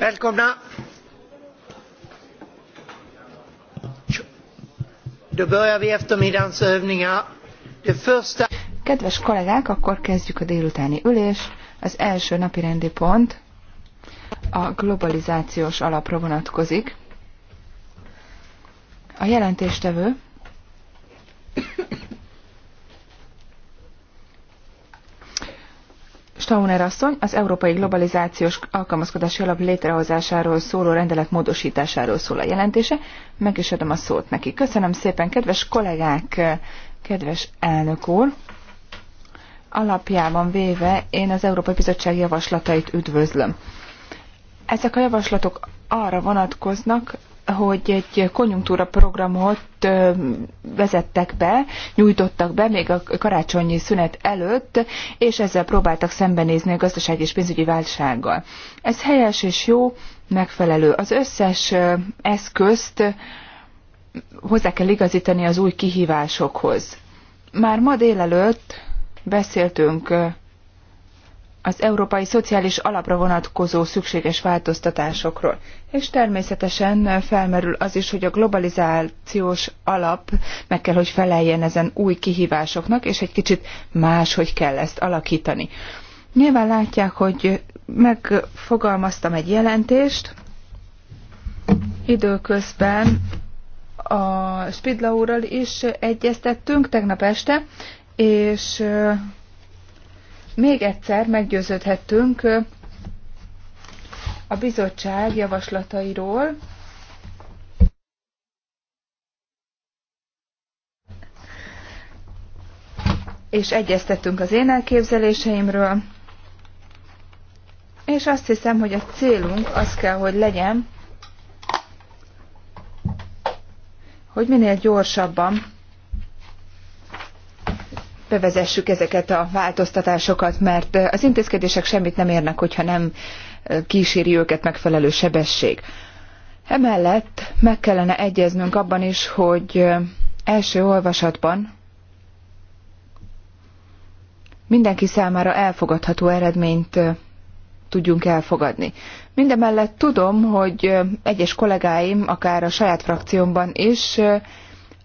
Välkomna! Då börjar vi eftermiddagens övningar. Det första... Kedves kollégák, akkor kezdjük a délutáni ülés. Az első napi rendi pont a globalizációs alapra vonatkozik. A jelentéstevő Stauner asszony az Európai Globalizációs Alkalmazkodási Alap létrehozásáról szóló rendelet módosításáról szól a jelentése. Meg is adom a szót neki. Köszönöm szépen, kedves kollégák, kedves elnök úr! Alapjában véve én az Európai Bizottság javaslatait üdvözlöm. Ezek a javaslatok arra vonatkoznak, hogy egy konjunktúra programot vezettek be, nyújtottak be még a karácsonyi szünet előtt, és ezzel próbáltak szembenézni a gazdasági és pénzügyi válsággal. Ez helyes és jó, megfelelő. Az összes eszközt hozzá kell igazítani az új kihívásokhoz. Már ma délelőtt beszéltünk az Európai Szociális Alapra vonatkozó szükséges változtatásokról. És természetesen felmerül az is, hogy a globalizációs alap meg kell, hogy feleljen ezen új kihívásoknak, és egy kicsit máshogy kell ezt alakítani. Nyilván látják, hogy megfogalmaztam egy jelentést, időközben a Spidla úrral is egyeztettünk tegnap este, és még egyszer meggyőződhettünk a bizottság javaslatairól, és egyeztettünk az én elképzeléseimről, és azt hiszem, hogy a célunk az kell, hogy legyen, hogy minél gyorsabban bevezessük ezeket a változtatásokat, mert az intézkedések semmit nem érnek, hogyha nem kíséri őket megfelelő sebesség. Emellett meg kellene egyeznünk abban is, hogy első olvasatban mindenki számára elfogadható eredményt tudjunk elfogadni. Mindemellett tudom, hogy egyes kollégáim, akár a saját frakciómban is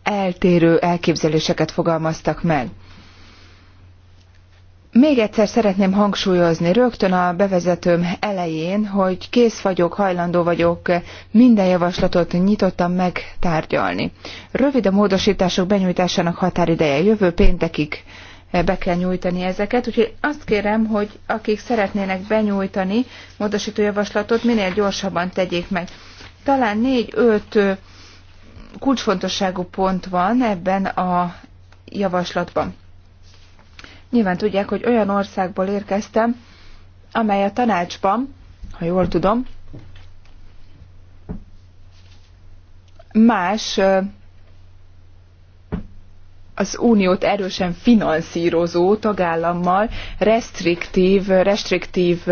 eltérő elképzeléseket fogalmaztak meg. Még egyszer szeretném hangsúlyozni rögtön a bevezetőm elején, hogy kész vagyok, hajlandó vagyok minden javaslatot nyitottan megtárgyalni. Rövid a módosítások benyújtásának határideje jövő péntekig be kell nyújtani ezeket, úgyhogy azt kérem, hogy akik szeretnének benyújtani módosító javaslatot, minél gyorsabban tegyék meg. Talán négy-öt kulcsfontosságú pont van ebben a javaslatban. Nyilván tudják, hogy olyan országból érkeztem, amely a tanácsban, ha jól tudom, más az uniót erősen finanszírozó tagállammal restriktív, restriktív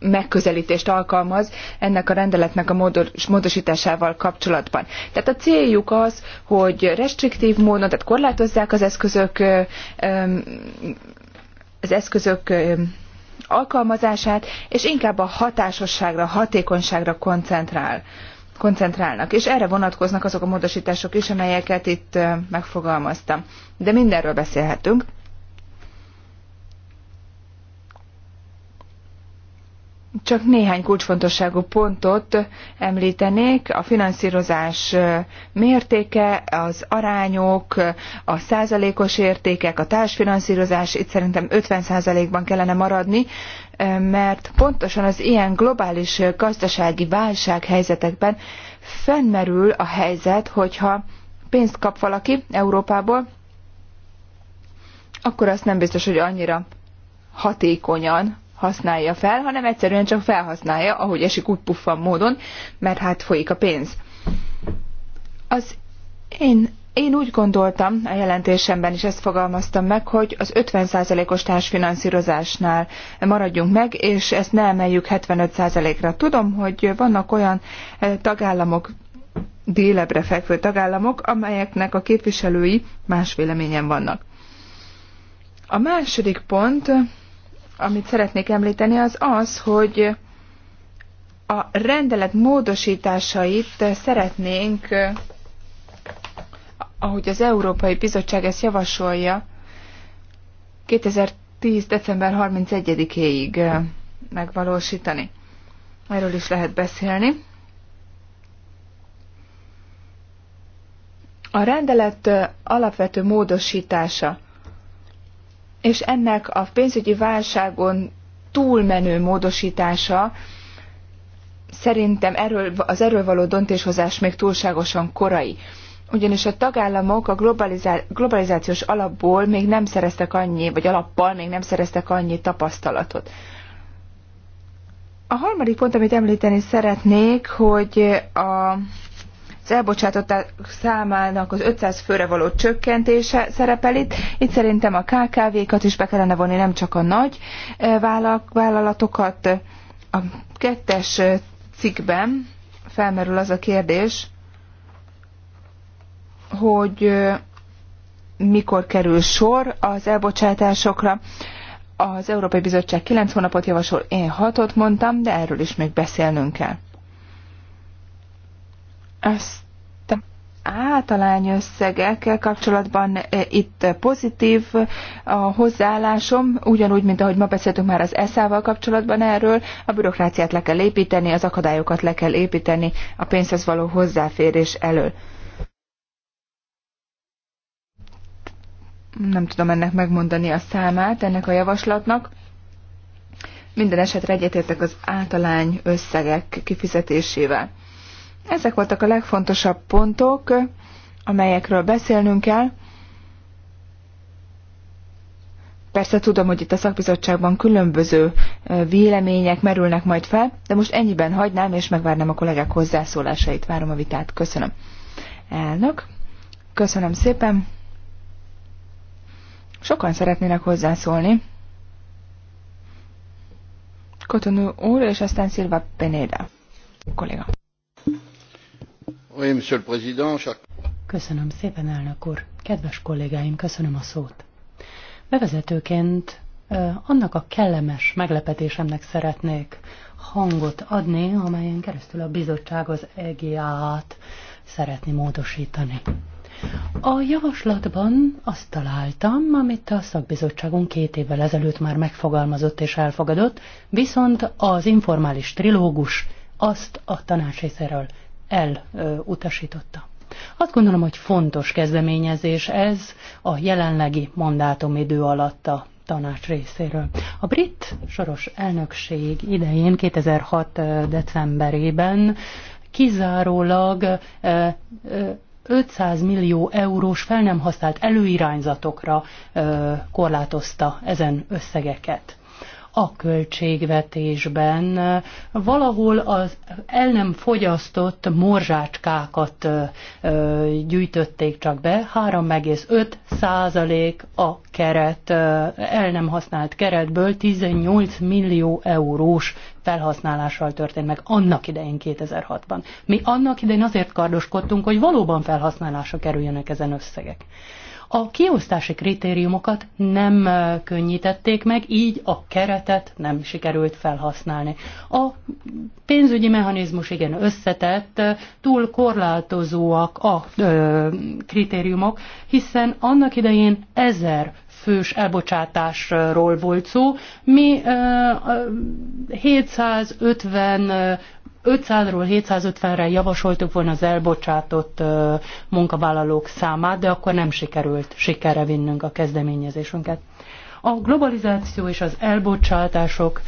megközelítést alkalmaz ennek a rendeletnek a módosításával kapcsolatban. Tehát a céljuk az, hogy restriktív módon, tehát korlátozzák az eszközök az eszközök alkalmazását, és inkább a hatásosságra, hatékonyságra koncentrál koncentrálnak, és erre vonatkoznak azok a módosítások is, amelyeket itt megfogalmaztam. De mindenről beszélhetünk. Csak néhány kulcsfontosságú pontot említenék, a finanszírozás mértéke, az arányok, a százalékos értékek, a társfinanszírozás, itt szerintem 50 százalékban kellene maradni, mert pontosan az ilyen globális gazdasági válság helyzetekben fennmerül a helyzet, hogyha pénzt kap valaki Európából, akkor azt nem biztos, hogy annyira hatékonyan használja fel, hanem egyszerűen csak felhasználja, ahogy esik úgy puffan módon, mert hát folyik a pénz. Az én, én úgy gondoltam, a jelentésemben is ezt fogalmaztam meg, hogy az 50%-os társfinanszírozásnál maradjunk meg, és ezt ne emeljük 75%-ra. Tudom, hogy vannak olyan e, tagállamok, délebre fekvő tagállamok, amelyeknek a képviselői más véleményen vannak. A második pont amit szeretnék említeni, az az, hogy a rendelet módosításait szeretnénk, ahogy az Európai Bizottság ezt javasolja, 2010. december 31-éig megvalósítani. Erről is lehet beszélni. A rendelet alapvető módosítása és ennek a pénzügyi válságon túlmenő módosítása szerintem erről, az erről való döntéshozás még túlságosan korai. Ugyanis a tagállamok a globalizá- globalizációs alapból még nem szereztek annyi, vagy alappal még nem szereztek annyi tapasztalatot. A harmadik pont, amit említeni szeretnék, hogy a az elbocsátották számának az 500 főre való csökkentése szerepel itt. Itt szerintem a KKV-kat is be kellene vonni, nem csak a nagy eh, vállalatokat. A kettes eh, cikkben felmerül az a kérdés, hogy eh, mikor kerül sor az elbocsátásokra. Az Európai Bizottság 9 hónapot javasol, én 6-ot mondtam, de erről is még beszélnünk kell. Azt általány összegekkel kapcsolatban e, itt pozitív a hozzáállásom, ugyanúgy, mint ahogy ma beszéltünk már az ESZ-val kapcsolatban erről, a bürokráciát le kell építeni, az akadályokat le kell építeni a pénzhez való hozzáférés elől. Nem tudom ennek megmondani a számát, ennek a javaslatnak. Minden esetre egyetértek az általány összegek kifizetésével. Ezek voltak a legfontosabb pontok, amelyekről beszélnünk kell. Persze tudom, hogy itt a szakbizottságban különböző vélemények merülnek majd fel, de most ennyiben hagynám, és megvárnám a kollégák hozzászólásait. Várom a vitát. Köszönöm. Elnök, köszönöm szépen. Sokan szeretnének hozzászólni. Kotonú úr, és aztán Szilva Penéda kolléga. Köszönöm szépen, elnök úr. Kedves kollégáim, köszönöm a szót. Bevezetőként annak a kellemes meglepetésemnek szeretnék hangot adni, amelyen keresztül a bizottság az EGA-t szeretné módosítani. A javaslatban azt találtam, amit a szakbizottságunk két évvel ezelőtt már megfogalmazott és elfogadott, viszont az informális trilógus azt a tanács részéről elutasította. Azt gondolom, hogy fontos kezdeményezés ez a jelenlegi mandátumidő alatt a tanács részéről. A brit soros elnökség idején 2006. decemberében kizárólag 500 millió eurós fel nem használt előirányzatokra korlátozta ezen összegeket a költségvetésben valahol az el nem fogyasztott morzsácskákat gyűjtötték csak be, 3,5 százalék a keret, el nem használt keretből 18 millió eurós felhasználással történt meg annak idején 2006-ban. Mi annak idején azért kardoskodtunk, hogy valóban felhasználásra kerüljenek ezen összegek. A kiosztási kritériumokat nem könnyítették meg, így a keretet nem sikerült felhasználni. A pénzügyi mechanizmus igen összetett, túl korlátozóak a ö, kritériumok, hiszen annak idején ezer fős elbocsátásról volt szó. Mi 750 500-ról 750-re javasoltuk volna az elbocsátott munkavállalók számát, de akkor nem sikerült sikerre vinnünk a kezdeményezésünket. A globalizáció és az elbocsátások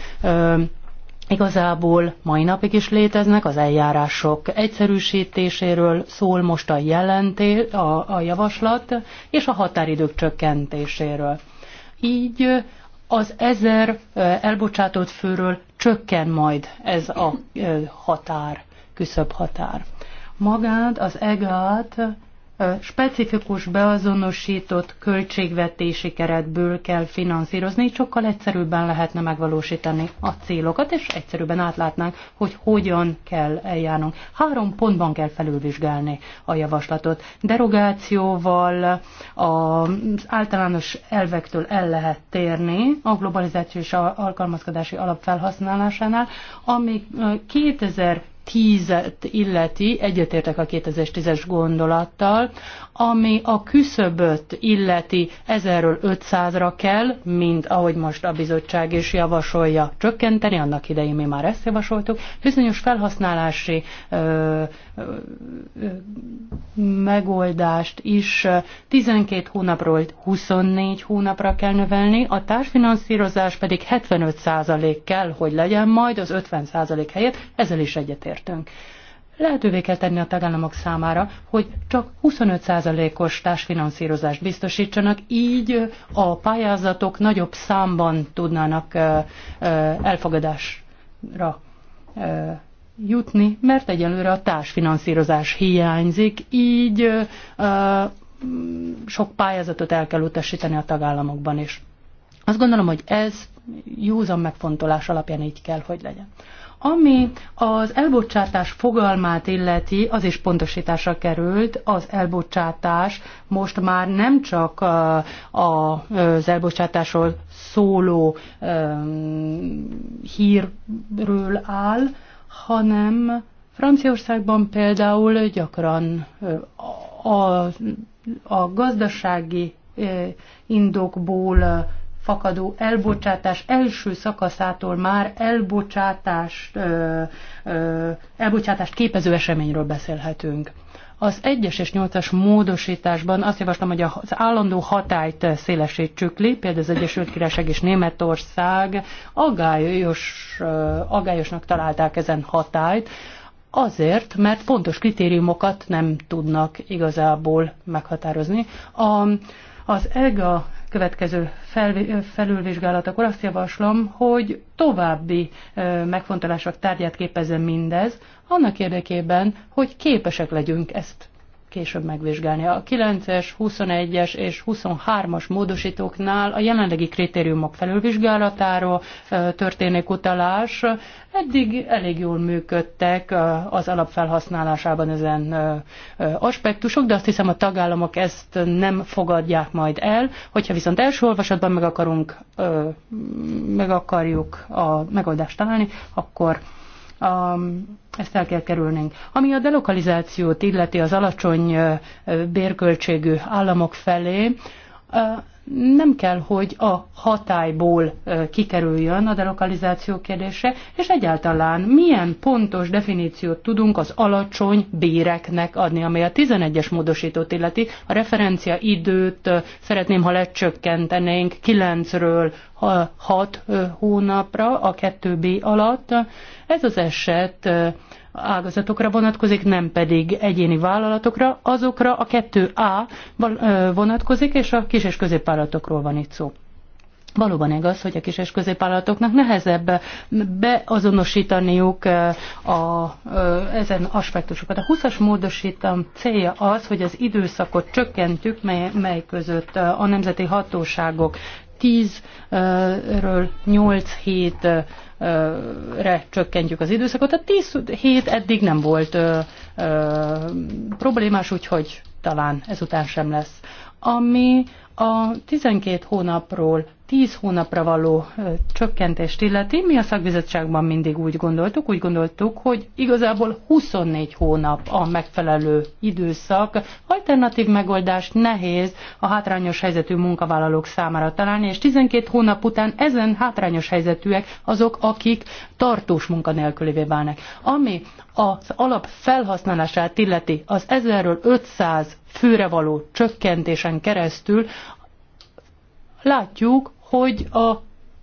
igazából mai napig is léteznek, az eljárások egyszerűsítéséről szól most a, jelenté, a, a javaslat, és a határidők csökkentéséről. Így az ezer elbocsátott főről csökken majd ez a határ, küszöbb határ. Magát, az egát specifikus beazonosított költségvetési keretből kell finanszírozni, így sokkal egyszerűbben lehetne megvalósítani a célokat, és egyszerűbben átlátnánk, hogy hogyan kell eljárnunk. Három pontban kell felülvizsgálni a javaslatot. Derogációval az általános elvektől el lehet térni a globalizációs alkalmazkodási alap felhasználásánál, ami 2000 2010-et illeti, egyetértek a 2010-es gondolattal, ami a küszöböt illeti 1500-ra kell, mint ahogy most a bizottság is javasolja csökkenteni, annak idején mi már ezt javasoltuk, bizonyos felhasználási ö, ö, ö, megoldást is 12 hónapról 24 hónapra kell növelni, a társfinanszírozás pedig 75% kell, hogy legyen majd az 50% helyett, ezzel is egyetért értünk. Lehetővé kell tenni a tagállamok számára, hogy csak 25%-os társfinanszírozást biztosítsanak, így a pályázatok nagyobb számban tudnának elfogadásra jutni, mert egyelőre a társfinanszírozás hiányzik, így sok pályázatot el kell utasítani a tagállamokban is. Azt gondolom, hogy ez józan megfontolás alapján így kell, hogy legyen. Ami az elbocsátás fogalmát illeti, az is pontosításra került, az elbocsátás most már nem csak a, az elbocsátásról szóló hírről áll, hanem Franciaországban például gyakran a, a gazdasági indokból fakadó elbocsátás első szakaszától már elbocsátást, ö, ö, elbocsátást képező eseményről beszélhetünk. Az 1-es és 8-as módosításban azt javaslom, hogy az állandó hatályt szélesítsük le, például az Egyesült Királyság és Németország agályos, agályosnak találták ezen hatályt, Azért, mert pontos kritériumokat nem tudnak igazából meghatározni. A, az EGA következő fel, felülvizsgálatakor azt javaslom, hogy további megfontolások tárgyát képezzen mindez, annak érdekében, hogy képesek legyünk ezt később megvizsgálni. A 9-es, 21-es és 23-as módosítóknál a jelenlegi kritériumok felülvizsgálatáról történik utalás. Eddig elég jól működtek az alapfelhasználásában ezen aspektusok, de azt hiszem a tagállamok ezt nem fogadják majd el. Hogyha viszont első olvasatban meg, akarunk, meg akarjuk a megoldást találni, akkor a, ezt el kell kerülnünk. Ami a delokalizációt illeti az alacsony bérköltségű államok felé, nem kell, hogy a hatályból kikerüljön a delokalizáció kérdése, és egyáltalán milyen pontos definíciót tudunk az alacsony béreknek adni, amely a 11-es módosítót illeti. A referencia időt szeretném, ha lecsökkentenénk 9-ről 6 hónapra a 2B alatt, ez az eset ágazatokra vonatkozik, nem pedig egyéni vállalatokra, azokra a 2A vonatkozik, és a kis- és középvállalatokról van itt szó. Valóban igaz, hogy a kis és középvállalatoknak nehezebb beazonosítaniuk a, a, ezen aspektusokat. A 20-as módosítam célja az, hogy az időszakot csökkentjük, mely, mely között a nemzeti hatóságok 10-ről 8 hét re csökkentjük az időszakot. A 10 hét eddig nem volt ö, ö, problémás, úgyhogy talán ezután sem lesz. Ami a 12 hónapról tíz hónapra való csökkentést illeti, mi a szakbizottságban mindig úgy gondoltuk, úgy gondoltuk, hogy igazából 24 hónap a megfelelő időszak. Alternatív megoldást nehéz a hátrányos helyzetű munkavállalók számára találni, és 12 hónap után ezen hátrányos helyzetűek azok, akik tartós munkanélkülévé válnak. Ami az alap felhasználását illeti az 1500 főre való csökkentésen keresztül látjuk, hogy a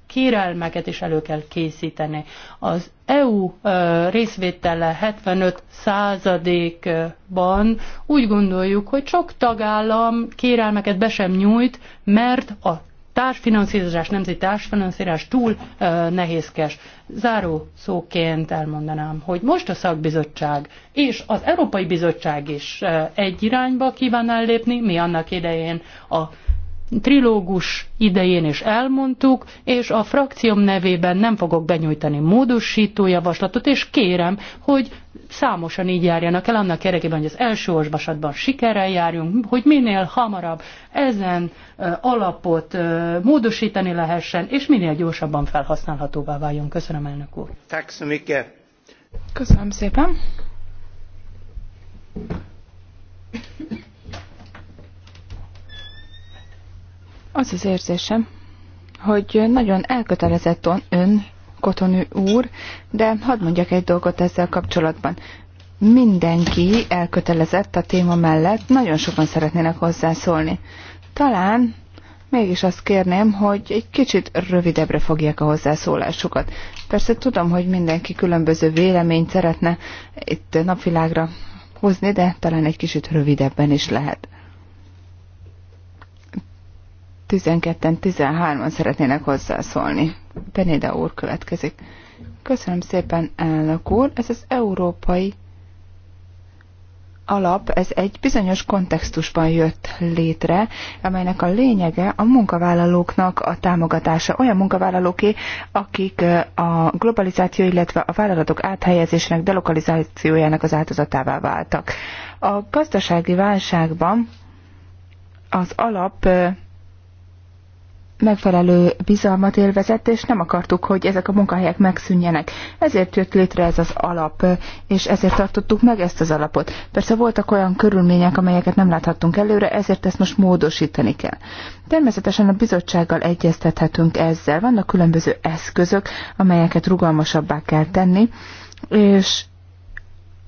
kérelmeket is elő kell készíteni. Az EU részvétele 75 századékban úgy gondoljuk, hogy sok tagállam kérelmeket be sem nyújt, mert a társfinanszírozás, nemzeti társfinanszírozás túl nehézkes. Záró szóként elmondanám, hogy most a szakbizottság és az Európai Bizottság is egy irányba kíván ellépni, mi annak idején a trilógus idején is elmondtuk, és a frakcióm nevében nem fogok benyújtani módosító javaslatot, és kérem, hogy számosan így járjanak el, annak érdekében, hogy az első olvasatban sikerrel járjunk, hogy minél hamarabb ezen alapot módosítani lehessen, és minél gyorsabban felhasználhatóvá váljon. Köszönöm, elnök úr. Köszönöm szépen. Az az érzésem, hogy nagyon elkötelezett on, ön, Kotonő úr, de hadd mondjak egy dolgot ezzel kapcsolatban. Mindenki elkötelezett a téma mellett, nagyon sokan szeretnének hozzászólni. Talán mégis azt kérném, hogy egy kicsit rövidebbre fogják a hozzászólásukat. Persze tudom, hogy mindenki különböző véleményt szeretne itt napvilágra hozni, de talán egy kicsit rövidebben is lehet. 12-en, 13-an szeretnének hozzászólni. Penéda úr következik. Köszönöm szépen, elnök úr. Ez az európai alap, ez egy bizonyos kontextusban jött létre, amelynek a lényege a munkavállalóknak a támogatása. Olyan munkavállalóké, akik a globalizáció, illetve a vállalatok áthelyezésének, delokalizációjának az áldozatává váltak. A gazdasági válságban az alap megfelelő bizalmat élvezett, és nem akartuk, hogy ezek a munkahelyek megszűnjenek. Ezért jött létre ez az alap, és ezért tartottuk meg ezt az alapot. Persze voltak olyan körülmények, amelyeket nem láthattunk előre, ezért ezt most módosítani kell. Természetesen a bizottsággal egyeztethetünk ezzel. Vannak különböző eszközök, amelyeket rugalmasabbá kell tenni, és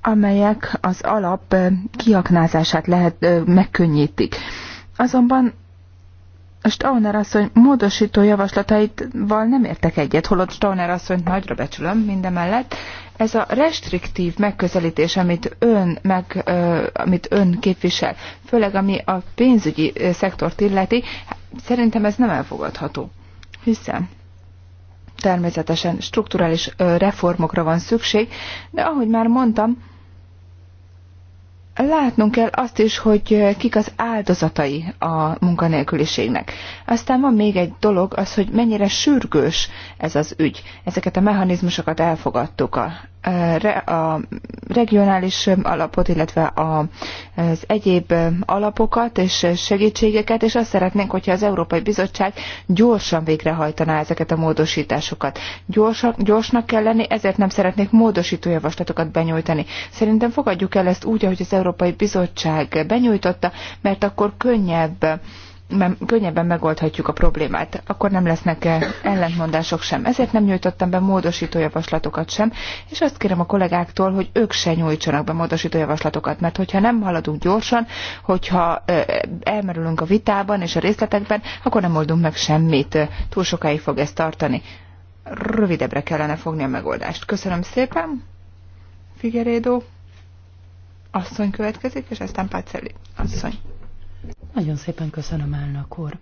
amelyek az alap kiaknázását lehet, megkönnyítik. Azonban Stauner asszony módosító javaslataival nem értek egyet, holott Stauner asszonyt nagyra becsülöm mindemellett. Ez a restriktív megközelítés, amit ön, meg, ö, amit ön képvisel, főleg ami a pénzügyi szektort illeti, szerintem ez nem elfogadható. Hiszen természetesen strukturális reformokra van szükség, de ahogy már mondtam, látnunk kell azt is, hogy kik az áldozatai a munkanélküliségnek. Aztán van még egy dolog, az, hogy mennyire sürgős ez az ügy. Ezeket a mechanizmusokat elfogadtuk, a a regionális alapot, illetve az egyéb alapokat és segítségeket, és azt szeretnénk, hogyha az Európai Bizottság gyorsan végrehajtaná ezeket a módosításokat. Gyorsan, gyorsnak kell lenni, ezért nem szeretnék módosító javaslatokat benyújtani. Szerintem fogadjuk el ezt úgy, ahogy az Európai Bizottság benyújtotta, mert akkor könnyebb könnyebben megoldhatjuk a problémát. Akkor nem lesznek eh, ellentmondások sem. Ezért nem nyújtottam be módosító javaslatokat sem, és azt kérem a kollégáktól, hogy ők se nyújtsanak be módosító javaslatokat, mert hogyha nem haladunk gyorsan, hogyha eh, elmerülünk a vitában és a részletekben, akkor nem oldunk meg semmit. Túl sokáig fog ez tartani. Rövidebbre kellene fogni a megoldást. Köszönöm szépen. Figueredo asszony következik, és aztán Pácelli asszony. Nagyon szépen köszönöm, elnök úr.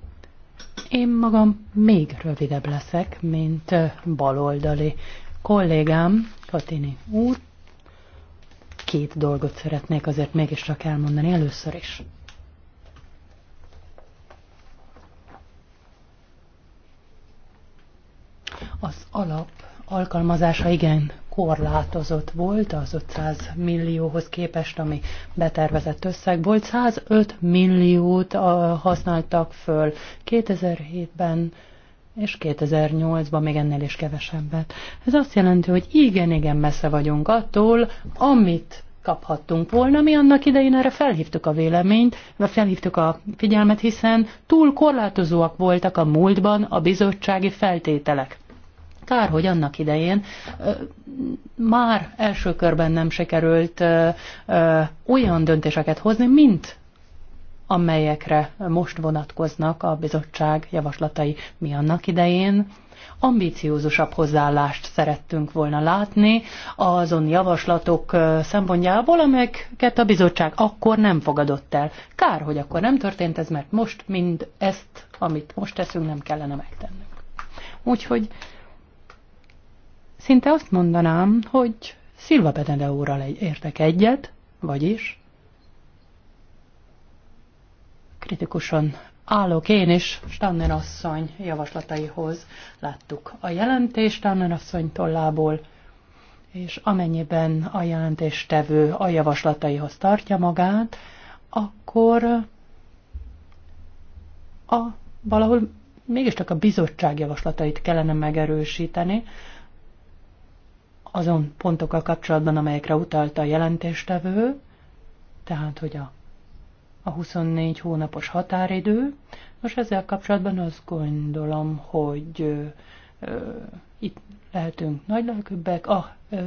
Én magam még rövidebb leszek, mint baloldali kollégám, Katini úr. Két dolgot szeretnék azért csak elmondani először is. Az alap alkalmazása igen korlátozott volt az 500 millióhoz képest, ami betervezett összeg volt. 105 milliót használtak föl 2007-ben és 2008-ban még ennél is kevesebbet. Ez azt jelenti, hogy igen-igen messze vagyunk attól, amit kaphattunk volna. Mi annak idején erre felhívtuk a véleményt, vagy felhívtuk a figyelmet, hiszen túl korlátozóak voltak a múltban a bizottsági feltételek. Kár, hogy annak idején már első körben nem sikerült olyan döntéseket hozni, mint amelyekre most vonatkoznak a bizottság javaslatai. Mi annak idején ambíciózusabb hozzáállást szerettünk volna látni azon javaslatok szempontjából, amelyeket a bizottság akkor nem fogadott el. Kár, hogy akkor nem történt ez, mert most mind ezt, amit most teszünk, nem kellene megtennünk. Úgyhogy Szinte azt mondanám, hogy Szilva Bedene úrral értek egyet, vagyis kritikusan állok én is Stanner asszony javaslataihoz. Láttuk a jelentést Stanner asszony tollából, és amennyiben a jelentéstevő a javaslataihoz tartja magát, akkor a, valahol mégiscsak a bizottság javaslatait kellene megerősíteni, azon pontokkal kapcsolatban, amelyekre utalta a jelentéstevő, tehát hogy a, a 24 hónapos határidő. Most ezzel kapcsolatban azt gondolom, hogy ö, ö, itt lehetünk nagy lelkűbbek. A ö,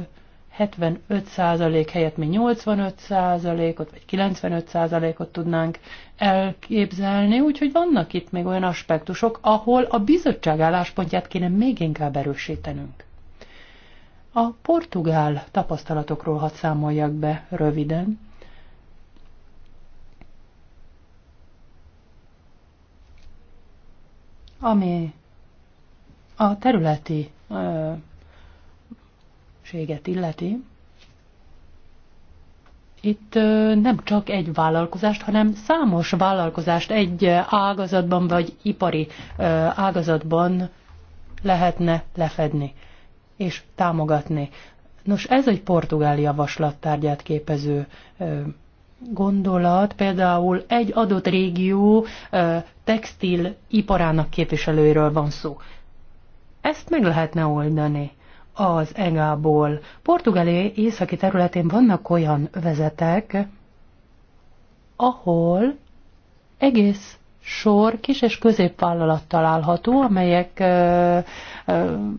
75% helyett mi 85%-ot vagy 95%-ot tudnánk elképzelni, úgyhogy vannak itt még olyan aspektusok, ahol a bizottság álláspontját kéne még inkább erősítenünk. A portugál tapasztalatokról hadd számoljak be röviden. Ami a területi ö, séget illeti, itt nem csak egy vállalkozást, hanem számos vállalkozást egy ágazatban vagy ipari ágazatban lehetne lefedni és támogatni. Nos, ez egy portugál javaslat képező gondolat, például egy adott régió textil iparának képviselőiről van szó. Ezt meg lehetne oldani az EGA-ból. Portugália északi területén vannak olyan vezetek, ahol egész sor kis és középvállalat található, amelyek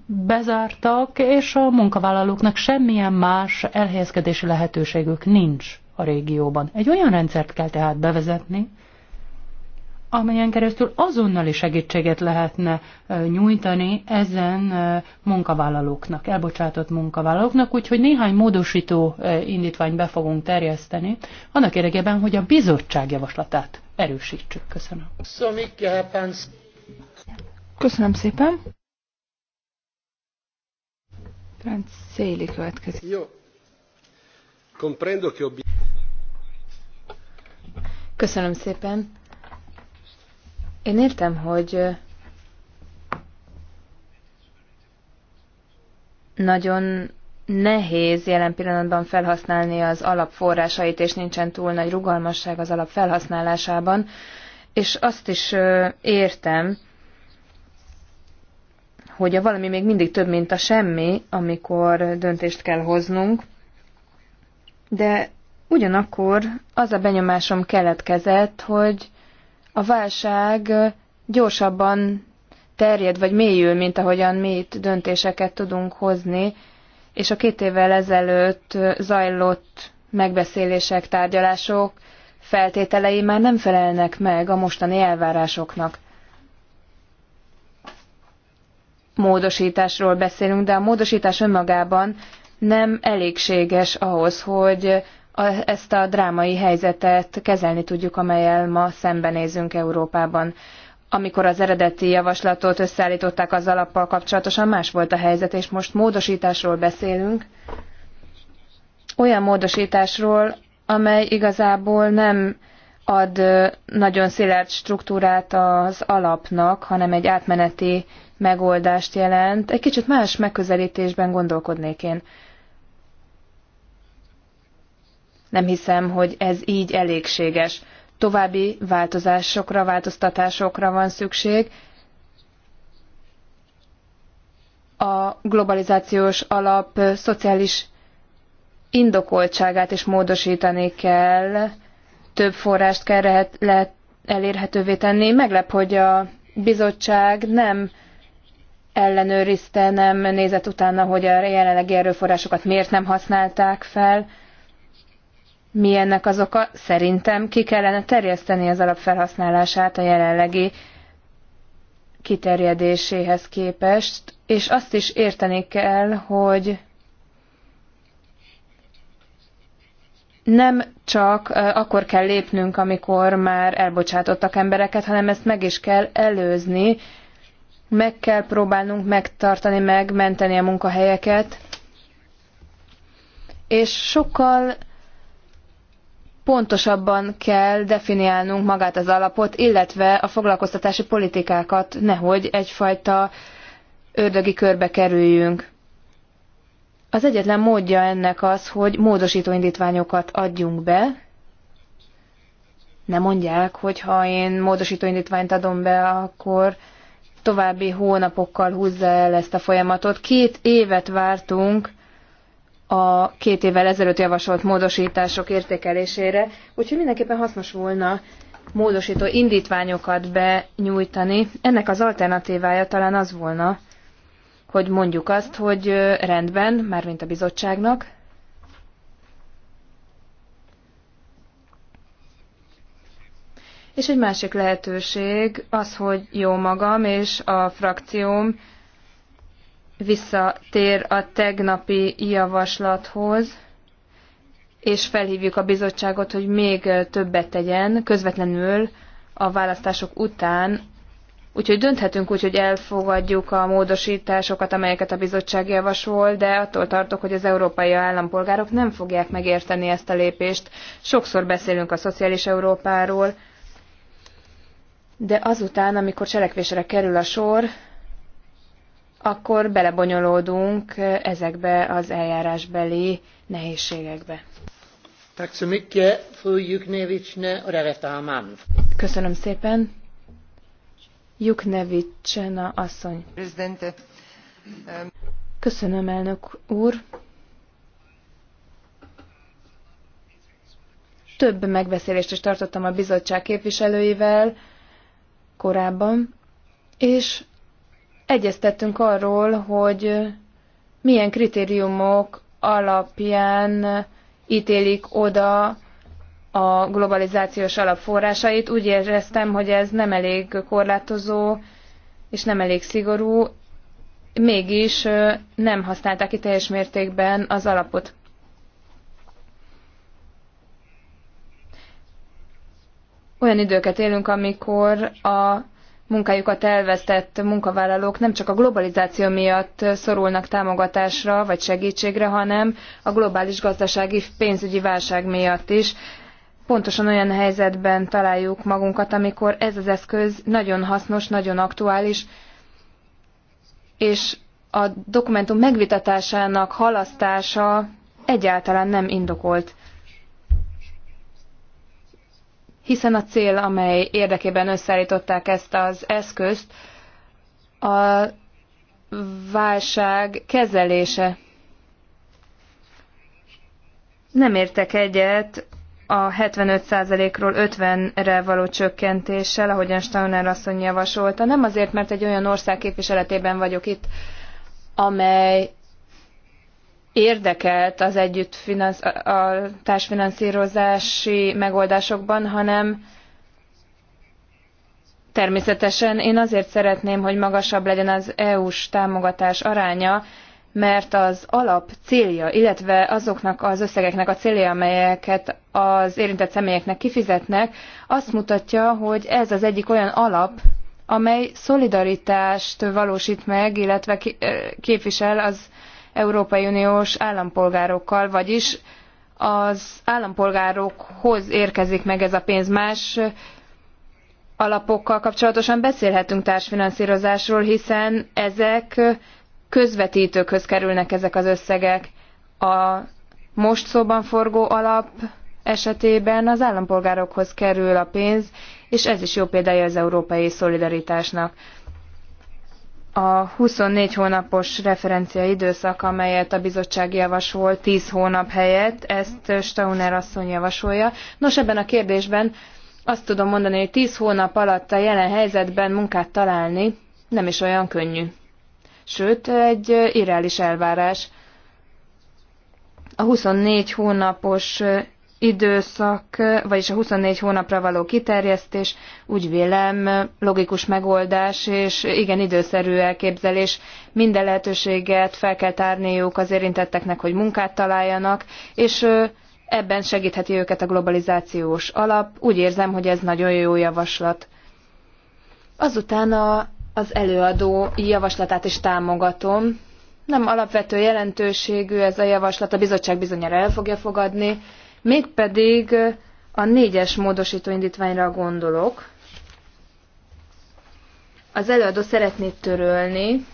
bezártak, és a munkavállalóknak semmilyen más elhelyezkedési lehetőségük nincs a régióban. Egy olyan rendszert kell tehát bevezetni, amelyen keresztül azonnali segítséget lehetne nyújtani ezen munkavállalóknak, elbocsátott munkavállalóknak, úgyhogy néhány módosító indítványt be fogunk terjeszteni, annak érdekében, hogy a bizottság javaslatát erősítsük. Köszönöm. Köszönöm szépen. Franz Széli következik. Jó. Comprendo che Köszönöm szépen én értem, hogy nagyon nehéz jelen pillanatban felhasználni az alapforrásait, és nincsen túl nagy rugalmasság az alap felhasználásában, és azt is értem, hogy a valami még mindig több, mint a semmi, amikor döntést kell hoznunk, de ugyanakkor az a benyomásom keletkezett, hogy a válság gyorsabban terjed vagy mélyül, mint ahogyan mi itt döntéseket tudunk hozni, és a két évvel ezelőtt zajlott megbeszélések, tárgyalások feltételei már nem felelnek meg a mostani elvárásoknak. Módosításról beszélünk, de a módosítás önmagában nem elégséges ahhoz, hogy a, ezt a drámai helyzetet kezelni tudjuk, amelyel ma szembenézünk Európában. Amikor az eredeti javaslatot összeállították az alappal kapcsolatosan, más volt a helyzet, és most módosításról beszélünk. Olyan módosításról, amely igazából nem ad nagyon szilárd struktúrát az alapnak, hanem egy átmeneti megoldást jelent. Egy kicsit más megközelítésben gondolkodnék én. Nem hiszem, hogy ez így elégséges. További változásokra, változtatásokra van szükség. A globalizációs alap szociális indokoltságát is módosítani kell, több forrást kell lehet, lehet elérhetővé tenni. Meglep, hogy a bizottság nem ellenőrizte, nem nézett utána, hogy a jelenlegi erőforrásokat miért nem használták fel. Mi ennek az oka? Szerintem ki kellene terjeszteni az alapfelhasználását a jelenlegi kiterjedéséhez képest, és azt is érteni kell, hogy nem csak akkor kell lépnünk, amikor már elbocsátottak embereket, hanem ezt meg is kell előzni, meg kell próbálnunk megtartani, megmenteni a munkahelyeket, és sokkal pontosabban kell definiálnunk magát az alapot, illetve a foglalkoztatási politikákat, nehogy egyfajta ördögi körbe kerüljünk. Az egyetlen módja ennek az, hogy módosító indítványokat adjunk be. Ne mondják, hogy ha én módosító indítványt adom be, akkor további hónapokkal húzza el ezt a folyamatot. Két évet vártunk, a két évvel ezelőtt javasolt módosítások értékelésére, úgyhogy mindenképpen hasznos volna módosító indítványokat benyújtani. Ennek az alternatívája talán az volna, hogy mondjuk azt, hogy rendben, mármint a bizottságnak, És egy másik lehetőség az, hogy jó magam és a frakcióm visszatér a tegnapi javaslathoz, és felhívjuk a bizottságot, hogy még többet tegyen közvetlenül a választások után. Úgyhogy dönthetünk úgy, hogy elfogadjuk a módosításokat, amelyeket a bizottság javasol, de attól tartok, hogy az európai állampolgárok nem fogják megérteni ezt a lépést. Sokszor beszélünk a szociális Európáról, de azután, amikor cselekvésre kerül a sor, akkor belebonyolódunk ezekbe az eljárásbeli nehézségekbe. Köszönöm szépen. Juknevicsena asszony. Köszönöm, elnök úr. Több megbeszélést is tartottam a bizottság képviselőivel korábban, és egyeztettünk arról, hogy milyen kritériumok alapján ítélik oda a globalizációs alapforrásait. Úgy éreztem, hogy ez nem elég korlátozó és nem elég szigorú, mégis nem használták ki teljes mértékben az alapot. Olyan időket élünk, amikor a munkájukat elvesztett munkavállalók nem csak a globalizáció miatt szorulnak támogatásra vagy segítségre, hanem a globális gazdasági pénzügyi válság miatt is. Pontosan olyan helyzetben találjuk magunkat, amikor ez az eszköz nagyon hasznos, nagyon aktuális, és a dokumentum megvitatásának halasztása egyáltalán nem indokolt hiszen a cél, amely érdekében összeállították ezt az eszközt, a válság kezelése. Nem értek egyet a 75%-ról 50-re való csökkentéssel, ahogyan Steiner asszony javasolta. Nem azért, mert egy olyan ország képviseletében vagyok itt, amely érdekelt az együtt finansz, a társfinanszírozási megoldásokban, hanem természetesen én azért szeretném, hogy magasabb legyen az EU-s támogatás aránya, mert az alap célja, illetve azoknak az összegeknek a célja, amelyeket az érintett személyeknek kifizetnek, azt mutatja, hogy ez az egyik olyan alap, amely szolidaritást valósít meg, illetve képvisel az Európai Uniós állampolgárokkal, vagyis az állampolgárokhoz érkezik meg ez a pénz. Más alapokkal kapcsolatosan beszélhetünk társfinanszírozásról, hiszen ezek közvetítőkhöz kerülnek ezek az összegek. A most szóban forgó alap esetében az állampolgárokhoz kerül a pénz, és ez is jó példája az európai szolidaritásnak a 24 hónapos referencia időszak, amelyet a bizottság javasol 10 hónap helyett, ezt Stauner asszony javasolja. Nos, ebben a kérdésben azt tudom mondani, hogy 10 hónap alatt a jelen helyzetben munkát találni nem is olyan könnyű. Sőt, egy irreális elvárás. A 24 hónapos időszak, vagyis a 24 hónapra való kiterjesztés úgy vélem logikus megoldás és igen időszerű elképzelés. Minden lehetőséget fel kell tárniuk az érintetteknek, hogy munkát találjanak, és ebben segítheti őket a globalizációs alap. Úgy érzem, hogy ez nagyon jó javaslat. Azután a, az előadó javaslatát is támogatom. Nem alapvető jelentőségű ez a javaslat, a bizottság bizonyára el fogja fogadni, mégpedig a négyes módosító indítványra gondolok. Az előadó szeretné törölni.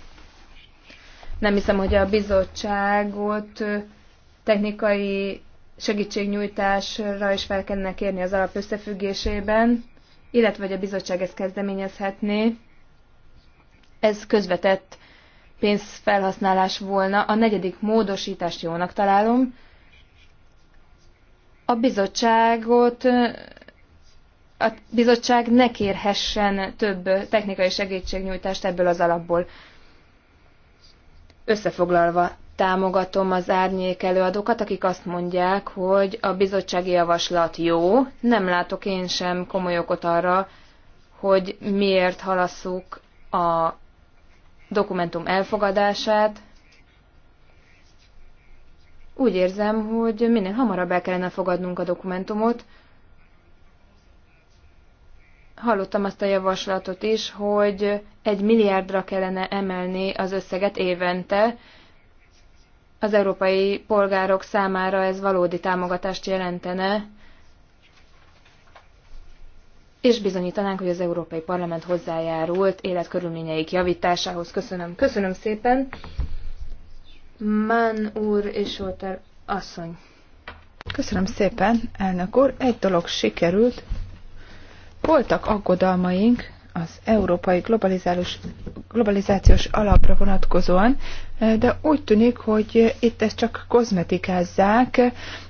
Nem hiszem, hogy a bizottságot technikai segítségnyújtásra is fel kellene kérni az alap összefüggésében, illetve hogy a bizottság ezt kezdeményezhetné. Ez közvetett pénzfelhasználás volna. A negyedik módosítást jónak találom, a bizottságot a bizottság ne kérhessen több technikai segítségnyújtást ebből az alapból. Összefoglalva, támogatom az árnyék előadókat, akik azt mondják, hogy a bizottsági javaslat jó, nem látok én sem komoly okot arra, hogy miért halasszuk a dokumentum elfogadását, úgy érzem, hogy minél hamarabb el kellene fogadnunk a dokumentumot. Hallottam azt a javaslatot is, hogy egy milliárdra kellene emelni az összeget évente. Az európai polgárok számára ez valódi támogatást jelentene, és bizonyítanánk, hogy az Európai Parlament hozzájárult életkörülményeik javításához. Köszönöm. Köszönöm szépen. Mann úr és Solter asszony. Köszönöm szépen, elnök úr. Egy dolog sikerült. Voltak aggodalmaink az európai globalizációs, globalizációs alapra vonatkozóan, de úgy tűnik, hogy itt ezt csak kozmetikázzák,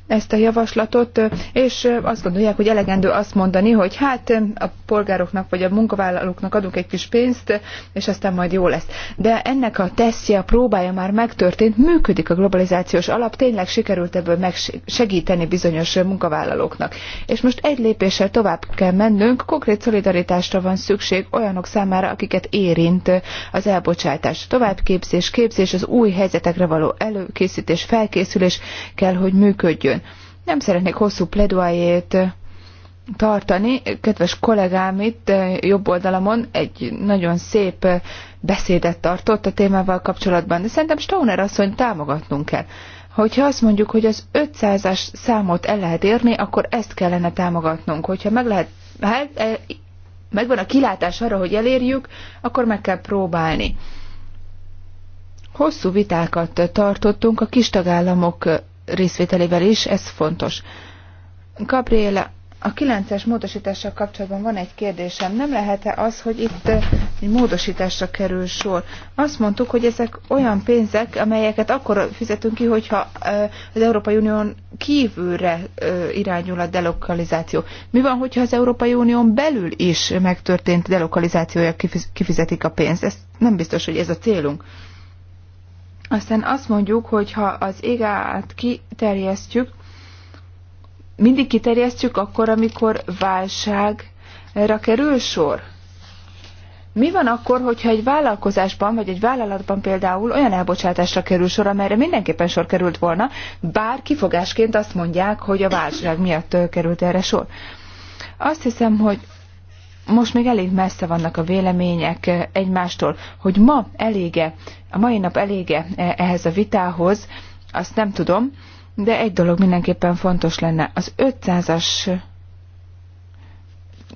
ezt a javaslatot, és azt gondolják, hogy elegendő azt mondani, hogy hát a polgároknak vagy a munkavállalóknak adunk egy kis pénzt, és aztán majd jó lesz. De ennek a tesztje, a próbája már megtörtént, működik a globalizációs alap, tényleg sikerült ebből megsegíteni bizonyos munkavállalóknak. És most egy lépéssel tovább kell mennünk, konkrét szolidaritásra van szükség olyanok számára, akiket érint az elbocsátás. Továbbképzés, képzés, az új helyzetekre való előkészítés, felkészülés kell, hogy működjön nem szeretnék hosszú pledoájét tartani. Kedves kollégám itt eh, jobb oldalamon egy nagyon szép eh, beszédet tartott a témával kapcsolatban, de szerintem Stoner asszony támogatnunk kell. Hogyha azt mondjuk, hogy az 500-as számot el lehet érni, akkor ezt kellene támogatnunk. Hogyha meg lehet, hát, eh, megvan a kilátás arra, hogy elérjük, akkor meg kell próbálni. Hosszú vitákat tartottunk a kis tagállamok részvételével is, ez fontos. Gabriela, a 9-es módosítással kapcsolatban van egy kérdésem. Nem lehet-e az, hogy itt eh, egy módosításra kerül sor? Azt mondtuk, hogy ezek olyan pénzek, amelyeket akkor fizetünk ki, hogyha eh, az Európai Unión kívülre eh, irányul a delokalizáció. Mi van, hogyha az Európai Unión belül is megtörtént delokalizációja kifizetik a pénzt? Ez nem biztos, hogy ez a célunk. Aztán azt mondjuk, hogy ha az égát kiterjesztjük, mindig kiterjesztjük akkor, amikor válságra kerül sor. Mi van akkor, hogyha egy vállalkozásban, vagy egy vállalatban például olyan elbocsátásra kerül sor, amelyre mindenképpen sor került volna, bár kifogásként azt mondják, hogy a válság miatt került erre sor? Azt hiszem, hogy most még elég messze vannak a vélemények eh, egymástól, hogy ma elége, a mai nap elége eh, ehhez a vitához, azt nem tudom, de egy dolog mindenképpen fontos lenne. Az 500-as,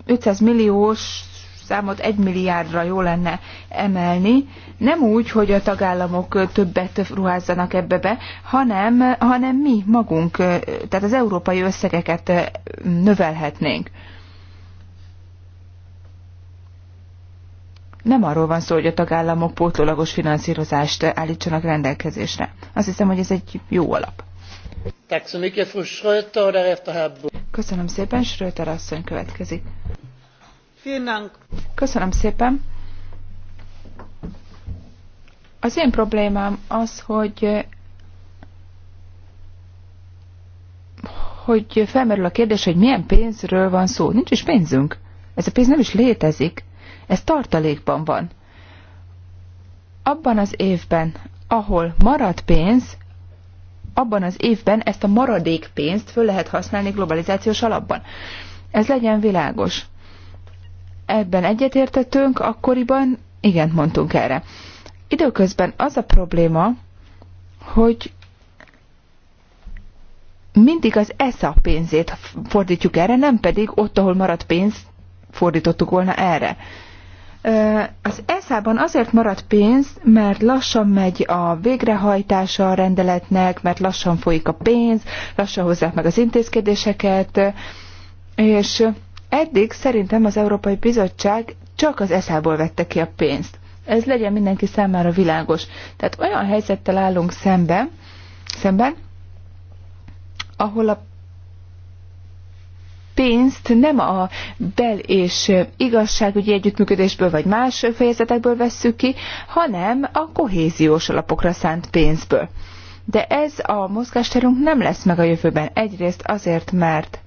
500 milliós számot 1 milliárdra jó lenne emelni, nem úgy, hogy a tagállamok többet ruházzanak ebbe be, hanem, hanem mi magunk, eh, tehát az európai összegeket növelhetnénk. nem arról van szó, hogy a tagállamok pótlólagos finanszírozást állítsanak rendelkezésre. Azt hiszem, hogy ez egy jó alap. Köszönöm szépen, Schröter asszony következik. Köszönöm szépen. Az én problémám az, hogy hogy felmerül a kérdés, hogy milyen pénzről van szó. Nincs is pénzünk. Ez a pénz nem is létezik. Ez tartalékban van. Abban az évben, ahol marad pénz, abban az évben ezt a maradék pénzt föl lehet használni globalizációs alapban. Ez legyen világos. Ebben egyetértettünk, akkoriban igen mondtunk erre. Időközben az a probléma, hogy mindig az ESA pénzét fordítjuk erre, nem pedig ott, ahol maradt pénz, fordítottuk volna erre. Az ESZÁ-ban azért maradt pénz, mert lassan megy a végrehajtása a rendeletnek, mert lassan folyik a pénz, lassan hozzák meg az intézkedéseket, és eddig szerintem az Európai Bizottság csak az ESZÁ-ból vette ki a pénzt. Ez legyen mindenki számára világos. Tehát olyan helyzettel állunk szemben, szemben ahol a pénzt nem a bel- és igazságügyi együttműködésből vagy más fejezetekből vesszük ki, hanem a kohéziós alapokra szánt pénzből. De ez a mozgásterünk nem lesz meg a jövőben. Egyrészt azért, mert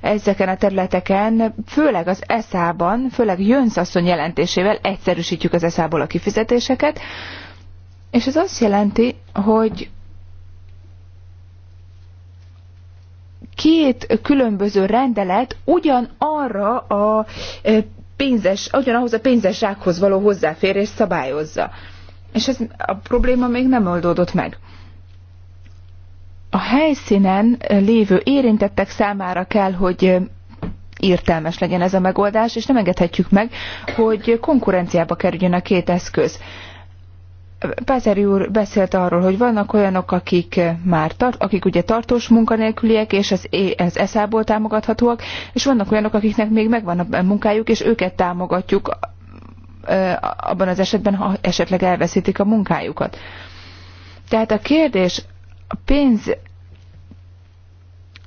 ezeken a területeken, főleg az ESZÁ-ban, főleg Jönsz asszony jelentésével egyszerűsítjük az ESZÁ-ból a kifizetéseket, és ez azt jelenti, hogy két különböző rendelet ugyanarra a e, pénzes, ahhoz a pénzes zsákhoz való hozzáférés szabályozza. És ez a probléma még nem oldódott meg. A helyszínen lévő érintettek számára kell, hogy e, értelmes legyen ez a megoldás, és nem engedhetjük meg, hogy konkurenciába kerüljön a két eszköz. Pázeri úr beszélt arról, hogy vannak olyanok, akik már tart, akik ugye tartós munkanélküliek, és az, az eszából támogathatóak, és vannak olyanok, akiknek még megvan a munkájuk, és őket támogatjuk abban az esetben, ha esetleg elveszítik a munkájukat. Tehát a kérdés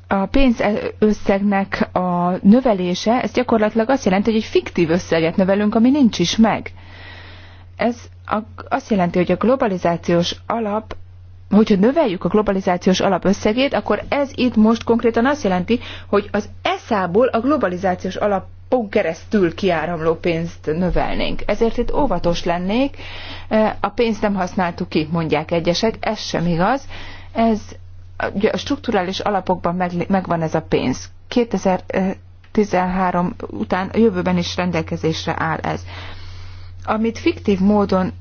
a pénz a összegnek a növelése, ez gyakorlatilag azt jelenti, hogy egy fiktív összeget növelünk, ami nincs is meg. Ez azt jelenti, hogy a globalizációs alap hogyha növeljük a globalizációs alap összegét, akkor ez itt most konkrétan azt jelenti, hogy az eszából a globalizációs alapon keresztül kiáramló pénzt növelnénk. Ezért itt óvatos lennék, e, a pénzt nem használtuk ki, mondják egyesek, ez sem igaz. Ez ugye a strukturális alapokban meg, megvan ez a pénz. 2013 e, után a jövőben is rendelkezésre áll ez amit fiktív módon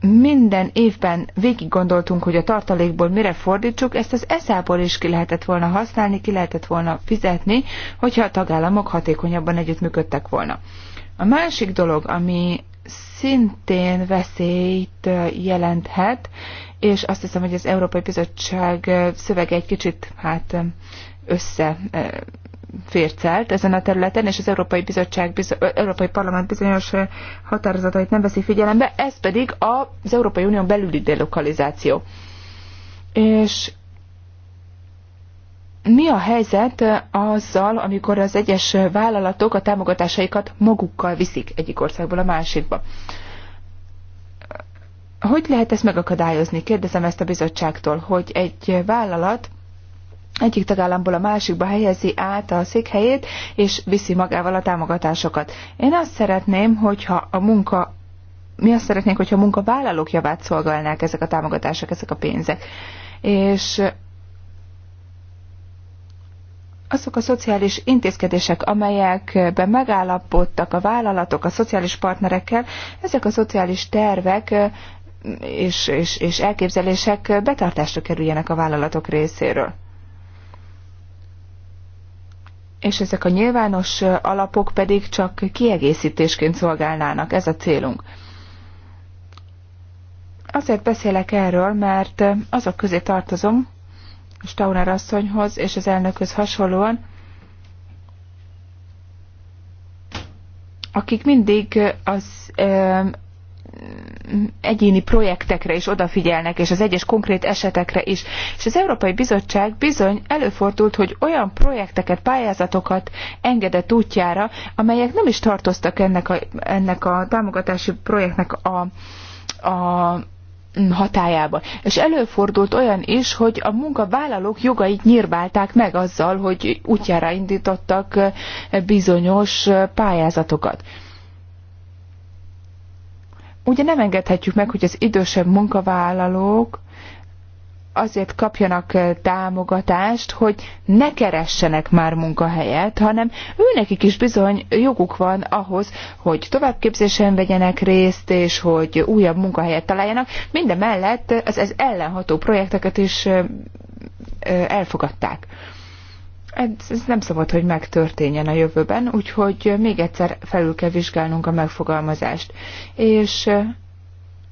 minden évben végig gondoltunk, hogy a tartalékból mire fordítsuk, ezt az eszából is ki lehetett volna használni, ki lehetett volna fizetni, hogyha a tagállamok hatékonyabban együttműködtek volna. A másik dolog, ami szintén veszélyt jelenthet, és azt hiszem, hogy az Európai Bizottság szövege egy kicsit hát össze fércelt ezen a területen, és az Európai Bizottság, Európai Parlament bizonyos határozatait nem veszi figyelembe, ez pedig az Európai unió belüli delokalizáció. És mi a helyzet azzal, amikor az egyes vállalatok a támogatásaikat magukkal viszik egyik országból a másikba? Hogy lehet ezt megakadályozni? Kérdezem ezt a bizottságtól, hogy egy vállalat egyik tagállamból a másikba helyezi át a székhelyét, és viszi magával a támogatásokat. Én azt szeretném, hogyha a munka mi azt szeretnénk, hogyha a munkavállalók javát szolgálnák ezek a támogatások, ezek a pénzek. És azok a szociális intézkedések, amelyekben megállapodtak a vállalatok a szociális partnerekkel, ezek a szociális tervek és, és, és elképzelések betartásra kerüljenek a vállalatok részéről és ezek a nyilvános alapok pedig csak kiegészítésként szolgálnának. Ez a célunk. Azért beszélek erről, mert azok közé tartozom, Stauner asszonyhoz és az elnökhöz hasonlóan, akik mindig az egyéni projektekre is odafigyelnek, és az egyes konkrét esetekre is. És az Európai Bizottság bizony előfordult, hogy olyan projekteket, pályázatokat engedett útjára, amelyek nem is tartoztak ennek a, ennek a támogatási projektnek a, a hatájába. És előfordult olyan is, hogy a munkavállalók jogait nyírbálták meg azzal, hogy útjára indítottak eh, bizonyos eh, pályázatokat. Ugye nem engedhetjük meg, hogy az idősebb munkavállalók azért kapjanak eh, támogatást, hogy ne keressenek már munkahelyet, hanem őnekik is bizony joguk van ahhoz, hogy továbbképzésen vegyenek részt, és hogy újabb munkahelyet találjanak. Minden mellett az ez ellenható projekteket is eh, eh, elfogadták. Ez nem szabad, hogy megtörténjen a jövőben, úgyhogy még egyszer felül kell vizsgálnunk a megfogalmazást. És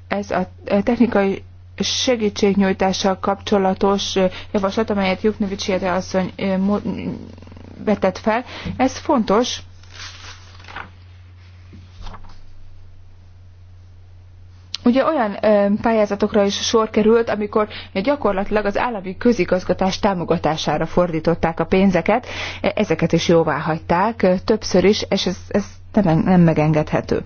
ez a technikai segítségnyújtással kapcsolatos javaslat, amelyet Juknevicsi asszony vetett fel, ez fontos, Ugye olyan ö, pályázatokra is sor került, amikor gyakorlatilag az állami közigazgatás támogatására fordították a pénzeket, e, ezeket is jóvá hagyták többször is, és ez, ez nem, nem megengedhető.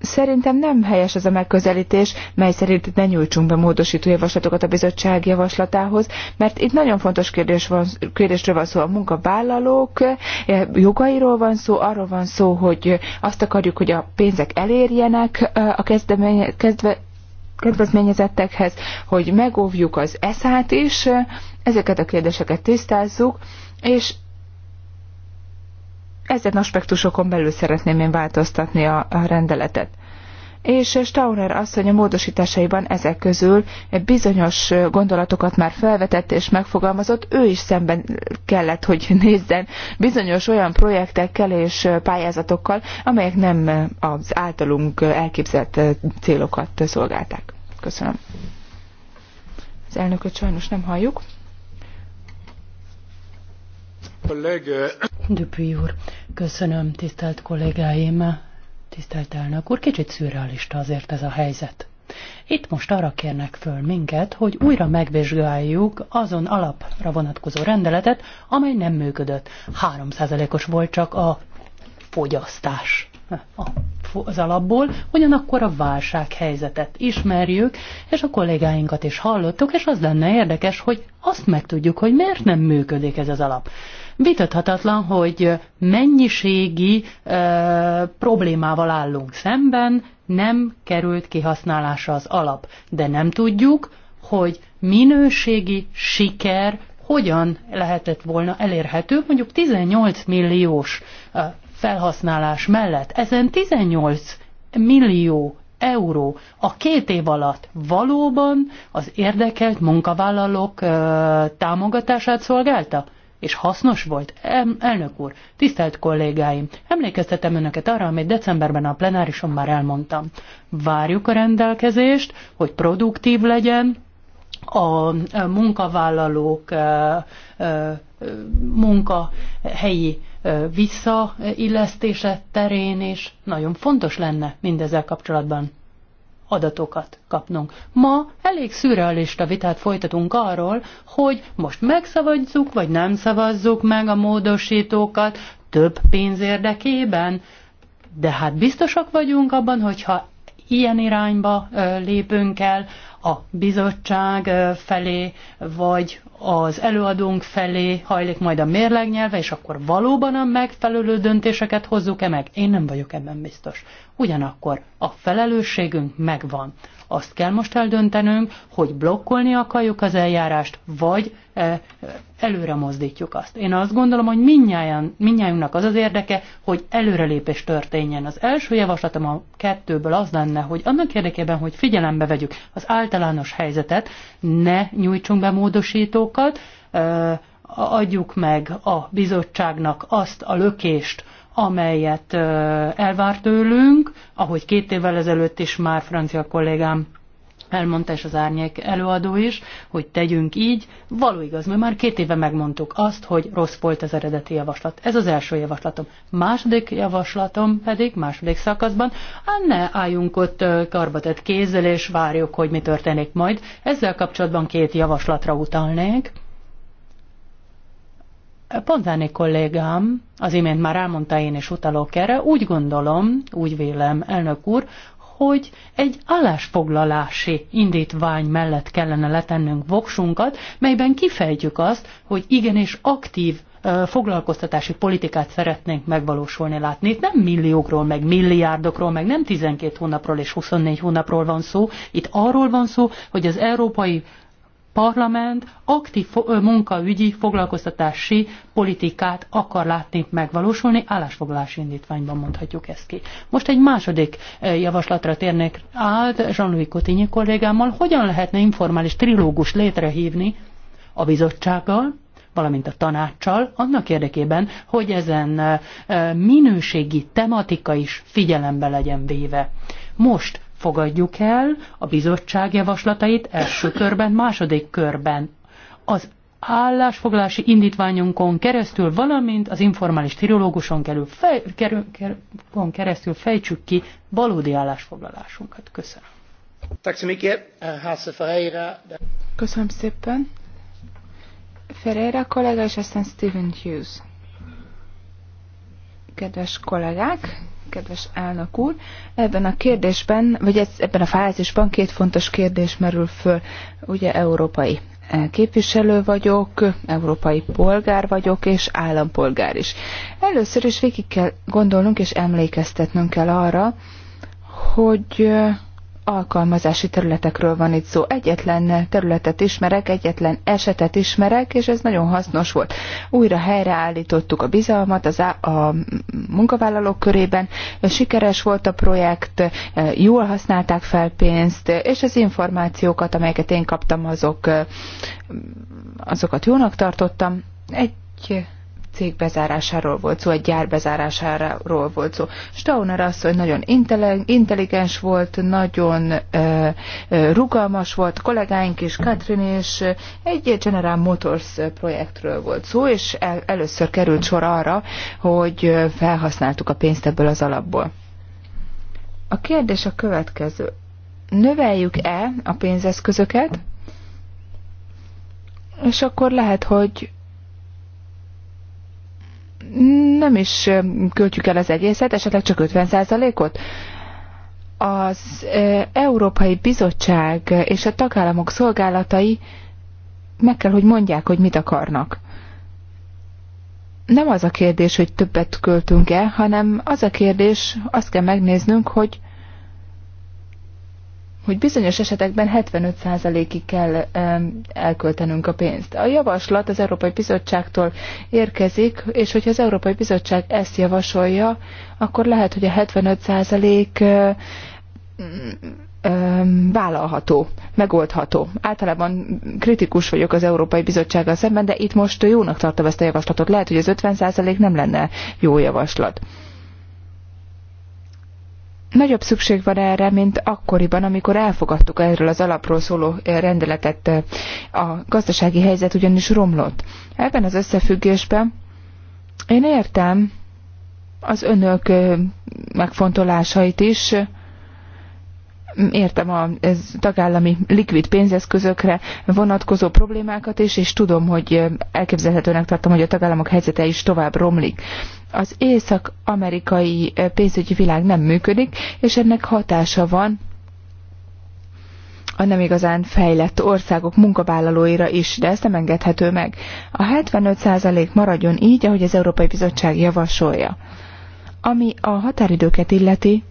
Szerintem nem helyes ez a megközelítés, mely szerint ne nyújtsunk be módosító javaslatokat a bizottság javaslatához, mert itt nagyon fontos kérdés van, kérdésről van szó a munkavállalók eh, jogairól van szó, arról van szó, hogy azt akarjuk, hogy a pénzek elérjenek eh, a kezdeménye, kezdve, kedvezményezettekhez, hogy megóvjuk az eszát is, eh, ezeket a kérdéseket tisztázzuk, és ezen aspektusokon belül szeretném én változtatni a, a rendeletet. És Stauner asszony a módosításaiban ezek közül bizonyos gondolatokat már felvetett és megfogalmazott, ő is szemben kellett, hogy nézzen bizonyos olyan projektekkel és pályázatokkal, amelyek nem az általunk elképzelt célokat szolgálták. Köszönöm. Az elnököt sajnos nem halljuk. Dupuy úr, köszönöm, tisztelt kollégáim, tisztelt elnök úr, kicsit szürrealista azért ez a helyzet. Itt most arra kérnek föl minket, hogy újra megvizsgáljuk azon alapra vonatkozó rendeletet, amely nem működött. 3%-os volt csak a fogyasztás az alapból, ugyanakkor a válsághelyzetet ismerjük, és a kollégáinkat is hallottuk, és az lenne érdekes, hogy azt megtudjuk, hogy miért nem működik ez az alap. Vitathatatlan, hogy mennyiségi ö, problémával állunk szemben, nem került kihasználásra az alap, de nem tudjuk, hogy minőségi siker hogyan lehetett volna elérhető, mondjuk 18 milliós ö, felhasználás mellett. Ezen 18 millió euró a két év alatt valóban az érdekelt munkavállalók ö, támogatását szolgálta? és hasznos volt? Elnök úr, tisztelt kollégáim, emlékeztetem önöket arra, amit decemberben a plenárison már elmondtam. Várjuk a rendelkezést, hogy produktív legyen, a munkavállalók e, e, munkahelyi e, visszaillesztése terén is nagyon fontos lenne mindezzel kapcsolatban adatokat kapnunk. Ma elég szürrealista vitát folytatunk arról, hogy most megszavazzuk, vagy nem szavazzuk meg a módosítókat több pénz érdekében, de hát biztosak vagyunk abban, hogyha ilyen irányba lépünk el, a bizottság felé, vagy az előadónk felé hajlik majd a mérlegnyelve, és akkor valóban a megfelelő döntéseket hozzuk-e meg? Én nem vagyok ebben biztos. Ugyanakkor a felelősségünk megvan. Azt kell most eldöntenünk, hogy blokkolni akarjuk az eljárást, vagy e, előre mozdítjuk azt. Én azt gondolom, hogy minnyáján, minnyájunknak az az érdeke, hogy előrelépés történjen. Az első javaslatom a kettőből az lenne, hogy annak érdekében, hogy figyelembe vegyük az általános helyzetet, ne nyújtsunk be módosítókat, e, adjuk meg a bizottságnak azt a lökést, amelyet elvár tőlünk, ahogy két évvel ezelőtt is már francia kollégám elmondta, és az árnyék előadó is, hogy tegyünk így. Való igaz, mert már két éve megmondtuk azt, hogy rossz volt az eredeti javaslat. Ez az első javaslatom. Második javaslatom pedig, második szakaszban, hát ne álljunk ott karbatett kézzel, és várjuk, hogy mi történik majd. Ezzel kapcsolatban két javaslatra utalnék. Pontáni kollégám, az imént már elmondta, én is utalok erre, úgy gondolom, úgy vélem, elnök úr, hogy egy állásfoglalási indítvány mellett kellene letennünk voksunkat, melyben kifejtjük azt, hogy igenis aktív foglalkoztatási politikát szeretnénk megvalósulni, látni. Itt nem milliókról, meg milliárdokról, meg nem 12 hónapról és 24 hónapról van szó. Itt arról van szó, hogy az európai parlament aktív munkaügyi foglalkoztatási politikát akar látni megvalósulni, állásfoglalási indítványban mondhatjuk ezt ki. Most egy második javaslatra térnék át Jean-Louis Cotigny kollégámmal, hogyan lehetne informális trilógus létrehívni a bizottsággal, valamint a tanácssal, annak érdekében, hogy ezen minőségi tematika is figyelembe legyen véve. Most fogadjuk el a bizottság javaslatait első körben, második körben. Az állásfoglalási indítványunkon keresztül, valamint az informális tirológuson kerül, fej, kerül, kerül, keresztül fejtsük ki valódi állásfoglalásunkat. Köszönöm. Eh, Köszönöm szépen. Ferreira kollega és aztán Stephen Hughes. Kedves kollégák, kedves elnök úr. Ebben a kérdésben, vagy ez, ebben a fázisban két fontos kérdés merül föl. Ugye európai képviselő vagyok, európai polgár vagyok, és állampolgár is. Először is végig kell gondolnunk, és emlékeztetnünk kell arra, hogy alkalmazási területekről van itt szó. Egyetlen területet ismerek, egyetlen esetet ismerek, és ez nagyon hasznos volt. Újra helyreállítottuk a bizalmat az á- a munkavállalók körében, sikeres volt a projekt, jól használták fel pénzt, és az információkat, amelyeket én kaptam, azok, azokat jónak tartottam. Egy cég bezárásáról volt szó, egy gyár bezárásáról volt szó. Stauner asszony nagyon intelligens volt, nagyon ö, rugalmas volt, kollégáink is, Katrin és egy General Motors projektről volt szó, és el, először került sor arra, hogy felhasználtuk a pénzt ebből az alapból. A kérdés a következő. Növeljük-e a pénzeszközöket? És akkor lehet, hogy nem is költjük el az egészet, esetleg csak 50%-ot? Az Európai Bizottság és a tagállamok szolgálatai meg kell, hogy mondják, hogy mit akarnak. Nem az a kérdés, hogy többet költünk-e, hanem az a kérdés, azt kell megnéznünk, hogy hogy bizonyos esetekben 75%-ig kell elköltenünk a pénzt. A javaslat az Európai Bizottságtól érkezik, és hogyha az Európai Bizottság ezt javasolja, akkor lehet, hogy a 75% vállalható, megoldható. Általában kritikus vagyok az Európai Bizottsággal szemben, de itt most jónak tartom ezt a javaslatot. Lehet, hogy az 50% nem lenne jó javaslat. Nagyobb szükség van erre, mint akkoriban, amikor elfogadtuk erről az alapról szóló eh, rendeletet. Eh, a gazdasági helyzet ugyanis romlott. Ebben az összefüggésben én értem az önök eh, megfontolásait is, értem a tagállami likvid pénzeszközökre vonatkozó problémákat is, és tudom, hogy elképzelhetőnek tartom, hogy a tagállamok helyzete is tovább romlik. Az észak-amerikai pénzügyi világ nem működik, és ennek hatása van a nem igazán fejlett országok munkavállalóira is, de ezt nem engedhető meg. A 75% maradjon így, ahogy az Európai Bizottság javasolja. Ami a határidőket illeti,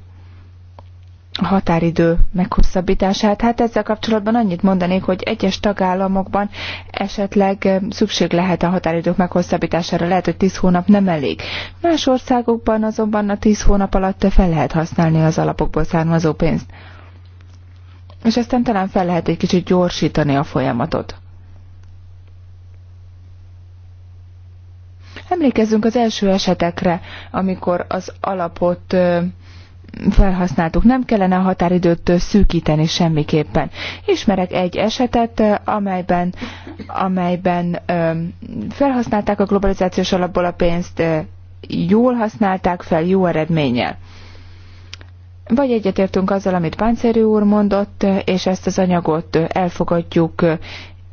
a határidő meghosszabbítását. Hát ezzel kapcsolatban annyit mondanék, hogy egyes tagállamokban esetleg eh, szükség lehet a határidők meghosszabbítására, lehet, hogy 10 hónap nem elég. Más országokban azonban a 10 hónap alatt fel lehet használni az alapokból származó pénzt. És aztán talán fel lehet egy kicsit gyorsítani a folyamatot. Emlékezzünk az első esetekre, amikor az alapot eh, felhasználtuk. Nem kellene a határidőt szűkíteni semmiképpen. Ismerek egy esetet, amelyben, amelyben felhasználták a globalizációs alapból a pénzt, jól használták fel, jó eredménnyel. Vagy egyetértünk azzal, amit Páncéri úr mondott, és ezt az anyagot elfogadjuk,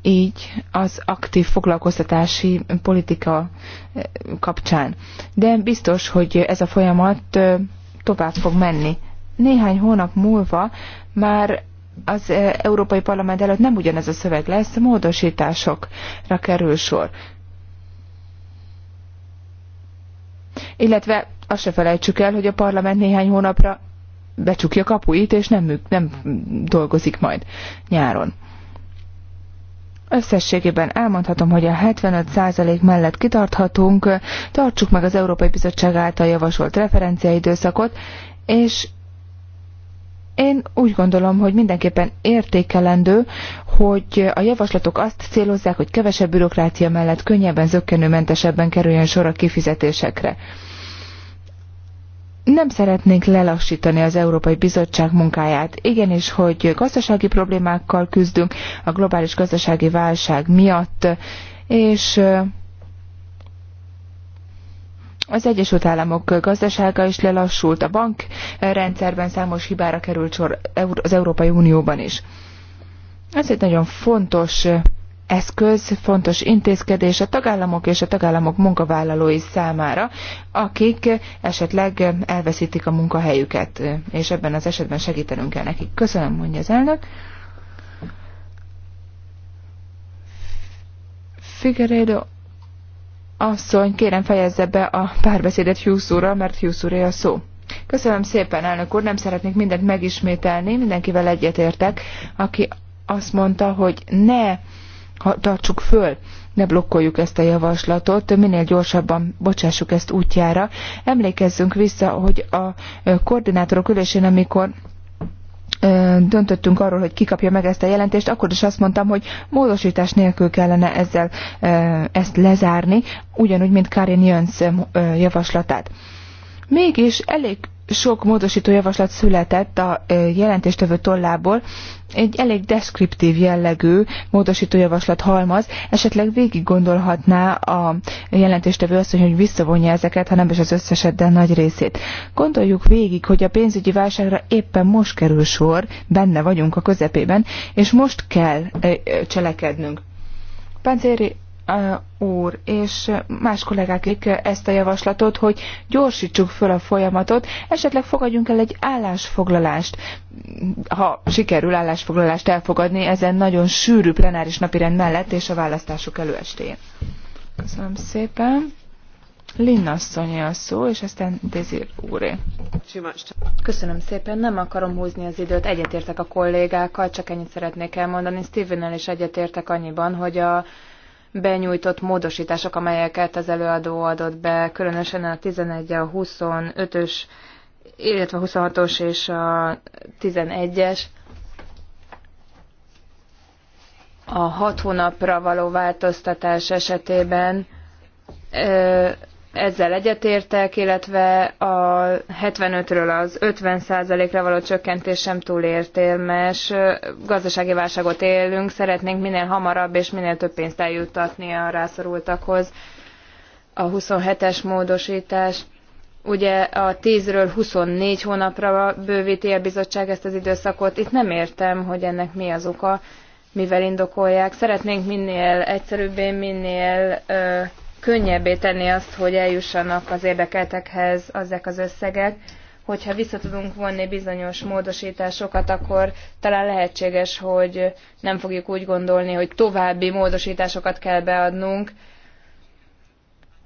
így az aktív foglalkoztatási politika kapcsán. De biztos, hogy ez a folyamat tovább fog menni. Néhány hónap múlva már az eh, Európai Parlament előtt nem ugyanez a szöveg lesz, módosításokra kerül sor. Illetve azt se felejtsük el, hogy a parlament néhány hónapra becsukja kapuit, és nem, nem dolgozik majd nyáron. Összességében elmondhatom, hogy a 75% mellett kitarthatunk, tartsuk meg az Európai Bizottság által javasolt referenciaidőszakot, és én úgy gondolom, hogy mindenképpen értékelendő, hogy a javaslatok azt célozzák, hogy kevesebb bürokrácia mellett könnyebben, zöggenőmentesebben kerüljön sor a kifizetésekre nem szeretnénk lelassítani az Európai Bizottság munkáját. Igenis, hogy gazdasági problémákkal küzdünk a globális gazdasági válság miatt, és az Egyesült Államok gazdasága is lelassult, a bankrendszerben számos hibára került sor az Európai Unióban is. Ez egy nagyon fontos eszköz, fontos intézkedés a tagállamok és a tagállamok munkavállalói számára, akik esetleg elveszítik a munkahelyüket, és ebben az esetben segítenünk kell nekik. Köszönöm, mondja az elnök. Figueredo asszony, kérem fejezze be a párbeszédet Hughes mert Hughes úré a szó. Köszönöm szépen, elnök úr, nem szeretnék mindent megismételni, mindenkivel egyetértek, aki azt mondta, hogy ne tartsuk föl, ne blokkoljuk ezt a javaslatot, minél gyorsabban bocsássuk ezt útjára. Emlékezzünk vissza, hogy a koordinátorok ülésén, amikor döntöttünk arról, hogy kikapja meg ezt a jelentést, akkor is azt mondtam, hogy módosítás nélkül kellene ezzel ezt lezárni, ugyanúgy, mint Karin Jöns javaslatát. Mégis elég sok módosító javaslat született a jelentéstevő tollából, egy elég deskriptív jellegű módosító javaslat halmaz, esetleg végig gondolhatná a jelentéstevő azt, hogy visszavonja ezeket, ha nem is az összeset, de nagy részét. Gondoljuk végig, hogy a pénzügyi válságra éppen most kerül sor, benne vagyunk a közepében, és most kell cselekednünk. Pancéri úr és más kollégák ezt a javaslatot, hogy gyorsítsuk föl a folyamatot, esetleg fogadjunk el egy állásfoglalást. Ha sikerül állásfoglalást elfogadni ezen nagyon sűrű plenáris napirend mellett és a választások előestéjén. Köszönöm szépen. Linnasszonyi a szó, és aztán Dezir úré. Köszönöm szépen, nem akarom húzni az időt, egyetértek a kollégákkal, csak ennyit szeretnék elmondani. Stevennel is egyetértek annyiban, hogy a benyújtott módosítások, amelyeket az előadó adott be, különösen a 11, a 25-ös, illetve a 26-os és a 11-es. A hat hónapra való változtatás esetében ezzel egyetértek, illetve a 75-ről az 50%-ra való csökkentés sem túl értelmes. Gazdasági válságot élünk, szeretnénk minél hamarabb és minél több pénzt eljuttatni a rászorultakhoz. A 27-es módosítás ugye a 10-ről 24 hónapra bővíti a bizottság ezt az időszakot. Itt nem értem, hogy ennek mi az oka, mivel indokolják. Szeretnénk minél egyszerűbbé, minél könnyebbé tenni azt, hogy eljussanak az érdekeltekhez ezek az összegek. Hogyha vissza tudunk vonni bizonyos módosításokat, akkor talán lehetséges, hogy nem fogjuk úgy gondolni, hogy további módosításokat kell beadnunk.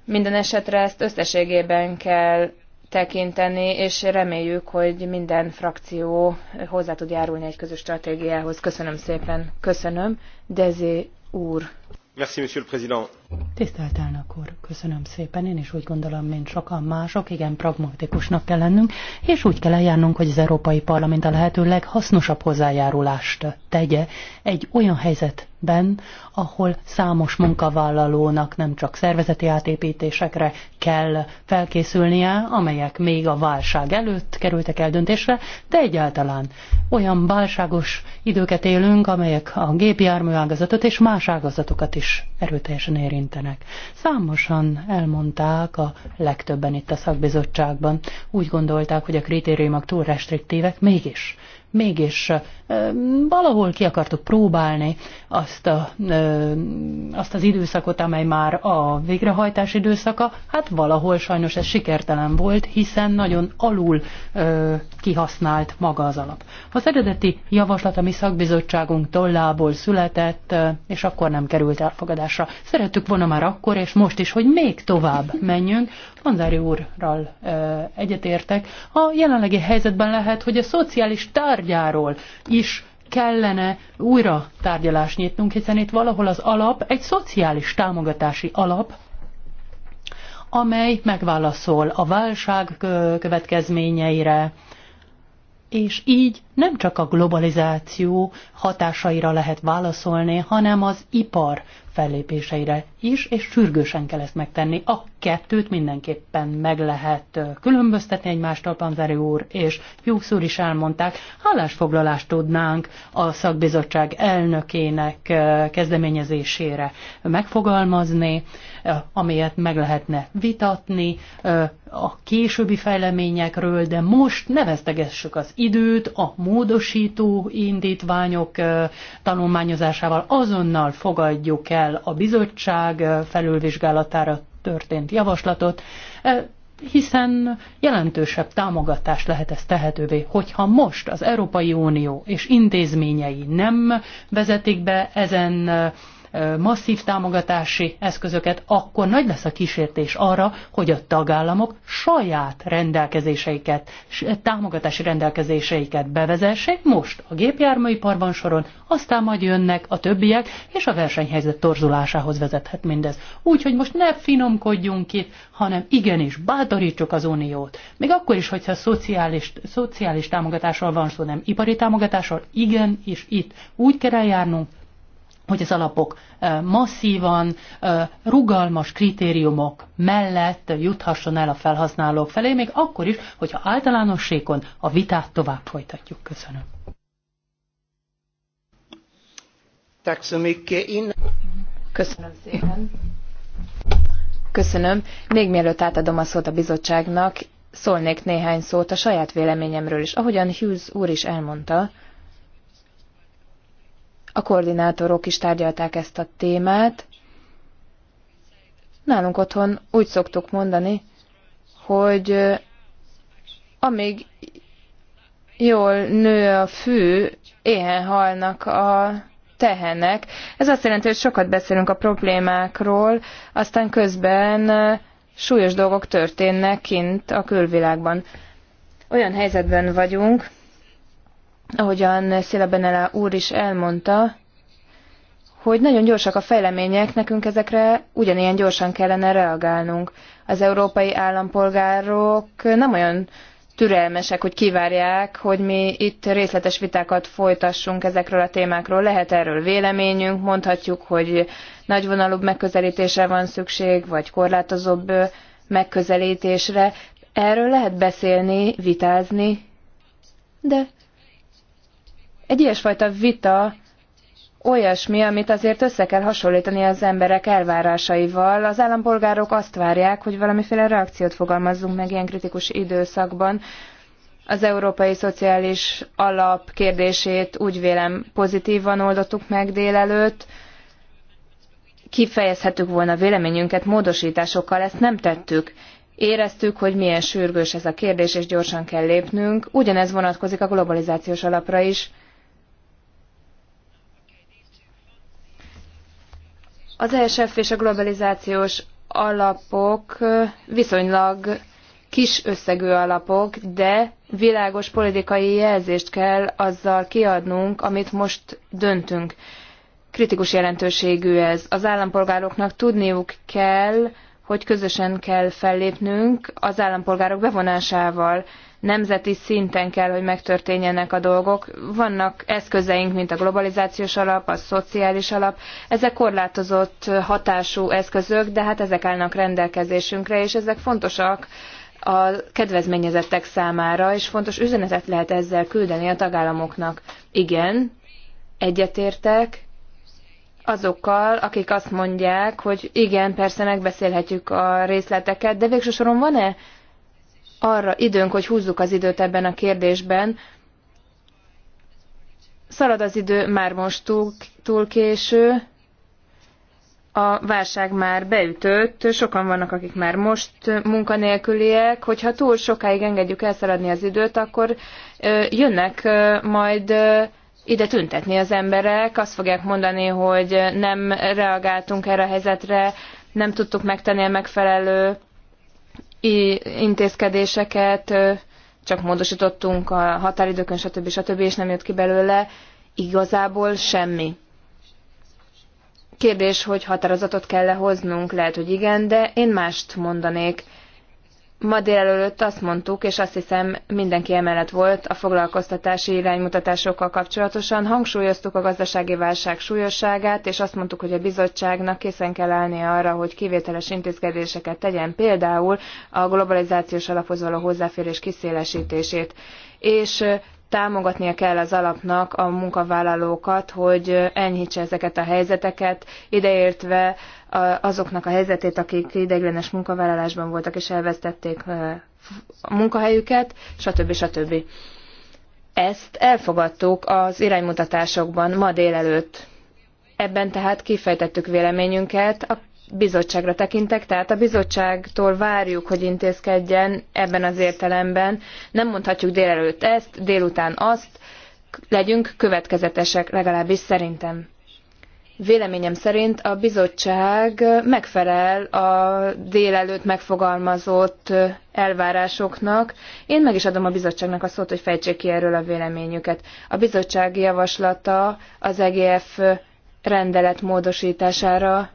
Minden esetre ezt összességében kell tekinteni, és reméljük, hogy minden frakció hozzá tud járulni egy közös stratégiához. Köszönöm szépen. Köszönöm. Dezé úr. Merci, monsieur le président. Tisztelt elnök úr, köszönöm szépen. Én is úgy gondolom, mint sokan mások, igen pragmatikusnak kell lennünk, és úgy kell eljárnunk, hogy az Európai Parlament a lehető leghasznosabb hozzájárulást tegye egy olyan helyzetben, ahol számos munkavállalónak nem csak szervezeti átépítésekre kell felkészülnie, amelyek még a válság előtt kerültek el döntésre, de egyáltalán olyan válságos időket élünk, amelyek a gépjármű ágazatot és más ágazatokat is erőteljesen érint érintenek. Számosan elmondták a legtöbben itt a szakbizottságban. Úgy gondolták, hogy a kritériumok túl restriktívek, mégis mégis valahol ki akartuk próbálni azt, a, azt az időszakot, amely már a végrehajtás időszaka, hát valahol sajnos ez sikertelen volt, hiszen nagyon alul kihasznált maga az alap. Az eredeti javaslat a mi szakbizottságunk tollából született, és akkor nem került elfogadásra. Szerettük volna már akkor, és most is, hogy még tovább menjünk, Mandári úrral egyetértek. A jelenlegi helyzetben lehet, hogy a szociális tárgyáról is kellene újra tárgyalást nyitnunk, hiszen itt valahol az alap egy szociális támogatási alap, amely megválaszol a válság következményeire, és így nem csak a globalizáció hatásaira lehet válaszolni, hanem az ipar fellépéseire is, és sürgősen kell ezt megtenni. A kettőt mindenképpen meg lehet különböztetni egymástól, Panzeri úr és Júksz is elmondták. Hálásfoglalást tudnánk a szakbizottság elnökének kezdeményezésére megfogalmazni, amelyet meg lehetne vitatni a későbbi fejleményekről, de most ne vesztegessük az időt, a módosító indítványok tanulmányozásával azonnal fogadjuk el a bizottság felülvizsgálatára történt javaslatot, hiszen jelentősebb támogatást lehet ez tehetővé, hogyha most az Európai Unió és intézményei nem vezetik be ezen masszív támogatási eszközöket, akkor nagy lesz a kísértés arra, hogy a tagállamok saját rendelkezéseiket, támogatási rendelkezéseiket bevezessék most a gépjárműiparban soron, aztán majd jönnek a többiek, és a versenyhelyzet torzulásához vezethet mindez. Úgyhogy most ne finomkodjunk itt, hanem igenis bátorítsuk az uniót. Még akkor is, hogyha szociális, szociális támogatásról van szó, nem ipari támogatásról, igen, és itt úgy kell eljárnunk, hogy az alapok masszívan, rugalmas kritériumok mellett juthasson el a felhasználók felé, még akkor is, hogyha általánosségon a vitát tovább folytatjuk. Köszönöm. Köszönöm szépen. Köszönöm. Még mielőtt átadom a szót a bizottságnak, szólnék néhány szót a saját véleményemről is. Ahogyan Hughes úr is elmondta, a koordinátorok is tárgyalták ezt a témát. Nálunk otthon úgy szoktuk mondani, hogy amíg jól nő a fű, éhen halnak a tehenek. Ez azt jelenti, hogy sokat beszélünk a problémákról, aztán közben súlyos dolgok történnek kint a külvilágban. Olyan helyzetben vagyunk, ahogyan Benela úr is elmondta, hogy nagyon gyorsak a fejlemények, nekünk ezekre ugyanilyen gyorsan kellene reagálnunk. Az európai állampolgárok nem olyan türelmesek, hogy kivárják, hogy mi itt részletes vitákat folytassunk ezekről a témákról. Lehet erről véleményünk, mondhatjuk, hogy nagyvonalúbb megközelítésre van szükség, vagy korlátozóbb megközelítésre. Erről lehet beszélni, vitázni, de egy ilyesfajta vita olyasmi, amit azért össze kell hasonlítani az emberek elvárásaival. Az állampolgárok azt várják, hogy valamiféle reakciót fogalmazzunk meg ilyen kritikus időszakban. Az európai szociális alap kérdését úgy vélem pozitívan oldottuk meg délelőtt. Kifejezhetük volna véleményünket módosításokkal, ezt nem tettük. Éreztük, hogy milyen sürgős ez a kérdés, és gyorsan kell lépnünk. Ugyanez vonatkozik a globalizációs alapra is Az ESF és a globalizációs alapok viszonylag kis összegű alapok, de világos politikai jelzést kell azzal kiadnunk, amit most döntünk. Kritikus jelentőségű ez. Az állampolgároknak tudniuk kell, hogy közösen kell fellépnünk az állampolgárok bevonásával nemzeti szinten kell, hogy megtörténjenek a dolgok. Vannak eszközeink, mint a globalizációs alap, a szociális alap. Ezek korlátozott hatású eszközök, de hát ezek állnak rendelkezésünkre, és ezek fontosak a kedvezményezettek számára, és fontos üzenetet lehet ezzel küldeni a tagállamoknak. Igen, egyetértek azokkal, akik azt mondják, hogy igen, persze megbeszélhetjük a részleteket, de végső soron van-e arra időnk, hogy húzzuk az időt ebben a kérdésben. Szalad az idő, már most túl, túl késő, a válság már beütött, sokan vannak, akik már most munkanélküliek, hogyha túl sokáig engedjük elszaladni az időt, akkor jönnek majd ide tüntetni az emberek, azt fogják mondani, hogy nem reagáltunk erre a helyzetre, nem tudtuk megtenni a megfelelő intézkedéseket, csak módosítottunk a határidőkön, stb. stb. és nem jött ki belőle igazából semmi. Kérdés, hogy határozatot kell lehoznunk, lehet, hogy igen, de én mást mondanék. Ma délelőtt azt mondtuk, és azt hiszem mindenki emellett volt a foglalkoztatási iránymutatásokkal kapcsolatosan, hangsúlyoztuk a gazdasági válság súlyosságát, és azt mondtuk, hogy a bizottságnak készen kell állnia arra, hogy kivételes intézkedéseket tegyen, például a globalizációs alaphoz való hozzáférés kiszélesítését. És támogatnia kell az alapnak a munkavállalókat, hogy enyhítse ezeket a helyzeteket, ideértve azoknak a helyzetét, akik ideiglenes munkavállalásban voltak és elvesztették a munkahelyüket, stb. stb. Ezt elfogadtuk az iránymutatásokban ma délelőtt. Ebben tehát kifejtettük véleményünket, a bizottságra tekintek, tehát a bizottságtól várjuk, hogy intézkedjen ebben az értelemben. Nem mondhatjuk délelőtt ezt, délután azt, legyünk következetesek legalábbis szerintem. Véleményem szerint a bizottság megfelel a délelőtt megfogalmazott elvárásoknak. Én meg is adom a bizottságnak a szót, hogy fejtsék ki erről a véleményüket. A bizottság javaslata az EGF rendelet módosítására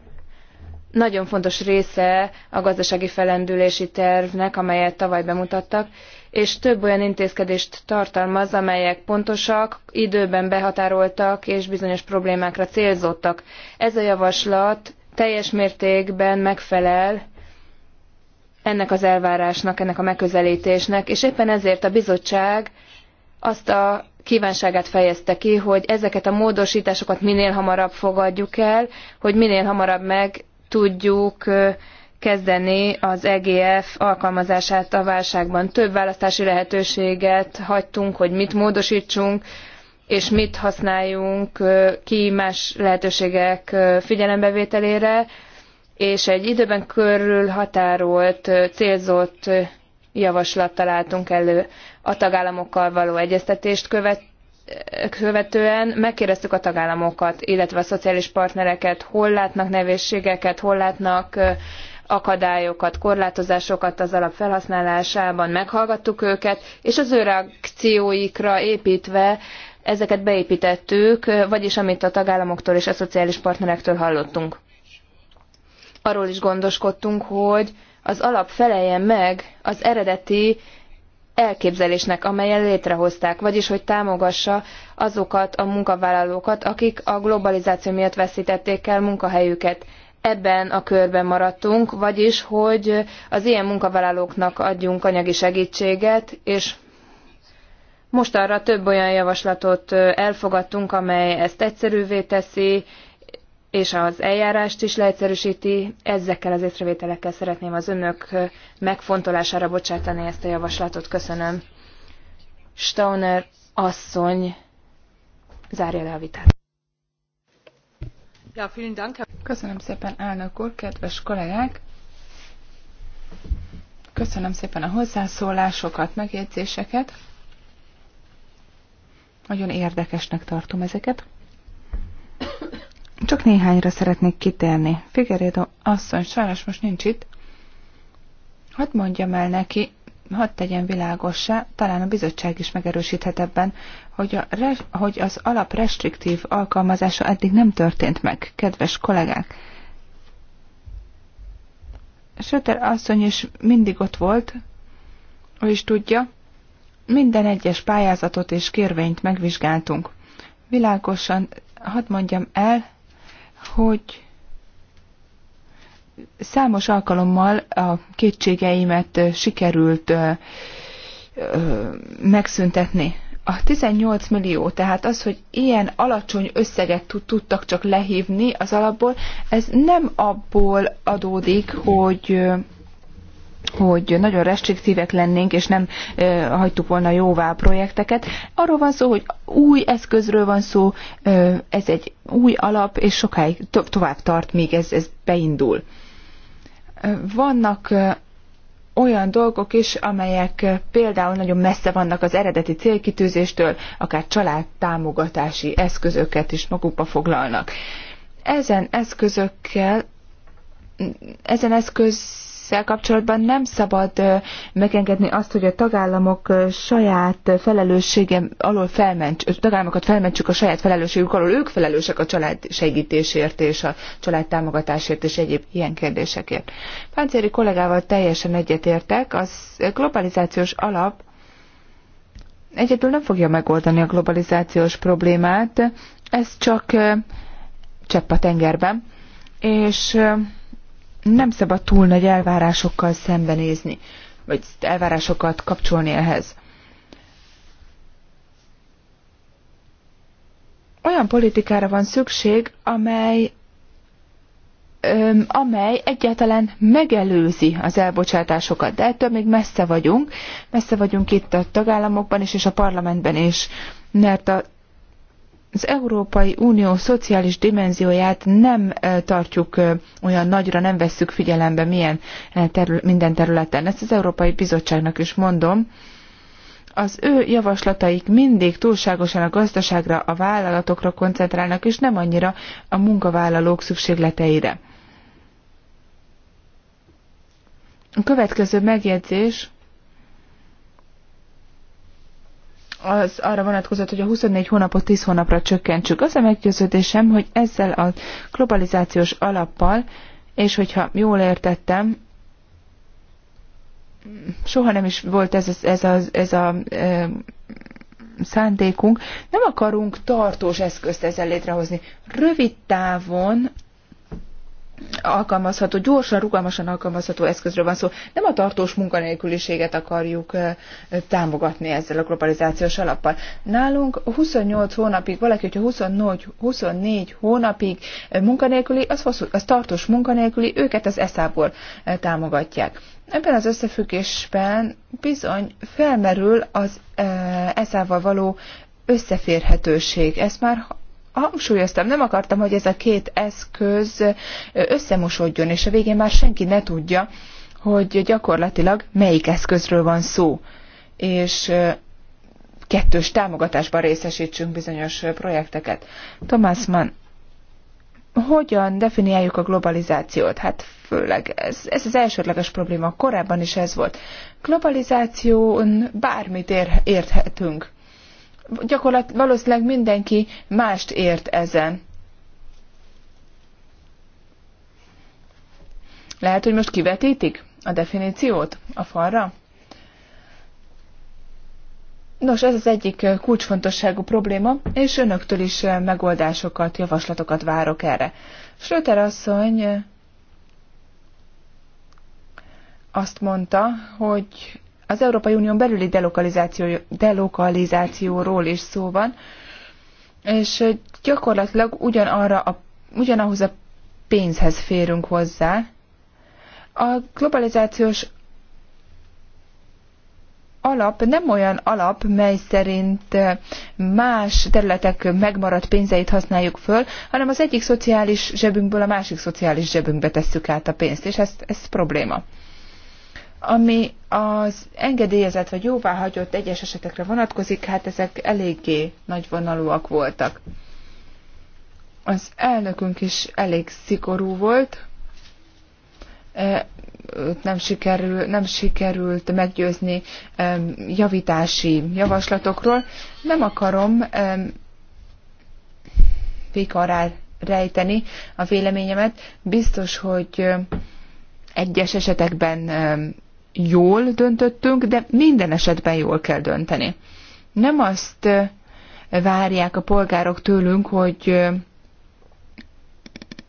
nagyon fontos része a gazdasági felendülési tervnek, amelyet tavaly bemutattak, és több olyan intézkedést tartalmaz, amelyek pontosak, időben behatároltak és bizonyos problémákra célzottak. Ez a javaslat teljes mértékben megfelel ennek az elvárásnak, ennek a megközelítésnek, és éppen ezért a bizottság azt a kívánságát fejezte ki, hogy ezeket a módosításokat minél hamarabb fogadjuk el, hogy minél hamarabb meg tudjuk kezdeni az EGF alkalmazását a válságban. Több választási lehetőséget hagytunk, hogy mit módosítsunk, és mit használjunk ki más lehetőségek figyelembevételére, és egy időben körül határolt, célzott javaslattal álltunk elő a tagállamokkal való egyeztetést követ, követően megkérdeztük a tagállamokat, illetve a szociális partnereket, hol látnak nevészségeket, hol látnak akadályokat, korlátozásokat az alap felhasználásában, meghallgattuk őket, és az ő reakcióikra építve ezeket beépítettük, vagyis amit a tagállamoktól és a szociális partnerektől hallottunk. Arról is gondoskodtunk, hogy az alap feleljen meg az eredeti elképzelésnek, amelyen létrehozták, vagyis hogy támogassa azokat a munkavállalókat, akik a globalizáció miatt veszítették el munkahelyüket ebben a körben maradtunk, vagyis, hogy az ilyen munkavállalóknak adjunk anyagi segítséget, és most arra több olyan javaslatot elfogadtunk, amely ezt egyszerűvé teszi, és az eljárást is leegyszerűsíti. Ezekkel az észrevételekkel szeretném az önök megfontolására bocsátani ezt a javaslatot. Köszönöm. Stauner asszony zárja le a vitát. Köszönöm szépen, elnök úr, kedves kollégák! Köszönöm szépen a hozzászólásokat, megjegyzéseket. Nagyon érdekesnek tartom ezeket. Csak néhányra szeretnék kitérni. Figyeljétek, asszony sajnos most nincs itt. Hadd mondjam el neki, hadd tegyen világossá, talán a bizottság is megerősíthet ebben, hogy, a, hogy az alap restriktív alkalmazása eddig nem történt meg, kedves kollégák. Söter asszony is mindig ott volt, ő is tudja, minden egyes pályázatot és kérvényt megvizsgáltunk. Világosan hadd mondjam el, hogy Számos alkalommal a kétségeimet sikerült megszüntetni. A 18 millió, tehát az, hogy ilyen alacsony összeget tudtak csak lehívni az alapból, ez nem abból adódik, hogy hogy nagyon restriktívek lennénk, és nem e, hagytuk volna jóvá a projekteket. Arról van szó, hogy új eszközről van szó, e, ez egy új alap, és sokáig to- tovább tart, míg ez, ez beindul. Vannak olyan dolgok is, amelyek például nagyon messze vannak az eredeti célkitűzéstől, akár családtámogatási eszközöket is magukba foglalnak. Ezen eszközökkel, ezen eszköz ezzel kapcsolatban nem szabad megengedni azt, hogy a tagállamok saját felelőssége alól felments, tagállamokat felmentsük a saját felelősségük alól, ők felelősek a család segítésért és a család támogatásért és egyéb ilyen kérdésekért. Páncéri kollégával teljesen egyetértek, az globalizációs alap egyedül nem fogja megoldani a globalizációs problémát, ez csak csepp a tengerben, és nem szabad túl nagy elvárásokkal szembenézni, vagy elvárásokat kapcsolni ehhez. Olyan politikára van szükség, amely amely egyáltalán megelőzi az elbocsátásokat, de ettől még messze vagyunk, messze vagyunk itt a tagállamokban is, és a parlamentben is, mert a az Európai Unió szociális dimenzióját nem tartjuk olyan nagyra, nem vesszük figyelembe milyen terül, minden területen. Ezt az Európai Bizottságnak is mondom. Az ő javaslataik mindig túlságosan a gazdaságra, a vállalatokra koncentrálnak, és nem annyira a munkavállalók szükségleteire. A következő megjegyzés az arra vonatkozott, hogy a 24 hónapot 10 hónapra csökkentsük. Az a meggyőződésem, hogy ezzel a globalizációs alappal, és hogyha jól értettem, soha nem is volt ez, ez, ez a, ez a e, szándékunk, nem akarunk tartós eszközt ezzel létrehozni. Rövid távon alkalmazható, gyorsan, rugalmasan alkalmazható eszközről van szó. Nem a tartós munkanélküliséget akarjuk támogatni ezzel a globalizációs alappal. Nálunk 28 hónapig, valaki, hogyha 24, 24 hónapig munkanélküli, az, hosszú, az tartós munkanélküli, őket az eszából támogatják. Ebben az összefüggésben bizony felmerül az eszával való összeférhetőség. Ezt már hangsúlyoztam, nem akartam, hogy ez a két eszköz összemosodjon, és a végén már senki ne tudja, hogy gyakorlatilag melyik eszközről van szó, és kettős támogatásban részesítsünk bizonyos projekteket. Thomas Mann, hogyan definiáljuk a globalizációt? Hát főleg ez, ez az elsődleges probléma, korábban is ez volt. Globalizáción bármit ér, érthetünk gyakorlatilag valószínűleg mindenki mást ért ezen. Lehet, hogy most kivetítik a definíciót a falra? Nos, ez az egyik kulcsfontosságú probléma, és önöktől is megoldásokat, javaslatokat várok erre. Schröter asszony azt mondta, hogy az Európai Unión belüli delokalizáció, delokalizációról is szó van, és gyakorlatilag ugyanarra a, ugyanahoz a pénzhez férünk hozzá. A globalizációs alap nem olyan alap, mely szerint más területek megmaradt pénzeit használjuk föl, hanem az egyik szociális zsebünkből a másik szociális zsebünkbe tesszük át a pénzt, és ez, ez probléma. Ami az engedélyezett vagy jóváhagyott egyes esetekre vonatkozik, hát ezek eléggé nagyvonalúak voltak. Az elnökünk is elég szigorú volt, e, nem, sikerül, nem sikerült meggyőzni e, javítási javaslatokról. Nem akarom pék e, rejteni a véleményemet. Biztos, hogy egyes esetekben jól döntöttünk, de minden esetben jól kell dönteni. Nem azt várják a polgárok tőlünk, hogy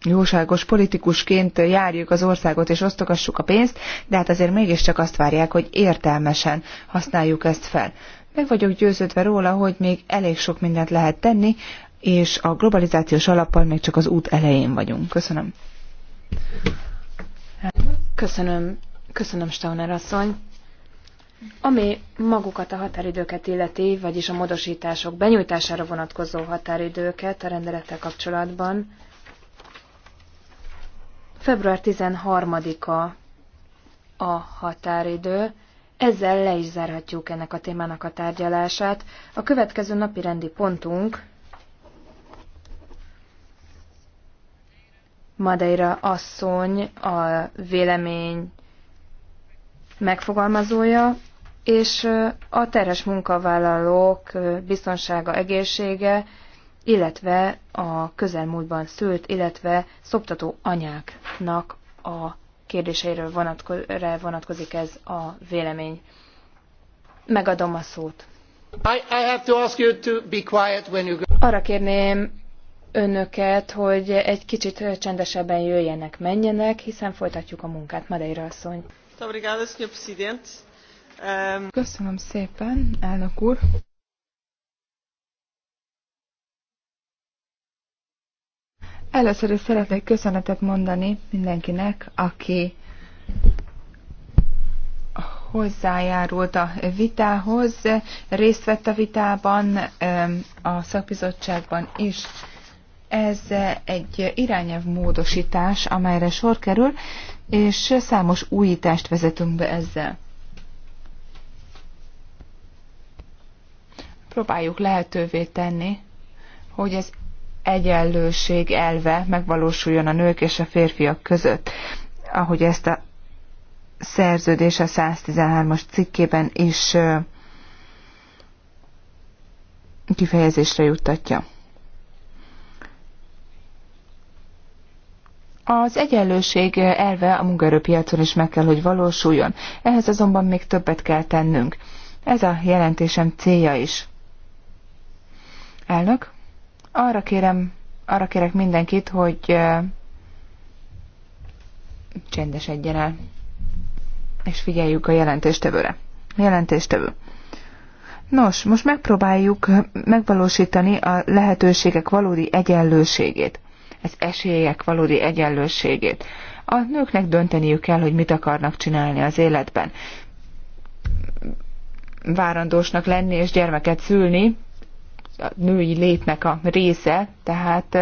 jóságos politikusként járjuk az országot és osztogassuk a pénzt, de hát azért mégiscsak azt várják, hogy értelmesen használjuk ezt fel. Meg vagyok győződve róla, hogy még elég sok mindent lehet tenni, és a globalizációs alappal még csak az út elején vagyunk. Köszönöm. Köszönöm Köszönöm, Stauner asszony. Ami magukat a határidőket illeti, vagyis a módosítások benyújtására vonatkozó határidőket a rendelettel kapcsolatban, február 13-a a határidő, ezzel le is zárhatjuk ennek a témának a tárgyalását. A következő napi rendi pontunk Madeira asszony a vélemény megfogalmazója, és a terhes munkavállalók biztonsága, egészsége, illetve a közelmúltban szült, illetve szoptató anyáknak a kérdéseiről vonatko- vonatkozik ez a vélemény. Megadom a szót. Arra kérném önöket, hogy egy kicsit csendesebben jöjjenek, menjenek, hiszen folytatjuk a munkát. Madeira asszony. Köszönöm szépen, elnök úr. Először is szeretnék köszönetet mondani mindenkinek, aki hozzájárult a vitához, részt vett a vitában, ehm, a szakbizottságban is. Ez egy irányelv módosítás, amelyre sor kerül, és számos újítást vezetünk be ezzel. Próbáljuk lehetővé tenni, hogy az egyenlőség elve megvalósuljon a nők és a férfiak között, ahogy ezt a szerződés a 113-as cikkében is kifejezésre juttatja. Az egyenlőség elve a munkaerőpiacon is meg kell, hogy valósuljon. Ehhez azonban még többet kell tennünk. Ez a jelentésem célja is. Elnök, arra kérem, arra kérek mindenkit, hogy csendesedjen el, és figyeljük a jelentéstevőre. Jelentéstevő. Nos, most megpróbáljuk megvalósítani a lehetőségek valódi egyenlőségét az esélyek valódi egyenlőségét. A nőknek dönteniük kell, hogy mit akarnak csinálni az életben. Várandósnak lenni és gyermeket szülni a női létnek a része, tehát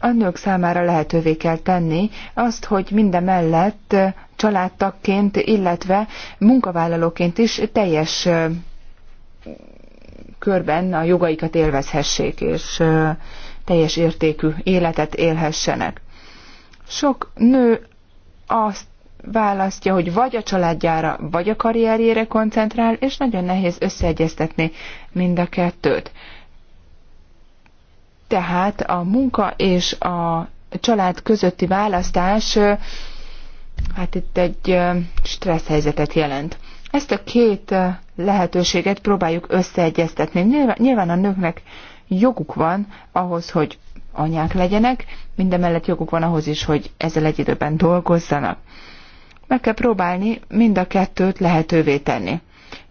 a nők számára lehetővé kell tenni azt, hogy minden mellett családtagként, illetve munkavállalóként is teljes körben a jogaikat élvezhessék, és teljes értékű életet élhessenek. Sok nő azt választja, hogy vagy a családjára, vagy a karrierjére koncentrál, és nagyon nehéz összeegyeztetni mind a kettőt. Tehát a munka és a család közötti választás hát itt egy stressz helyzetet jelent. Ezt a két lehetőséget próbáljuk összeegyeztetni. Nyilván a nőknek joguk van ahhoz, hogy anyák legyenek, mindemellett joguk van ahhoz is, hogy ezzel egy időben dolgozzanak. Meg kell próbálni mind a kettőt lehetővé tenni.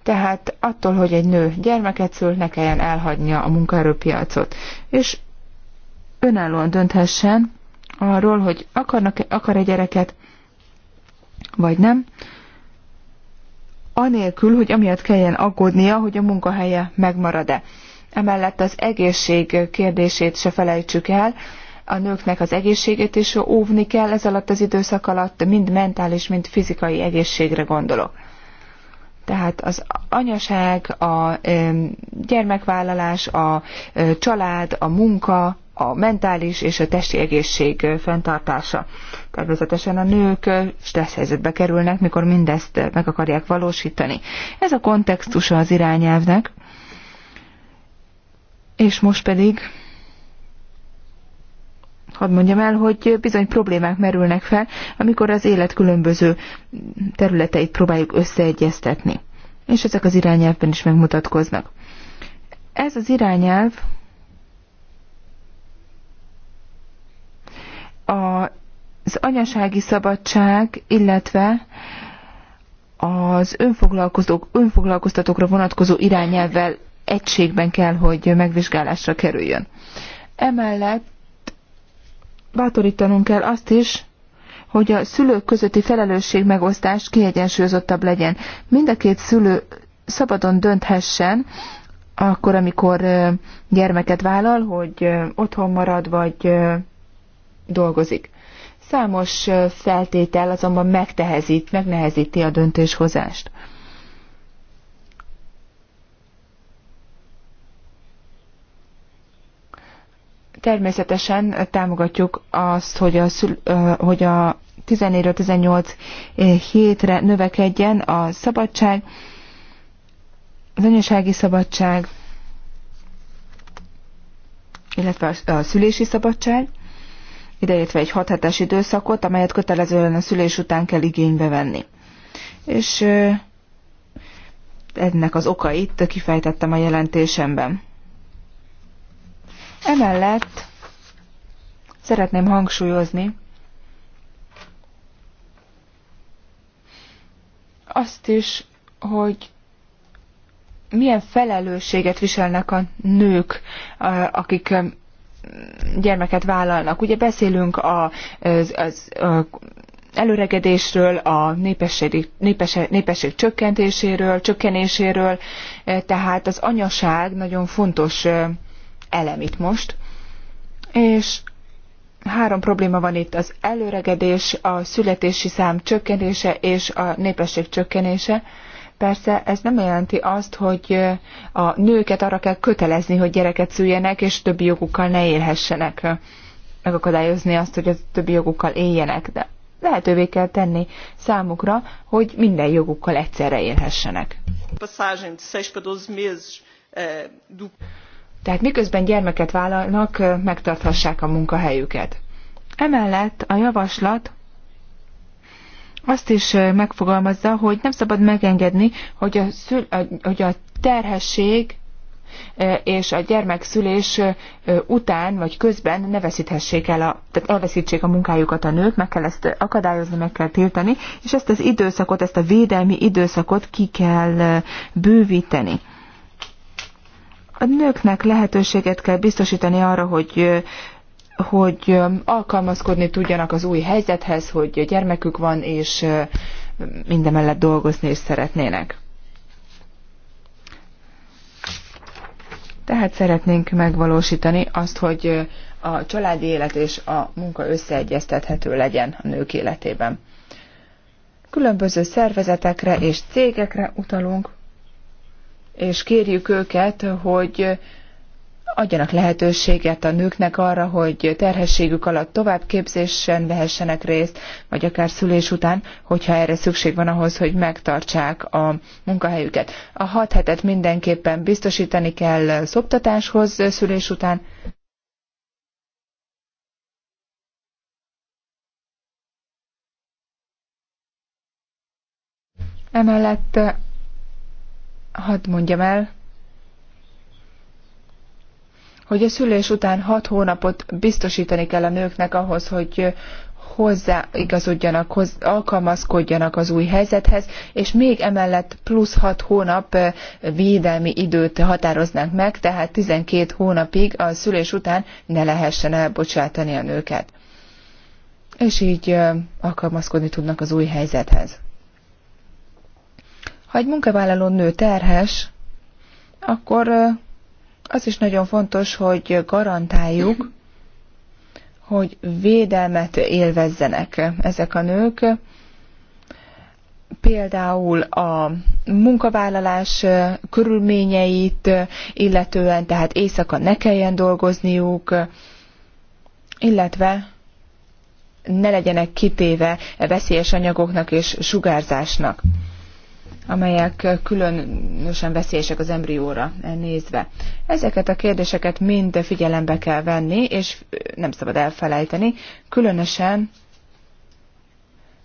Tehát attól, hogy egy nő gyermeket szül, ne kelljen elhagynia a munkaerőpiacot, és önállóan dönthessen arról, hogy akarnak, akar egy gyereket, vagy nem, anélkül, hogy amiatt kelljen aggódnia, hogy a munkahelye megmarad-e. Emellett az egészség kérdését se felejtsük el, a nőknek az egészségét is óvni kell ez alatt az időszak alatt, mind mentális, mind fizikai egészségre gondolok. Tehát az anyaság, a gyermekvállalás, a család, a munka, a mentális és a testi egészség fenntartása. Természetesen a nők stressz helyzetbe kerülnek, mikor mindezt meg akarják valósítani. Ez a kontextusa az irányelvnek. És most pedig hadd mondjam el, hogy bizony problémák merülnek fel, amikor az élet különböző területeit próbáljuk összeegyeztetni. És ezek az irányelvben is megmutatkoznak. Ez az irányelv az anyasági szabadság, illetve az önfoglalkozók, önfoglalkoztatókra vonatkozó irányelvvel egységben kell, hogy megvizsgálásra kerüljön. Emellett bátorítanunk kell azt is, hogy a szülők közötti felelősség megosztás kiegyensúlyozottabb legyen. Mind a két szülő szabadon dönthessen, akkor, amikor gyermeket vállal, hogy otthon marad, vagy dolgozik. Számos feltétel azonban megtehezít, megnehezíti a döntéshozást. Természetesen támogatjuk azt, hogy a, szül, hogy a 14 18 hétre növekedjen a szabadság, az anyasági szabadság, illetve a szülési szabadság, ideértve egy 6 hetes időszakot, amelyet kötelezően a szülés után kell igénybe venni. És ennek az itt kifejtettem a jelentésemben. Emellett szeretném hangsúlyozni azt is, hogy milyen felelősséget viselnek a nők, akik um, gyermeket vállalnak. Ugye beszélünk az, az, az előregedésről, a népesség, népesség, népesség csökkentéséről, csökkenéséről, eh, tehát az anyaság nagyon fontos eh, elem itt most, és három probléma van itt, az előregedés, a születési szám csökkenése és a népesség csökkenése. Persze ez nem jelenti azt, hogy a nőket arra kell kötelezni, hogy gyereket szüljenek, és többi jogukkal ne élhessenek, megakadályozni azt, hogy a többi jogukkal éljenek, de lehetővé kell tenni számukra, hogy minden jogukkal egyszerre élhessenek. Tehát miközben gyermeket vállalnak, megtarthassák a munkahelyüket. Emellett a javaslat azt is megfogalmazza, hogy nem szabad megengedni, hogy a, szül, hogy a terhesség és a gyermekszülés után vagy közben ne veszíthessék el, a, tehát elveszítsék a munkájukat a nők, meg kell ezt akadályozni, meg kell tiltani, és ezt az időszakot, ezt a védelmi időszakot ki kell bővíteni. A nőknek lehetőséget kell biztosítani arra, hogy hogy alkalmazkodni tudjanak az új helyzethez, hogy gyermekük van, és mindemellett dolgozni is szeretnének. Tehát szeretnénk megvalósítani azt, hogy a családi élet és a munka összeegyeztethető legyen a nők életében. Különböző szervezetekre és cégekre utalunk, és kérjük őket, hogy adjanak lehetőséget a nőknek arra, hogy terhességük alatt továbbképzésen vehessenek részt, vagy akár szülés után, hogyha erre szükség van ahhoz, hogy megtartsák a munkahelyüket. A hat hetet mindenképpen biztosítani kell szoptatáshoz szülés után. Emellett hadd mondjam el, hogy a szülés után hat hónapot biztosítani kell a nőknek ahhoz, hogy hozzáigazodjanak, hoz, alkalmazkodjanak az új helyzethez, és még emellett plusz 6 hónap védelmi időt határoznánk meg, tehát 12 hónapig a szülés után ne lehessen elbocsátani a nőket. És így alkalmazkodni tudnak az új helyzethez. Ha egy munkavállaló nő terhes, akkor az is nagyon fontos, hogy garantáljuk, hogy védelmet élvezzenek ezek a nők. Például a munkavállalás körülményeit, illetően tehát éjszaka ne kelljen dolgozniuk, illetve ne legyenek kitéve veszélyes anyagoknak és sugárzásnak amelyek különösen veszélyesek az embrióra nézve. Ezeket a kérdéseket mind figyelembe kell venni, és nem szabad elfelejteni, különösen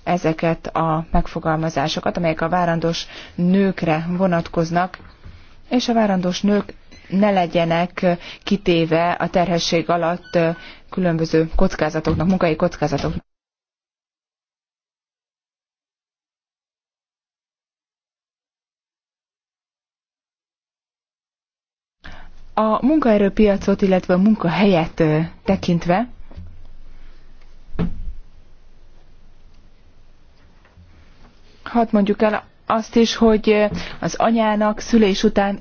ezeket a megfogalmazásokat, amelyek a várandós nőkre vonatkoznak, és a várandós nők ne legyenek kitéve a terhesség alatt különböző kockázatoknak, munkai kockázatoknak. A munkaerőpiacot, illetve a munkahelyet tekintve, hadd mondjuk el azt is, hogy az anyának szülés után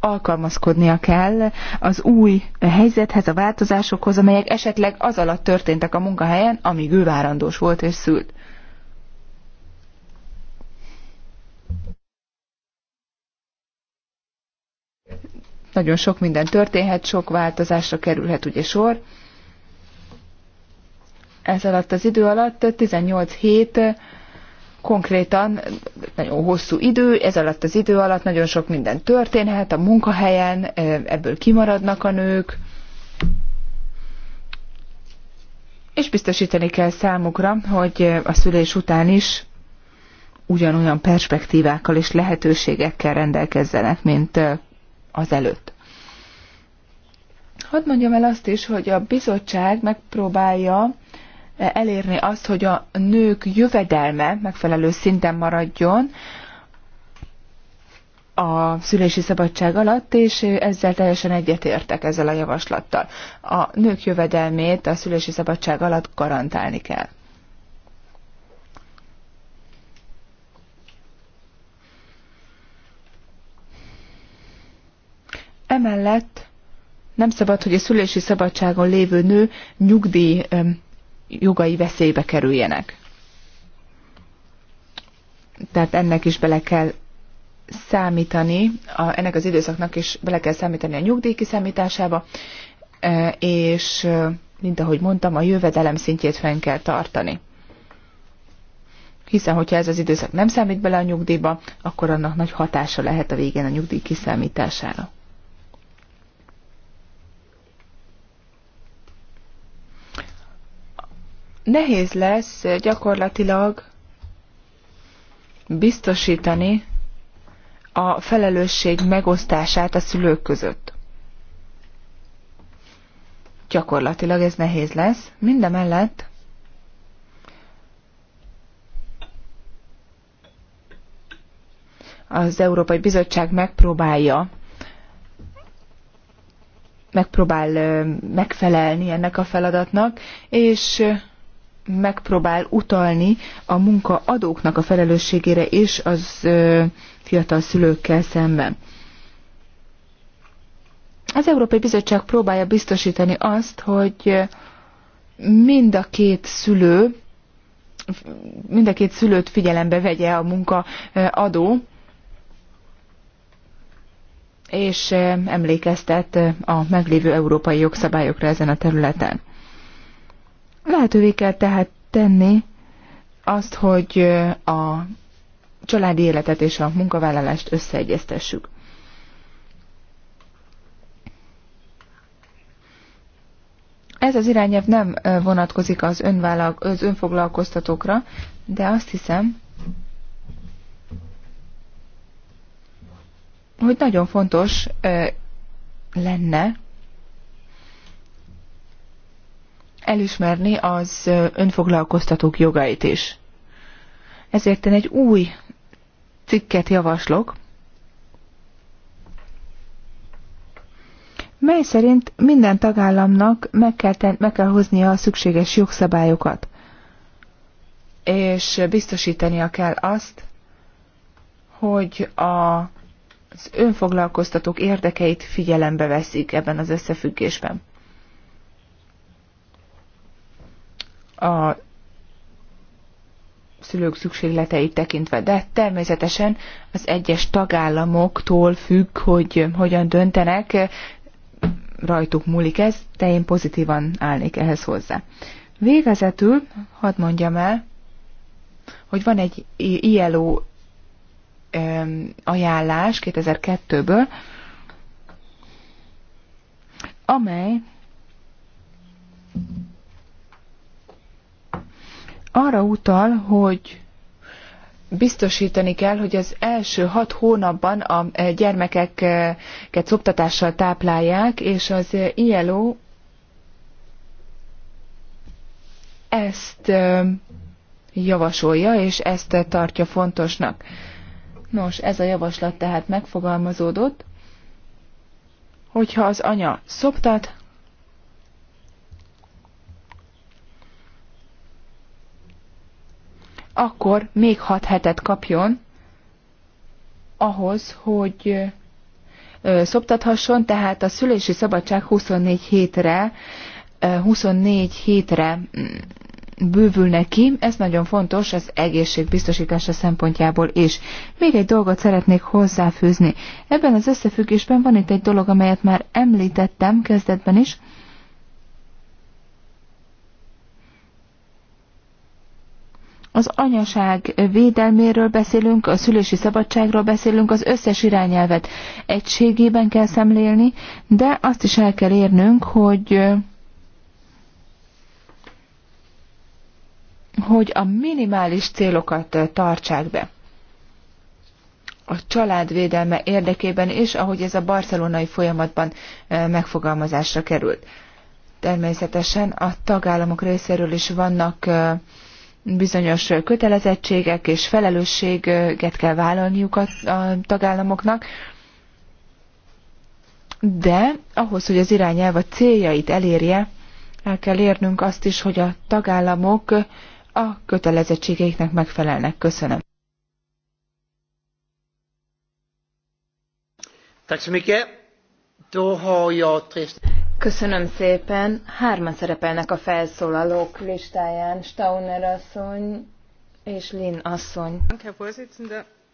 alkalmazkodnia kell az új helyzethez, a változásokhoz, amelyek esetleg az alatt történtek a munkahelyen, amíg ő várandós volt és szült. Nagyon sok minden történhet, sok változásra kerülhet ugye sor. Ez alatt az idő alatt 18 hét eh, konkrétan nagyon hosszú idő, ez alatt az idő alatt nagyon sok minden történhet, a munkahelyen eh, ebből kimaradnak a nők, és biztosítani kell számukra, hogy eh, a szülés után is ugyanolyan perspektívákkal és lehetőségekkel rendelkezzenek, mint azelőtt. Hadd mondjam el azt is, hogy a bizottság megpróbálja elérni azt, hogy a nők jövedelme megfelelő szinten maradjon a szülési szabadság alatt, és ezzel teljesen egyetértek ezzel a javaslattal. A nők jövedelmét a szülési szabadság alatt garantálni kell. Emellett nem szabad, hogy a szülési szabadságon lévő nő nyugdíj jogai veszélybe kerüljenek. Tehát ennek is bele kell számítani, a, ennek az időszaknak is bele kell számítani a nyugdíj kiszámításába, és mint ahogy mondtam, a jövedelem szintjét fenn kell tartani. Hiszen, hogyha ez az időszak nem számít bele a nyugdíjba, akkor annak nagy hatása lehet a végén a nyugdíj kiszámítására. nehéz lesz gyakorlatilag biztosítani a felelősség megosztását a szülők között. Gyakorlatilag ez nehéz lesz, mindemellett az Európai Bizottság megpróbálja megpróbál megfelelni ennek a feladatnak, és megpróbál utalni a munkaadóknak a felelősségére és az fiatal szülőkkel szemben. Az Európai Bizottság próbálja biztosítani azt, hogy mind a két szülő, mind a két szülőt figyelembe vegye a munkaadó, és emlékeztet a meglévő európai jogszabályokra ezen a területen. Lehetővé kell tehát tenni azt, hogy a családi életet és a munkavállalást összeegyeztessük. Ez az irányelv nem vonatkozik az, önvállalk, az önfoglalkoztatókra, de azt hiszem, hogy nagyon fontos lenne elismerni az önfoglalkoztatók jogait is. Ezért én egy új cikket javaslok, mely szerint minden tagállamnak meg kell, ten, meg kell hoznia a szükséges jogszabályokat, és biztosítania kell azt, hogy a, az önfoglalkoztatók érdekeit figyelembe veszik ebben az összefüggésben. a szülők szükségleteit tekintve, de természetesen az egyes tagállamoktól függ, hogy hogyan döntenek, rajtuk múlik ez, de én pozitívan állnék ehhez hozzá. Végezetül, hadd mondjam el, hogy van egy ILO ajánlás 2002-ből, amely arra utal, hogy biztosítani kell, hogy az első hat hónapban a e, gyermekeket szoptatással táplálják, és az ILO ezt e, javasolja, és ezt tartja fontosnak. Nos, ez a javaslat tehát megfogalmazódott, hogyha az anya szoptat, akkor még hat hetet kapjon ahhoz, hogy szoptathasson, tehát a szülési szabadság 24 hétre, 24 hétre mm, bővül neki, ez nagyon fontos az egészség biztosítása szempontjából is. Még egy dolgot szeretnék hozzáfűzni. Ebben az összefüggésben van itt egy dolog, amelyet már említettem kezdetben is, Az anyaság védelméről beszélünk, a szülési szabadságról beszélünk, az összes irányelvet egységében kell szemlélni, de azt is el kell érnünk, hogy hogy a minimális célokat tartsák be. A család védelme érdekében is, ahogy ez a barcelonai folyamatban e, megfogalmazásra került. Természetesen a tagállamok részéről is vannak e, bizonyos kötelezettségek és felelősséget kell vállalniuk a, a tagállamoknak, de ahhoz, hogy az irányelv a céljait elérje, el kell érnünk azt is, hogy a tagállamok a kötelezettségeiknek megfelelnek. Köszönöm. Tack så mycket. Då har jag tre Köszönöm szépen. Hárman szerepelnek a felszólalók listáján. Stauner asszony és Lin asszony.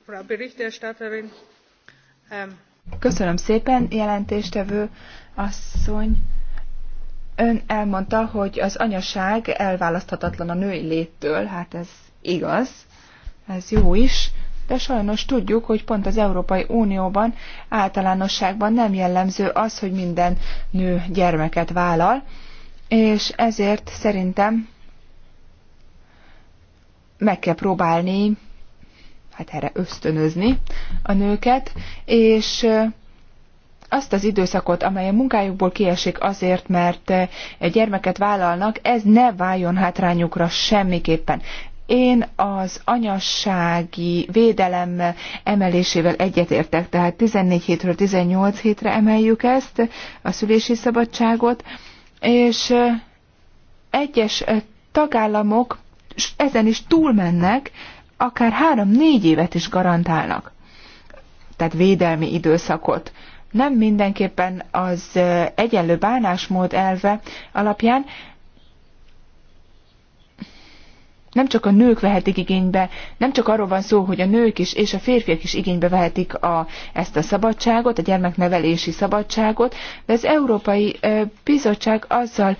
Ähm, Köszönöm szépen, jelentéstevő asszony. Ön elmondta, hogy az anyaság elválaszthatatlan a női léttől, hát ez igaz, ez jó is, de sajnos tudjuk, hogy pont az Európai Unióban általánosságban nem jellemző az, hogy minden nő gyermeket vállal, és ezért szerintem meg kell próbálni hát erre ösztönözni a nőket, és azt az időszakot, amely a munkájukból kiesik azért, mert gyermeket vállalnak, ez ne váljon hátrányukra semmiképpen. Én az anyassági védelem emelésével egyetértek, tehát 14 hétről 18 hétre emeljük ezt, a szülési szabadságot, és egyes tagállamok ezen is túlmennek, akár 3-4 évet is garantálnak, tehát védelmi időszakot. Nem mindenképpen az egyenlő bánásmód elve alapján, nem csak a nők vehetik igénybe, nem csak arról van szó, hogy a nők is és a férfiak is igénybe vehetik a, ezt a szabadságot, a gyermeknevelési szabadságot, de az Európai Bizottság azzal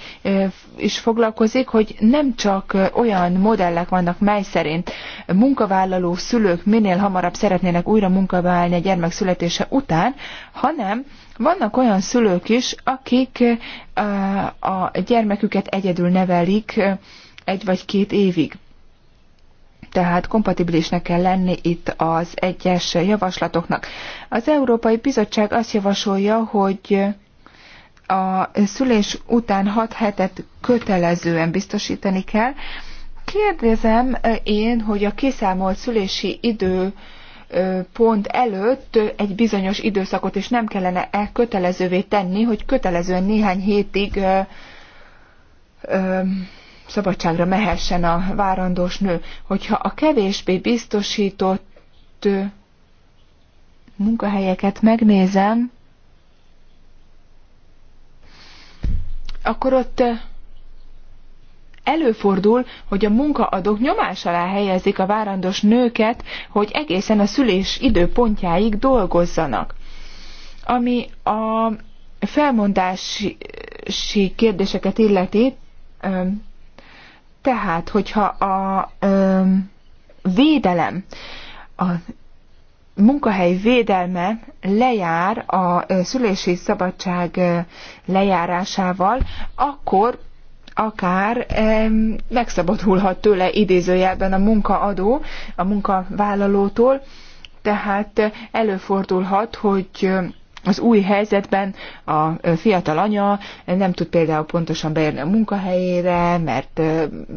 is foglalkozik, hogy nem csak olyan modellek vannak, mely szerint munkavállaló szülők minél hamarabb szeretnének újra munkába állni a gyermek születése után, hanem vannak olyan szülők is, akik a gyermeküket egyedül nevelik egy vagy két évig tehát kompatibilisnek kell lenni itt az egyes javaslatoknak. Az Európai Bizottság azt javasolja, hogy a szülés után 6 hetet kötelezően biztosítani kell. Kérdezem én, hogy a kiszámolt szülési idő pont előtt egy bizonyos időszakot is nem kellene -e kötelezővé tenni, hogy kötelezően néhány hétig szabadságra mehessen a várandós nő. Hogyha a kevésbé biztosított munkahelyeket megnézem, akkor ott előfordul, hogy a munkaadók nyomás alá helyezik a várandós nőket, hogy egészen a szülés időpontjáig dolgozzanak. Ami a felmondási kérdéseket illeti, tehát, hogyha a ö, védelem, a munkahely védelme lejár a szülési szabadság lejárásával, akkor akár megszabadulhat tőle idézőjelben a munkaadó, a munkavállalótól, tehát előfordulhat, hogy az új helyzetben a fiatal anya nem tud például pontosan beérni a munkahelyére, mert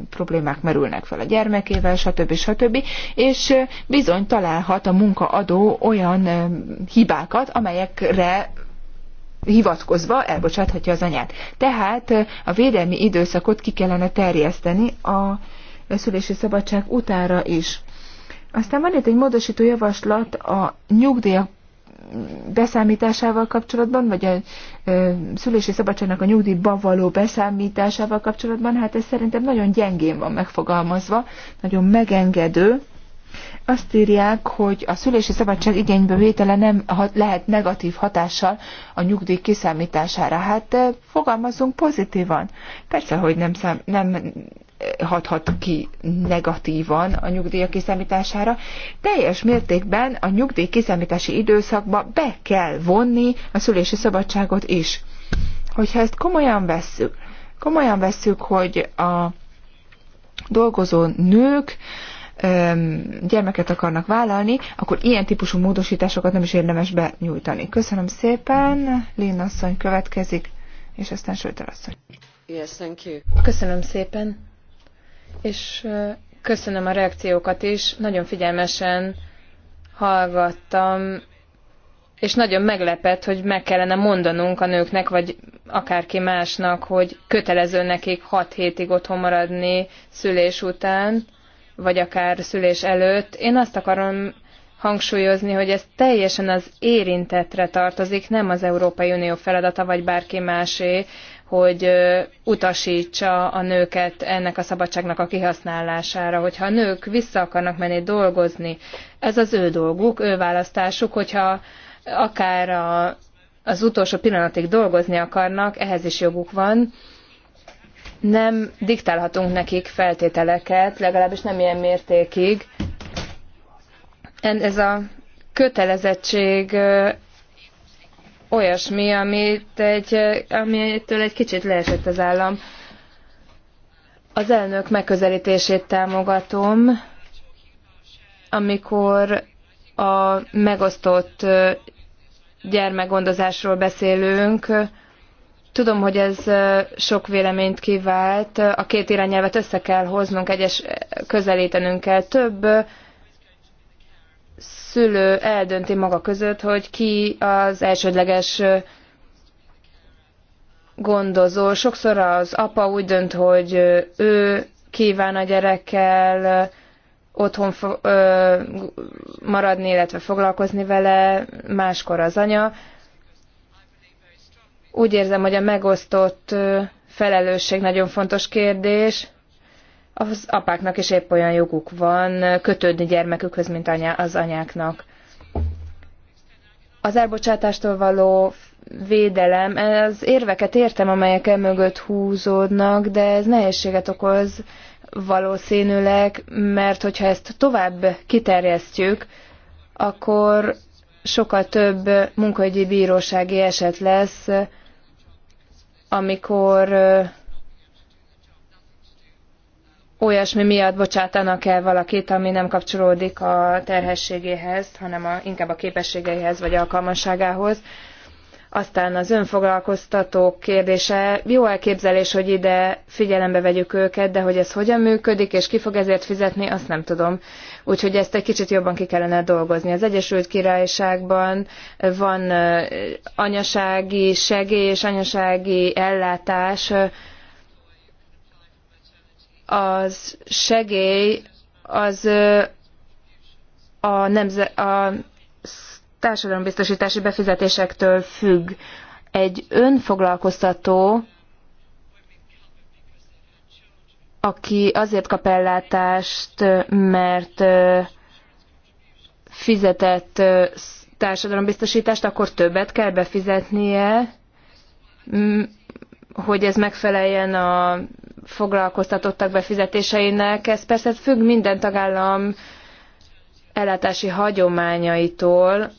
problémák merülnek fel a gyermekével, stb. stb. És bizony találhat a munkaadó olyan hibákat, amelyekre hivatkozva elbocsáthatja az anyát. Tehát a védelmi időszakot ki kellene terjeszteni a szülési szabadság utára is. Aztán van itt egy módosító javaslat a nyugdíjak beszámításával kapcsolatban, vagy a szülési szabadságnak a nyugdíjba való beszámításával kapcsolatban, hát ez szerintem nagyon gyengén van megfogalmazva, nagyon megengedő. Azt írják, hogy a szülési szabadság igénybe vétele nem lehet negatív hatással a nyugdíj kiszámítására. Hát fogalmazunk pozitívan. Persze, hogy nem, szám, nem hathat ki negatívan a nyugdíjak kiszámítására. Teljes mértékben a nyugdíj kiszámítási időszakba be kell vonni a szülési szabadságot is. Hogyha ezt komolyan vesszük, komolyan vesszük, hogy a dolgozó nők gyermeket akarnak vállalni, akkor ilyen típusú módosításokat nem is érdemes benyújtani. Köszönöm szépen, Lén asszony következik, és aztán Sőter asszony. Yes, thank you. Köszönöm szépen és köszönöm a reakciókat is. Nagyon figyelmesen hallgattam, és nagyon meglepett, hogy meg kellene mondanunk a nőknek, vagy akárki másnak, hogy kötelező nekik 6 hétig otthon maradni szülés után, vagy akár szülés előtt. Én azt akarom hangsúlyozni, hogy ez teljesen az érintetre tartozik, nem az Európai Unió feladata, vagy bárki másé, hogy utasítsa a nőket ennek a szabadságnak a kihasználására, hogyha a nők vissza akarnak menni dolgozni, ez az ő dolguk, ő választásuk, hogyha akár a, az utolsó pillanatig dolgozni akarnak, ehhez is joguk van, nem diktálhatunk nekik feltételeket, legalábbis nem ilyen mértékig. Ez a kötelezettség olyasmi, amit egy, amitől egy kicsit leesett az állam. Az elnök megközelítését támogatom, amikor a megosztott gyermekgondozásról beszélünk. Tudom, hogy ez sok véleményt kivált. A két irányelvet össze kell hoznunk, egyes közelítenünk kell. Több szülő eldönti maga között, hogy ki az elsődleges gondozó. Sokszor az apa úgy dönt, hogy ő kíván a gyerekkel otthon maradni, illetve foglalkozni vele, máskor az anya. Úgy érzem, hogy a megosztott felelősség nagyon fontos kérdés az apáknak is épp olyan joguk van kötődni gyermekükhöz, mint anyá, az anyáknak. Az elbocsátástól való védelem, az érveket értem, amelyek e mögött húzódnak, de ez nehézséget okoz valószínűleg, mert hogyha ezt tovább kiterjesztjük, akkor sokkal több munkahogyi bírósági eset lesz, amikor olyasmi miatt bocsátanak el valakit, ami nem kapcsolódik a terhességéhez, hanem a, inkább a képességeihez vagy alkalmasságához. Aztán az önfoglalkoztatók kérdése. Jó elképzelés, hogy ide figyelembe vegyük őket, de hogy ez hogyan működik, és ki fog ezért fizetni, azt nem tudom. Úgyhogy ezt egy kicsit jobban ki kellene dolgozni. Az Egyesült Királyságban van anyasági segély és anyasági ellátás, az segély az a, nemze, a társadalombiztosítási befizetésektől függ. Egy önfoglalkoztató, aki azért kap ellátást, mert fizetett társadalombiztosítást, akkor többet kell befizetnie, hogy ez megfeleljen a foglalkoztatottak befizetéseinek. Ez persze függ minden tagállam ellátási hagyományaitól.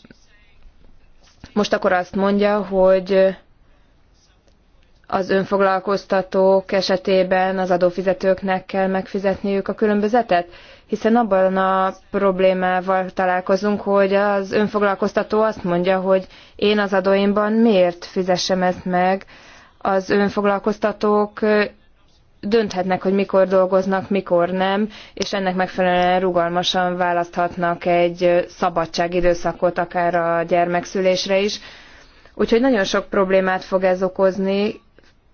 Most akkor azt mondja, hogy az önfoglalkoztatók esetében az adófizetőknek kell megfizetniük a különbözetet? Hiszen abban a problémával találkozunk, hogy az önfoglalkoztató azt mondja, hogy én az adóimban miért fizessem ezt meg, az önfoglalkoztatók dönthetnek, hogy mikor dolgoznak, mikor nem, és ennek megfelelően rugalmasan választhatnak egy szabadságidőszakot akár a gyermekszülésre is. Úgyhogy nagyon sok problémát fog ez okozni,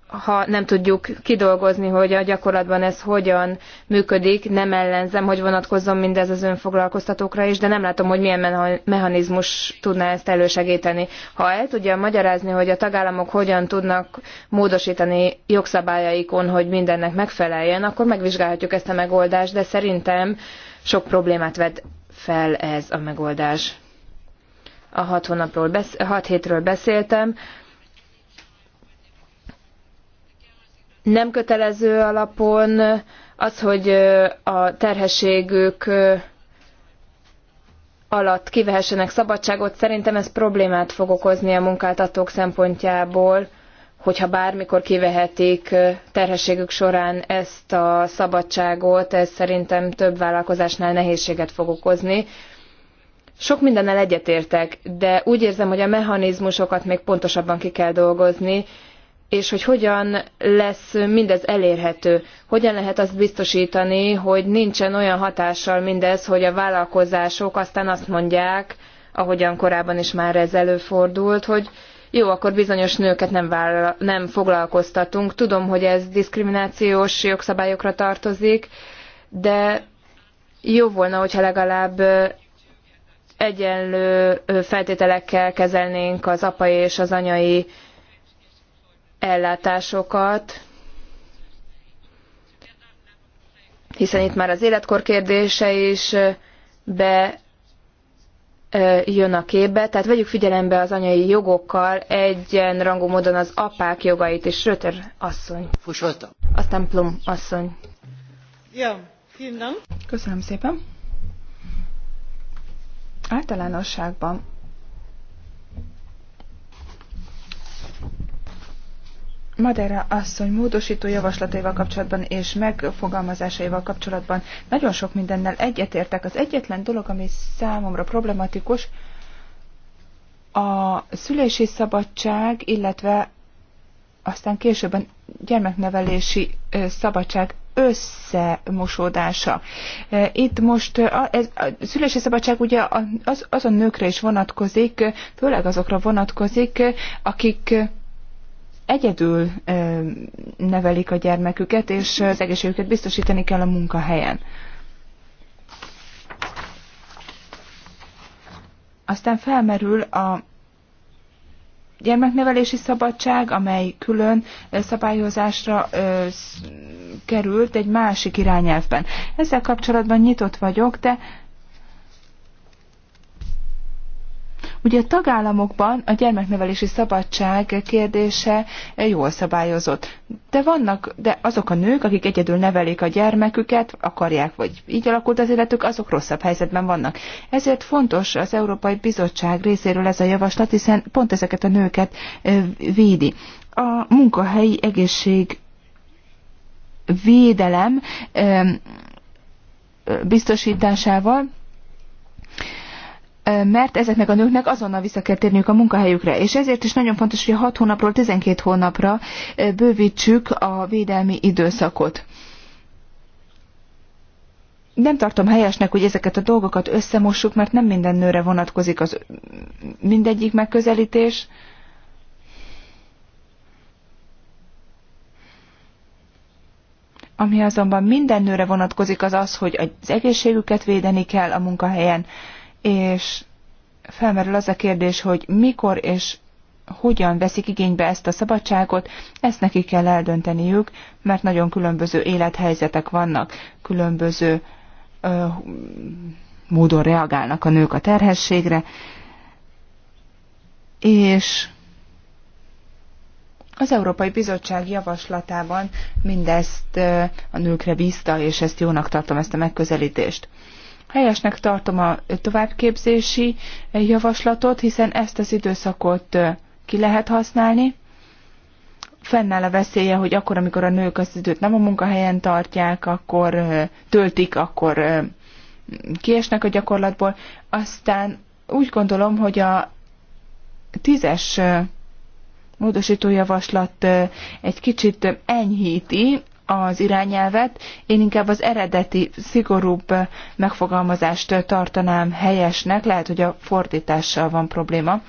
ha nem tudjuk kidolgozni, hogy a gyakorlatban ez hogyan működik, nem ellenzem, hogy vonatkozzon mindez az önfoglalkoztatókra is, de nem látom, hogy milyen mechanizmus tudná ezt elősegíteni. Ha el tudja magyarázni, hogy a tagállamok hogyan tudnak módosítani jogszabályaikon, hogy mindennek megfeleljen, akkor megvizsgálhatjuk ezt a megoldást, de szerintem sok problémát vet fel ez a megoldás. A hat, hónapról, hat hétről beszéltem, nem kötelező alapon, az, hogy a terhességük alatt kivehessenek szabadságot, szerintem ez problémát fog okozni a munkáltatók szempontjából, hogyha bármikor kivehetik terhességük során ezt a szabadságot, ez szerintem több vállalkozásnál nehézséget fog okozni. Sok mindennel egyetértek, de úgy érzem, hogy a mechanizmusokat még pontosabban ki kell dolgozni, és hogy hogyan lesz mindez elérhető. Hogyan lehet azt biztosítani, hogy nincsen olyan hatással mindez, hogy a vállalkozások aztán azt mondják, ahogyan korábban is már ez előfordult, hogy jó, akkor bizonyos nőket nem, vállal, nem foglalkoztatunk. Tudom, hogy ez diszkriminációs jogszabályokra tartozik, de jó volna, hogyha legalább egyenlő feltételekkel kezelnénk az apai és az anyai ellátásokat, hiszen itt már az életkor kérdése is be jön a képbe, tehát vegyük figyelembe az anyai jogokkal egyenrangú módon az apák jogait, és röter asszony. Fusoltam. Aztán Plum asszony. Ja, vielen Köszönöm szépen. Általánosságban Madera asszony módosító javaslataival kapcsolatban és megfogalmazásaival kapcsolatban nagyon sok mindennel egyetértek. Az egyetlen dolog, ami számomra problematikus, a szülési szabadság, illetve aztán későbben gyermeknevelési szabadság összemosódása. Itt most a, ez, a szülési szabadság ugye az, azon nőkre is vonatkozik, főleg azokra vonatkozik, akik egyedül nevelik a gyermeküket, és az egészségüket biztosítani kell a munkahelyen. Aztán felmerül a gyermeknevelési szabadság, amely külön szabályozásra ö, került egy másik irányelvben. Ezzel kapcsolatban nyitott vagyok, de Ugye a tagállamokban a gyermeknevelési szabadság kérdése jól szabályozott, de vannak, de azok a nők, akik egyedül nevelik a gyermeküket, akarják, vagy így alakult az életük, azok rosszabb helyzetben vannak. Ezért fontos az Európai Bizottság részéről ez a javaslat, hiszen pont ezeket a nőket védi. A munkahelyi egészség védelem biztosításával mert ezeknek a nőknek azonnal vissza kell térniük a munkahelyükre, és ezért is nagyon fontos, hogy a 6 hónapról 12 hónapra bővítsük a védelmi időszakot. Nem tartom helyesnek, hogy ezeket a dolgokat összemossuk, mert nem minden nőre vonatkozik az mindegyik megközelítés. Ami azonban minden nőre vonatkozik, az az, hogy az egészségüket védeni kell a munkahelyen, és felmerül az a kérdés, hogy mikor és hogyan veszik igénybe ezt a szabadságot, ezt neki kell eldönteniük, mert nagyon különböző élethelyzetek vannak, különböző ö, módon reagálnak a nők a terhességre, és az Európai Bizottság javaslatában mindezt a nőkre bízta, és ezt jónak tartom, ezt a megközelítést. Helyesnek tartom a továbbképzési javaslatot, hiszen ezt az időszakot ki lehet használni. Fennáll a veszélye, hogy akkor, amikor a nők az időt nem a munkahelyen tartják, akkor töltik, akkor kiesnek a gyakorlatból. Aztán úgy gondolom, hogy a tízes módosítójavaslat egy kicsit enyhíti az irányelvet, én inkább az eredeti, szigorúbb megfogalmazást tartanám helyesnek, lehet, hogy a fordítással van probléma.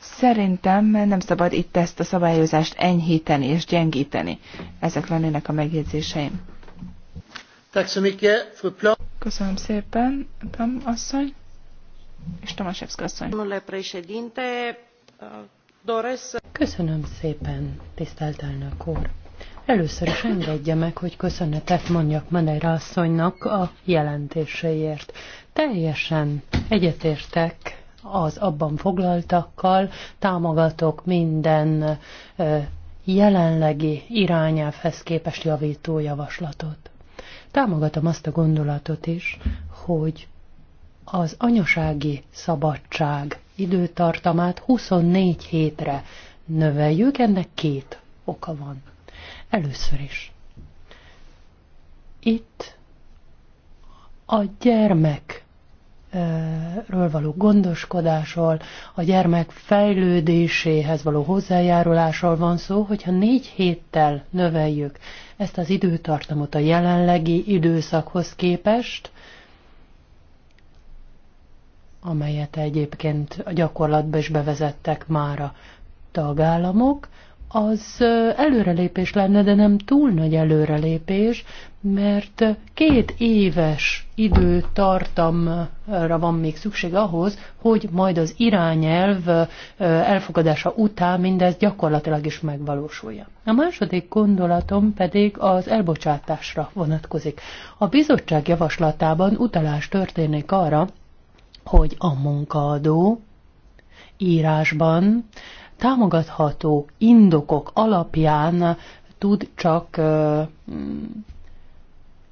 Szerintem nem szabad itt ezt a szabályozást enyhíteni és gyengíteni. Ezek lennének a megjegyzéseim. Köszönöm szépen, Plam asszony és Tomaszewska asszony. Köszönöm szépen, tisztelt elnök úr. Először is engedje meg, hogy köszönetet mondjak Madeira asszonynak a jelentéseért. Teljesen egyetértek az abban foglaltakkal, támogatok minden jelenlegi irányelvhez képest javító javaslatot. Támogatom azt a gondolatot is, hogy az anyasági szabadság időtartamát 24 hétre növeljük, ennek két oka van először is. Itt a gyermek ről való gondoskodásról, a gyermek fejlődéséhez való hozzájárulásról van szó, hogyha négy héttel növeljük ezt az időtartamot a jelenlegi időszakhoz képest, amelyet egyébként a gyakorlatba is bevezettek már a tagállamok, az előrelépés lenne, de nem túl nagy előrelépés, mert két éves időtartamra van még szükség ahhoz, hogy majd az irányelv elfogadása után mindez gyakorlatilag is megvalósulja. A második gondolatom pedig az elbocsátásra vonatkozik. A bizottság javaslatában utalás történik arra, hogy a munkaadó írásban támogatható indokok alapján tud csak mm,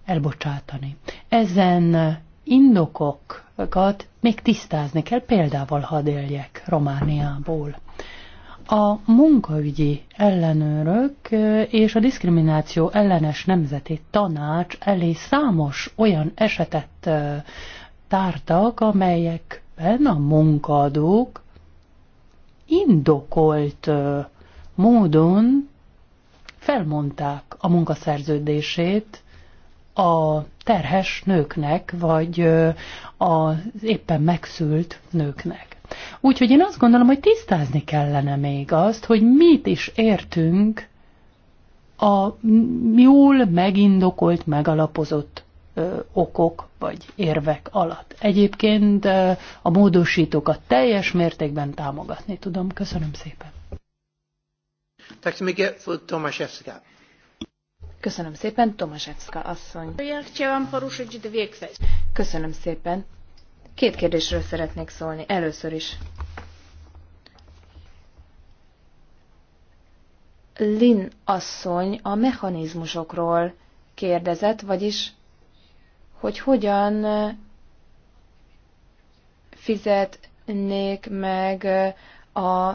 elbocsátani. Ezen indokokat még tisztázni kell, példával hadd éljek Romániából. A munkaügyi ellenőrök és a diszkrimináció ellenes nemzeti tanács elé számos olyan esetet tártak, amelyekben a munkadók indokolt módon felmondták a munkaszerződését a terhes nőknek, vagy az éppen megszült nőknek. Úgyhogy én azt gondolom, hogy tisztázni kellene még azt, hogy mit is értünk a jól megindokolt, megalapozott okok vagy érvek alatt. Egyébként a módosítókat teljes mértékben támogatni tudom. Köszönöm szépen. Köszönöm szépen, Tomaszewska asszony. Köszönöm szépen. Két kérdésről szeretnék szólni. Először is. Lin asszony a mechanizmusokról kérdezett, vagyis hogy hogyan fizetnék meg a,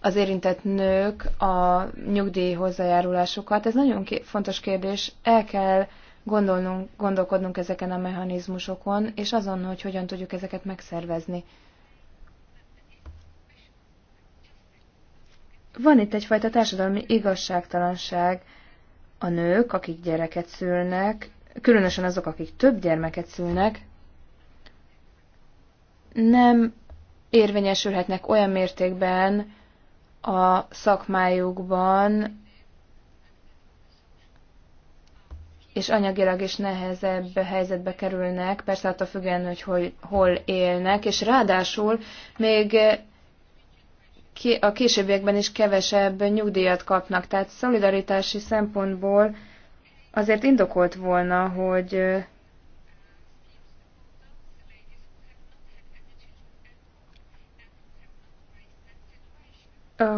az érintett nők a nyugdíj hozzájárulásukat. Ez nagyon fontos kérdés. El kell gondolnunk, gondolkodnunk ezeken a mechanizmusokon, és azon, hogy hogyan tudjuk ezeket megszervezni. Van itt egyfajta társadalmi igazságtalanság. A nők, akik gyereket szülnek, különösen azok, akik több gyermeket szülnek, nem érvényesülhetnek olyan mértékben a szakmájukban, és anyagilag is nehezebb helyzetbe kerülnek, persze attól függően, hogy, hol élnek, és ráadásul még a későbbiekben is kevesebb nyugdíjat kapnak. Tehát szolidaritási szempontból azért indokolt volna, hogy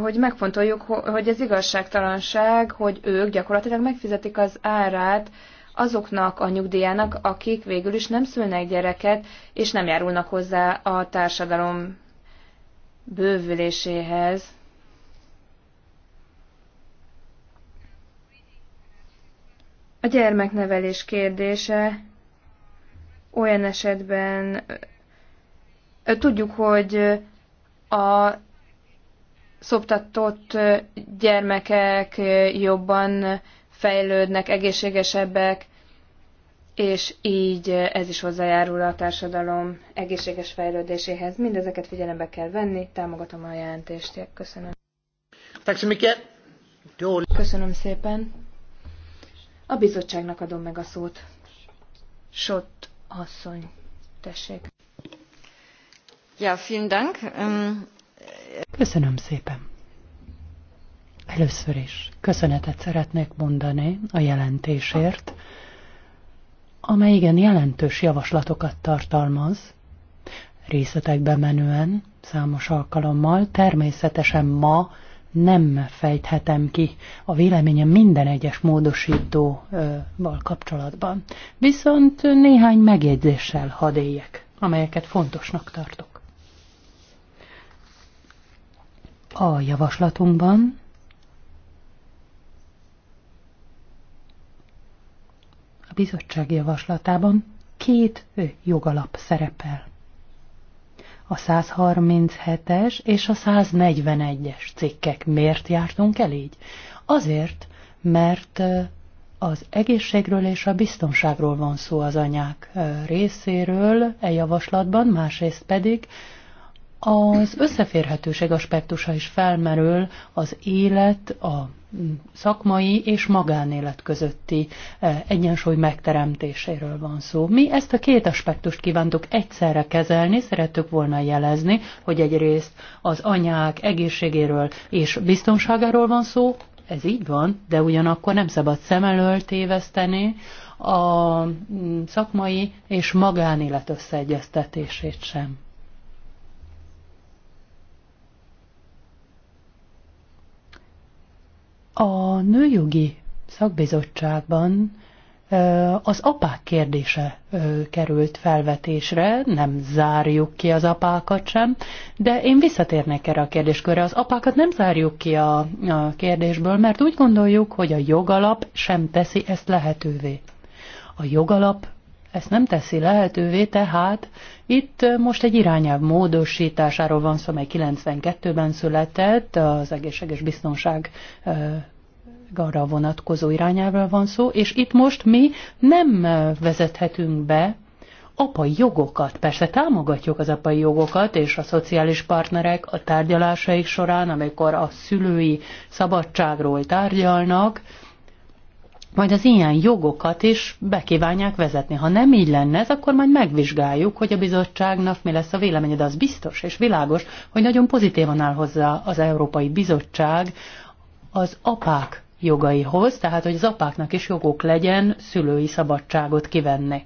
hogy megfontoljuk, hogy az igazságtalanság, hogy ők gyakorlatilag megfizetik az árát azoknak a nyugdíjának, akik végül is nem szülnek gyereket, és nem járulnak hozzá a társadalom bővüléséhez. A gyermeknevelés kérdése olyan esetben tudjuk, hogy a szoptatott gyermekek jobban fejlődnek, egészségesebbek, és így ez is hozzájárul a társadalom egészséges fejlődéséhez. Mindezeket figyelembe kell venni, támogatom a jelentést. Köszönöm. Köszönöm szépen. A bizottságnak adom meg a szót. Sott asszony, tessék. Ja, vielen Dank. Um... Köszönöm szépen. Először is köszönetet szeretnék mondani a jelentésért, amely igen jelentős javaslatokat tartalmaz, részletekbe menően számos alkalommal, természetesen ma nem fejthetem ki a véleményem minden egyes módosítóval kapcsolatban. Viszont néhány megjegyzéssel hadd éljek, amelyeket fontosnak tartok. A javaslatunkban a bizottság javaslatában két jogalap szerepel a 137-es és a 141-es cikkek. Miért jártunk el így? Azért, mert az egészségről és a biztonságról van szó az anyák részéről e javaslatban, másrészt pedig az összeférhetőség aspektusa is felmerül az élet, a szakmai és magánélet közötti e, egyensúly megteremtéséről van szó. Mi ezt a két aspektust kívántuk egyszerre kezelni, szerettük volna jelezni, hogy egyrészt az anyák egészségéről és biztonságáról van szó, ez így van, de ugyanakkor nem szabad szem elől téveszteni a mm, szakmai és magánélet összeegyeztetését sem. A nőjogi szakbizottságban az apák kérdése került felvetésre, nem zárjuk ki az apákat sem, de én visszatérnék erre a kérdéskörre. Az apákat nem zárjuk ki a, a kérdésből, mert úgy gondoljuk, hogy a jogalap sem teszi ezt lehetővé. A jogalap ezt nem teszi lehetővé, tehát itt most egy irányelv módosításáról van szó, mely 92-ben született, az egészséges biztonság arra vonatkozó irányelvről van szó, és itt most mi nem vezethetünk be apai jogokat. Persze támogatjuk az apai jogokat, és a szociális partnerek a tárgyalásaik során, amikor a szülői szabadságról tárgyalnak, majd az ilyen jogokat is bekívánják vezetni. Ha nem így lenne ez, akkor majd megvizsgáljuk, hogy a bizottságnak mi lesz a véleménye, de az biztos és világos, hogy nagyon pozitívan áll hozzá az Európai Bizottság az apák jogaihoz, tehát hogy az apáknak is jogok legyen szülői szabadságot kivenni,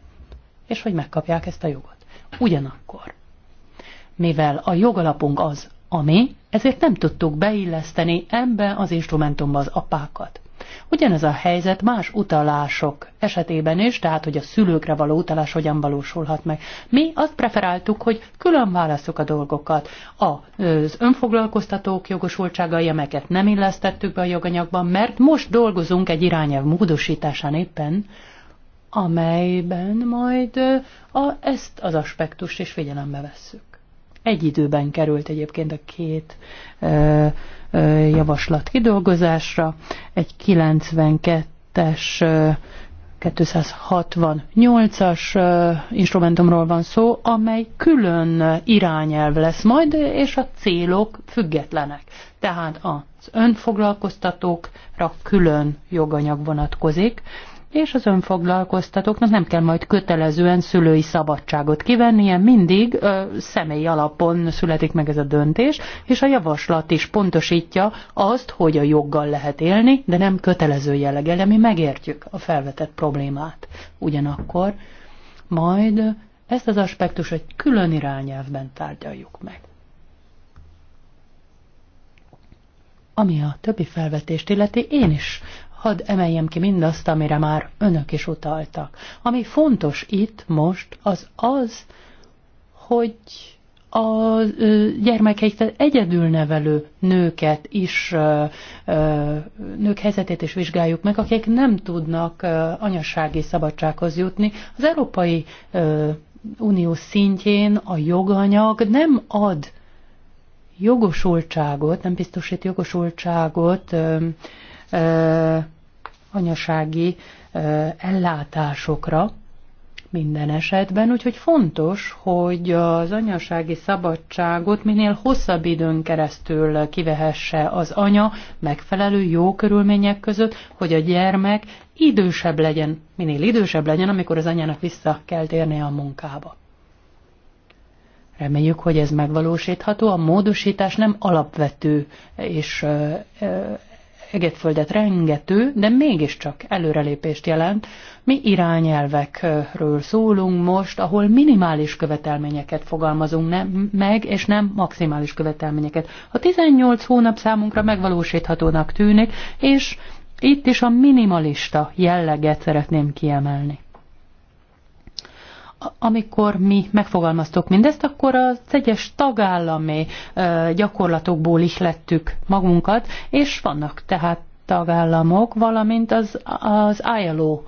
és hogy megkapják ezt a jogot. Ugyanakkor, mivel a jogalapunk az, ami, ezért nem tudtuk beilleszteni ebbe az instrumentumba az apákat Ugyanez a helyzet más utalások esetében is, tehát hogy a szülőkre való utalás hogyan valósulhat meg. Mi azt preferáltuk, hogy külön választjuk a dolgokat. Az önfoglalkoztatók jogosultságai, amelyeket nem illesztettük be a joganyagban, mert most dolgozunk egy irányelv módosításán éppen, amelyben majd a, ezt az aspektust is figyelembe vesszük. Egy időben került egyébként a két ö, javaslat kidolgozásra. Egy 92-es 268-as instrumentumról van szó, amely külön irányelv lesz majd, és a célok függetlenek. Tehát az önfoglalkoztatókra külön joganyag vonatkozik, és az önfoglalkoztatóknak nem kell majd kötelezően szülői szabadságot kivennie, mindig ö, személy alapon születik meg ez a döntés, és a javaslat is pontosítja azt, hogy a joggal lehet élni, de nem kötelező jelleggel, de mi megértjük a felvetett problémát. Ugyanakkor majd ezt az aspektus egy külön irányelvben tárgyaljuk meg. Ami a többi felvetést illeti, én is hadd emeljem ki mindazt, amire már önök is utaltak. Ami fontos itt most, az az, hogy a gyermekeit egyedül nevelő nőket is, nők helyzetét is vizsgáljuk meg, akik nem tudnak anyassági szabadsághoz jutni. Az Európai Unió szintjén a joganyag nem ad jogosultságot, nem biztosít jogosultságot anyasági ellátásokra minden esetben, úgyhogy fontos, hogy az anyasági szabadságot minél hosszabb időn keresztül kivehesse az anya megfelelő jó körülmények között, hogy a gyermek idősebb legyen, minél idősebb legyen, amikor az anyának vissza kell térnie a munkába. Reméljük, hogy ez megvalósítható. A módosítás nem alapvető és egetföldet rengető, de mégiscsak előrelépést jelent. Mi irányelvekről szólunk most, ahol minimális követelményeket fogalmazunk nem, meg, és nem maximális követelményeket. A 18 hónap számunkra megvalósíthatónak tűnik, és itt is a minimalista jelleget szeretném kiemelni amikor mi megfogalmaztuk mindezt, akkor az egyes tagállami gyakorlatokból is lettük magunkat, és vannak tehát tagállamok, valamint az, az ILO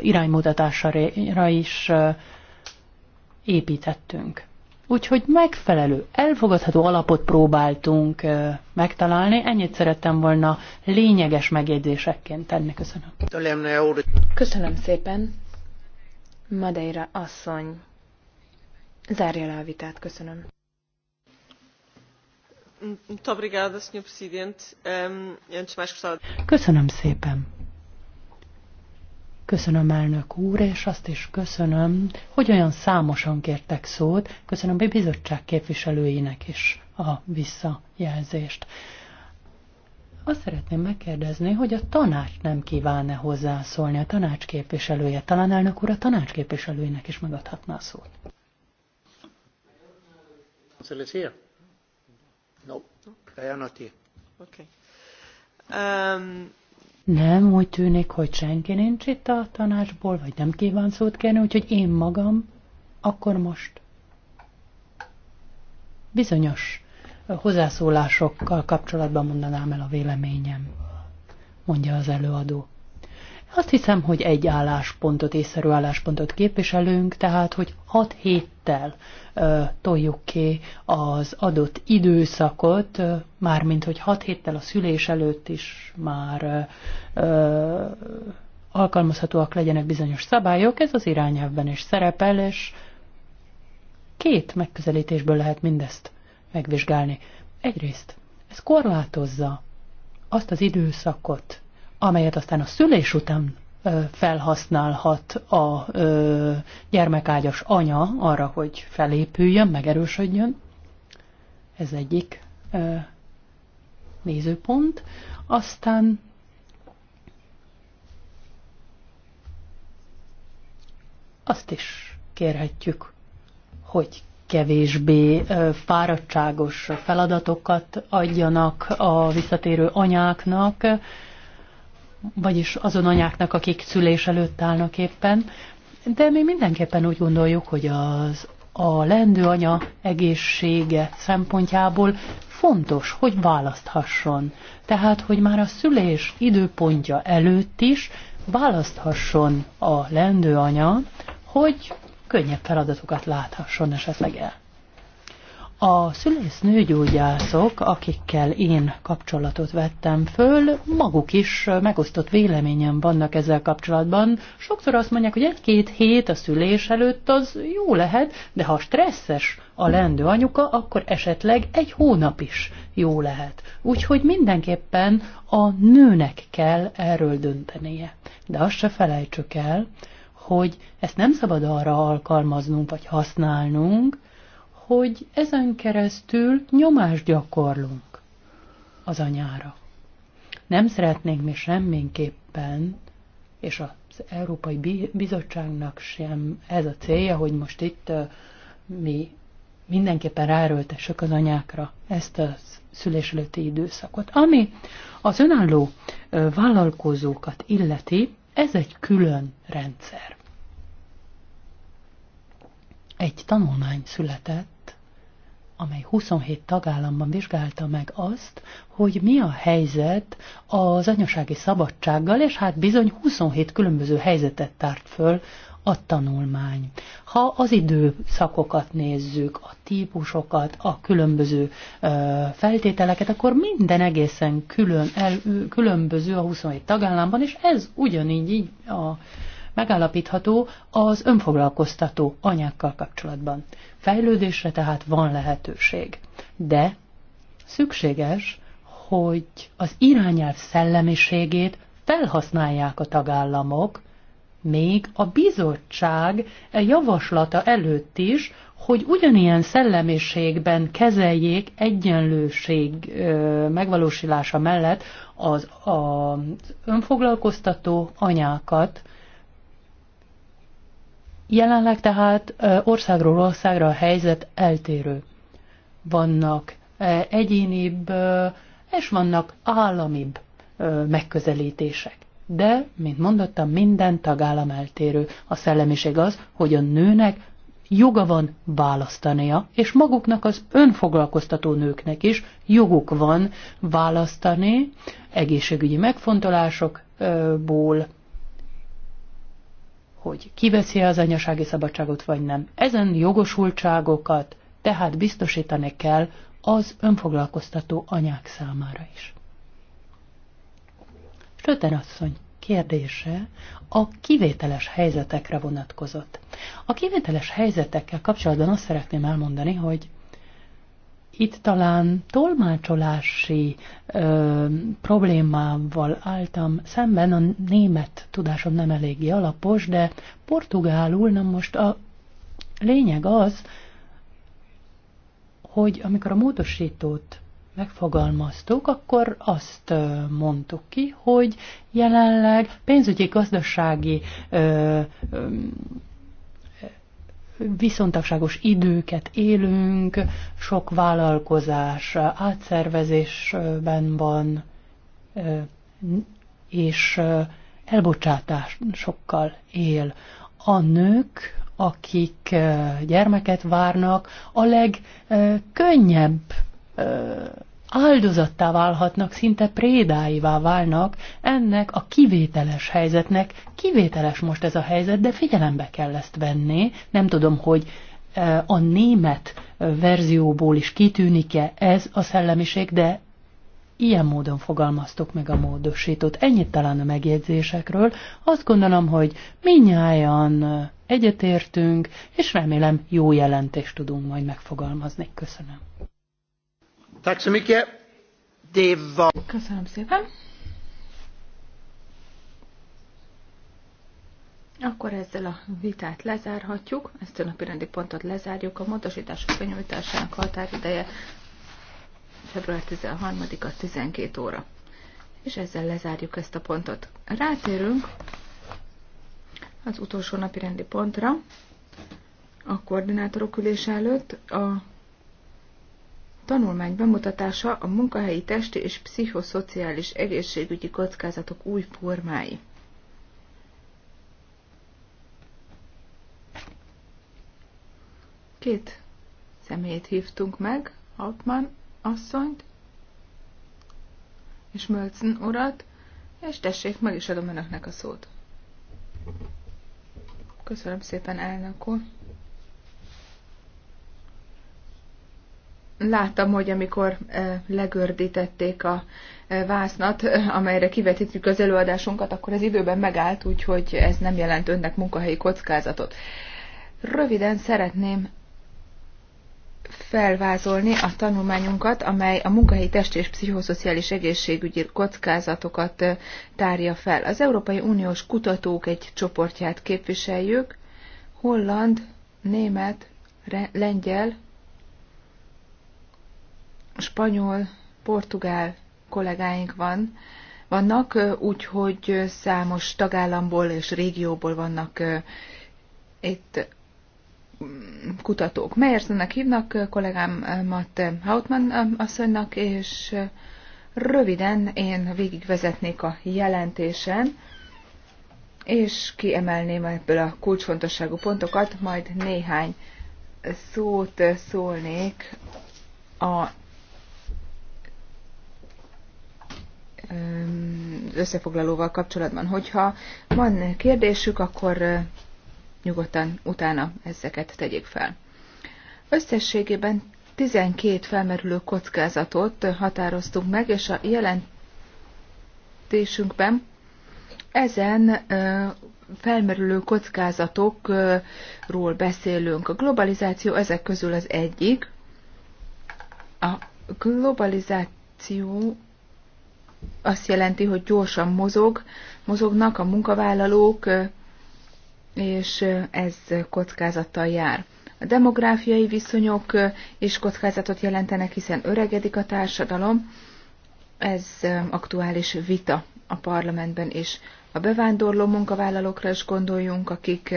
iránymutatására is építettünk. Úgyhogy megfelelő, elfogadható alapot próbáltunk megtalálni. Ennyit szerettem volna lényeges megjegyzésekként tenni. Köszönöm. Köszönöm szépen. Madeira asszony. Zárja le a vitát, köszönöm. Ehm, köszönöm szépen. Köszönöm elnök úr, és azt is köszönöm, hogy olyan számosan kértek szót, köszönöm a bizottság képviselőinek is a visszajelzést. Azt szeretném megkérdezni, hogy a tanács nem kíván-e hozzászólni, a tanács képviselője. Talán elnök úr a tanács képviselőjének is megadhatná a szót. No. Um, nem, úgy tűnik, hogy senki nincs itt a tanácsból, vagy nem kíván szót kérni, úgyhogy én magam, akkor most. Bizonyos hozzászólásokkal kapcsolatban mondanám el a véleményem, mondja az előadó. Azt hiszem, hogy egy álláspontot, észszerű álláspontot képviselünk, tehát hogy 6 héttel ö, toljuk ki az adott időszakot, ö, mármint hogy 6 héttel a szülés előtt is már ö, alkalmazhatóak legyenek bizonyos szabályok, ez az irányelvben is szerepel, és két megközelítésből lehet mindezt megvizsgálni. Egyrészt ez korlátozza azt az időszakot, amelyet aztán a szülés után felhasználhat a gyermekágyas anya arra, hogy felépüljön, megerősödjön. Ez egyik nézőpont. Aztán azt is kérhetjük, hogy kevésbé fáradtságos feladatokat adjanak a visszatérő anyáknak, vagyis azon anyáknak, akik szülés előtt állnak éppen. De mi mindenképpen úgy gondoljuk, hogy az a lendő anya egészsége szempontjából fontos, hogy választhasson. Tehát, hogy már a szülés időpontja előtt is választhasson a lendő anya, hogy könnyebb feladatokat láthasson esetleg el. A szülész nőgyógyászok, akikkel én kapcsolatot vettem föl, maguk is megosztott véleményen vannak ezzel kapcsolatban. Sokszor azt mondják, hogy egy-két hét a szülés előtt az jó lehet, de ha stresszes a lendő anyuka, akkor esetleg egy hónap is jó lehet. Úgyhogy mindenképpen a nőnek kell erről döntenie. De azt se felejtsük el, hogy ezt nem szabad arra alkalmaznunk vagy használnunk, hogy ezen keresztül nyomást gyakorlunk az anyára. Nem szeretnénk mi semminképpen, és az Európai Bizottságnak sem ez a célja, hogy most itt mi mindenképpen ráerőltessük az anyákra ezt a szülés előtti időszakot. Ami az önálló vállalkozókat illeti, ez egy külön rendszer. Egy tanulmány született, amely 27 tagállamban vizsgálta meg azt, hogy mi a helyzet az anyasági szabadsággal, és hát bizony 27 különböző helyzetet tárt föl a tanulmány. Ha az időszakokat nézzük, a típusokat, a különböző ö, feltételeket, akkor minden egészen külön, el, különböző a 27 tagállamban, és ez ugyanígy így a megállapítható az önfoglalkoztató anyákkal kapcsolatban. Fejlődésre tehát van lehetőség. De szükséges, hogy az irányelv szellemiségét felhasználják a tagállamok, még a bizottság javaslata előtt is, hogy ugyanilyen szellemiségben kezeljék egyenlőség megvalósulása mellett az, az önfoglalkoztató anyákat, Jelenleg tehát országról országra a helyzet eltérő. Vannak egyénibb és vannak államibb megközelítések. De, mint mondottam, minden tagállam eltérő. A szellemiség az, hogy a nőnek joga van választania, és maguknak az önfoglalkoztató nőknek is joguk van választani egészségügyi megfontolásokból, hogy kiveszi az anyasági szabadságot vagy nem. Ezen jogosultságokat tehát biztosítani kell az önfoglalkoztató anyák számára is. Söten asszony kérdése a kivételes helyzetekre vonatkozott. A kivételes helyzetekkel kapcsolatban azt szeretném elmondani, hogy itt talán tolmácsolási ö, problémával álltam szemben, a német tudásom nem eléggé alapos, de portugálul, na most a lényeg az, hogy amikor a módosítót megfogalmaztuk, akkor azt mondtuk ki, hogy jelenleg pénzügyi gazdasági viszontagságos időket élünk, sok vállalkozás átszervezésben van, és elbocsátásokkal él. A nők, akik gyermeket várnak, a legkönnyebb áldozattá válhatnak, szinte prédáivá válnak ennek a kivételes helyzetnek. Kivételes most ez a helyzet, de figyelembe kell ezt venni. Nem tudom, hogy e, a német e, verzióból is kitűnik-e ez a szellemiség, de ilyen módon fogalmaztuk meg a módosítót. Ennyit talán a megjegyzésekről. Azt gondolom, hogy minnyáján e, egyetértünk, és remélem jó jelentést tudunk majd megfogalmazni. Köszönöm. Köszönöm szépen. Akkor ezzel a vitát lezárhatjuk, ezt a napi rendi pontot lezárjuk. A módosítások benyújtásának határideje február 13-a 12 óra. És ezzel lezárjuk ezt a pontot. Rátérünk az utolsó napi rendi pontra, a koordinátorok ülés előtt a tanulmány bemutatása a munkahelyi testi és pszichoszociális egészségügyi kockázatok új formái. Két személyt hívtunk meg, Altman asszonyt és Mölcen urat, és tessék, meg is adom önöknek a szót. Köszönöm szépen, elnök úr. láttam, hogy amikor eh, legördítették a eh, vásznat, eh, amelyre kivetítjük az előadásunkat, akkor ez időben megállt, úgyhogy ez nem jelent önnek munkahelyi kockázatot. Röviden szeretném felvázolni a tanulmányunkat, amely a munkahelyi test és pszichoszociális egészségügyi kockázatokat tárja fel. Az Európai Uniós kutatók egy csoportját képviseljük, holland, német, lengyel, spanyol, portugál kollégáink van, vannak, úgyhogy számos tagállamból és régióból vannak itt mm, kutatók. Meyersennek hívnak kollégámat Hautmann asszonynak, és röviden én végigvezetnék a jelentésen, és kiemelném ebből a kulcsfontosságú pontokat, majd néhány szót szólnék a összefoglalóval kapcsolatban. Hogyha van kérdésük, akkor nyugodtan utána ezeket tegyék fel. Összességében 12 felmerülő kockázatot határoztunk meg, és a jelentésünkben ezen felmerülő kockázatokról beszélünk. A globalizáció ezek közül az egyik. A globalizáció azt jelenti, hogy gyorsan mozog, mozognak a munkavállalók, és ez kockázattal jár. A demográfiai viszonyok is kockázatot jelentenek, hiszen öregedik a társadalom. Ez aktuális vita a parlamentben is. A bevándorló munkavállalókra is gondoljunk, akik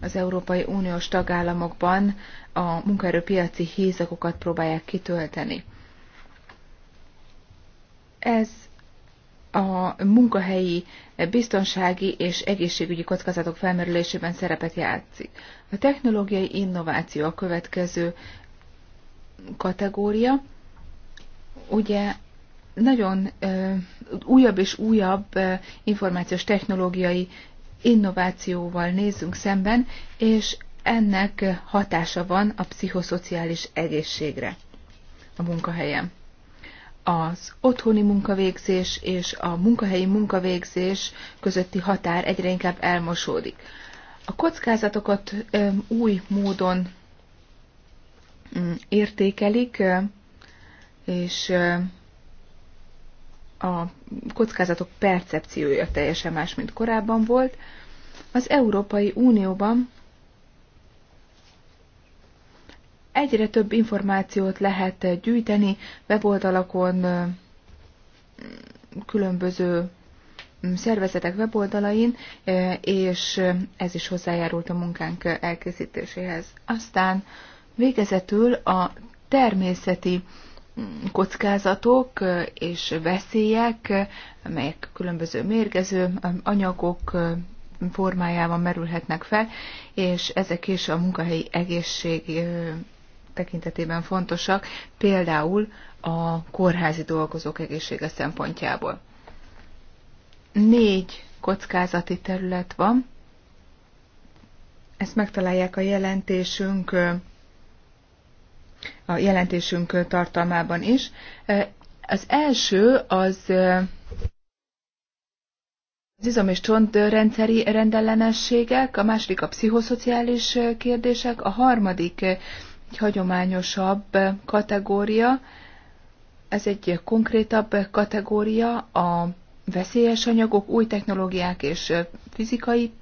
az Európai Uniós tagállamokban a munkaerőpiaci hézakokat próbálják kitölteni. Ez a munkahelyi biztonsági és egészségügyi kockázatok felmerülésében szerepet játszik. A technológiai innováció a következő kategória. Ugye nagyon ö, újabb és újabb ö, információs technológiai innovációval nézzünk szemben, és ennek hatása van a pszichoszociális egészségre a munkahelyen az otthoni munkavégzés és a munkahelyi munkavégzés közötti határ egyre inkább elmosódik. A kockázatokat új módon értékelik, és a kockázatok percepciója teljesen más, mint korábban volt. Az Európai Unióban Egyre több információt lehet gyűjteni weboldalakon, különböző szervezetek weboldalain, és ez is hozzájárult a munkánk elkészítéséhez. Aztán végezetül a természeti kockázatok és veszélyek, amelyek különböző mérgező anyagok formájában merülhetnek fel, és ezek is a munkahelyi egészség tekintetében fontosak, például a kórházi dolgozók egészsége szempontjából. Négy kockázati terület van. Ezt megtalálják a jelentésünk a jelentésünk tartalmában is. Az első az az izom- és csontrendszeri rendellenességek, a második a pszichoszociális kérdések, a harmadik egy hagyományosabb kategória, ez egy konkrétabb kategória, a veszélyes anyagok, új technológiák és fizikai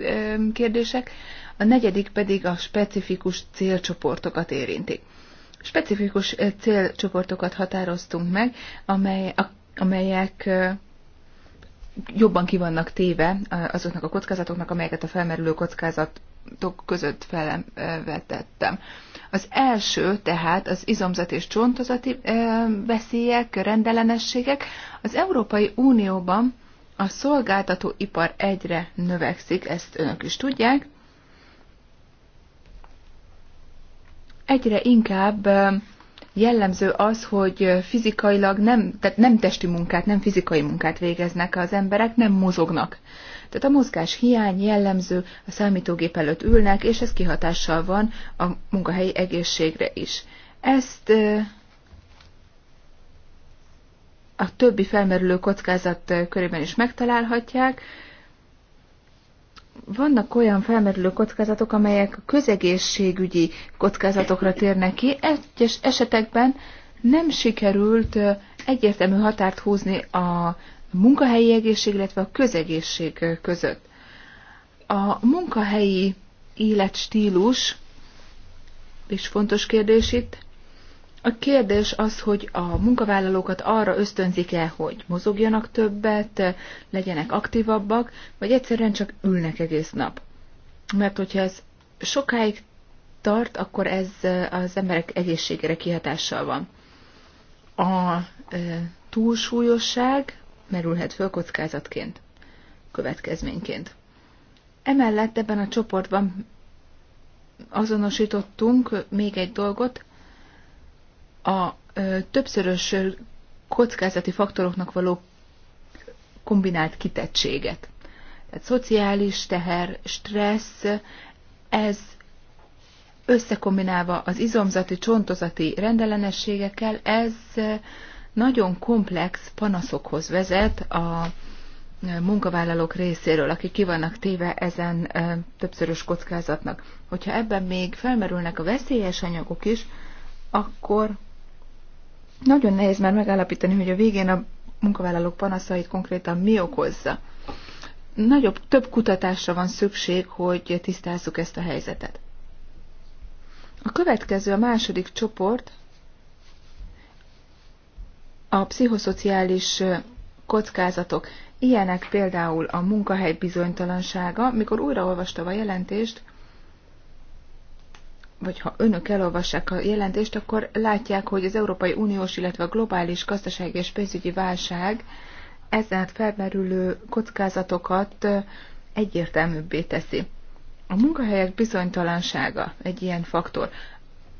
kérdések, a negyedik pedig a specifikus célcsoportokat érinti. Specifikus célcsoportokat határoztunk meg, amely, amelyek jobban kivannak téve azoknak a kockázatoknak, amelyeket a felmerülő kockázatok között felvetettem. Az első tehát az izomzat és csontozati veszélyek, rendellenességek. Az Európai Unióban a szolgáltatóipar egyre növekszik, ezt önök is tudják. Egyre inkább jellemző az, hogy fizikailag nem, tehát nem testi munkát, nem fizikai munkát végeznek az emberek, nem mozognak. Tehát a mozgás hiány jellemző, a számítógép előtt ülnek, és ez kihatással van a munkahelyi egészségre is. Ezt a többi felmerülő kockázat körében is megtalálhatják. Vannak olyan felmerülő kockázatok, amelyek közegészségügyi kockázatokra térnek ki. Egyes esetekben nem sikerült egyértelmű határt húzni a a munkahelyi egészség, illetve a közegészség között. A munkahelyi életstílus is fontos kérdés itt. A kérdés az, hogy a munkavállalókat arra ösztönzik-e, hogy mozogjanak többet, legyenek aktívabbak, vagy egyszerűen csak ülnek egész nap. Mert hogyha ez sokáig tart, akkor ez az emberek egészségére kihatással van. A túlsúlyosság merülhet föl kockázatként, következményként. Emellett ebben a csoportban azonosítottunk még egy dolgot, a többszörös kockázati faktoroknak való kombinált kitettséget. Tehát szociális teher, stressz, ez összekombinálva az izomzati, csontozati rendellenességekkel, ez nagyon komplex panaszokhoz vezet a e, munkavállalók részéről, akik ki vannak téve ezen e, többszörös kockázatnak. Hogyha ebben még felmerülnek a veszélyes anyagok is, akkor nagyon nehéz már megállapítani, hogy a végén a munkavállalók panaszait konkrétan mi okozza. Nagyobb, több kutatásra van szükség, hogy tisztázzuk ezt a helyzetet. A következő, a második csoport, a pszichoszociális kockázatok. Ilyenek például a munkahely bizonytalansága, mikor újraolvastam a jelentést, vagy ha önök elolvassák a jelentést, akkor látják, hogy az Európai Uniós, illetve a globális gazdasági és pénzügyi válság ezen felmerülő kockázatokat egyértelműbbé teszi. A munkahelyek bizonytalansága egy ilyen faktor.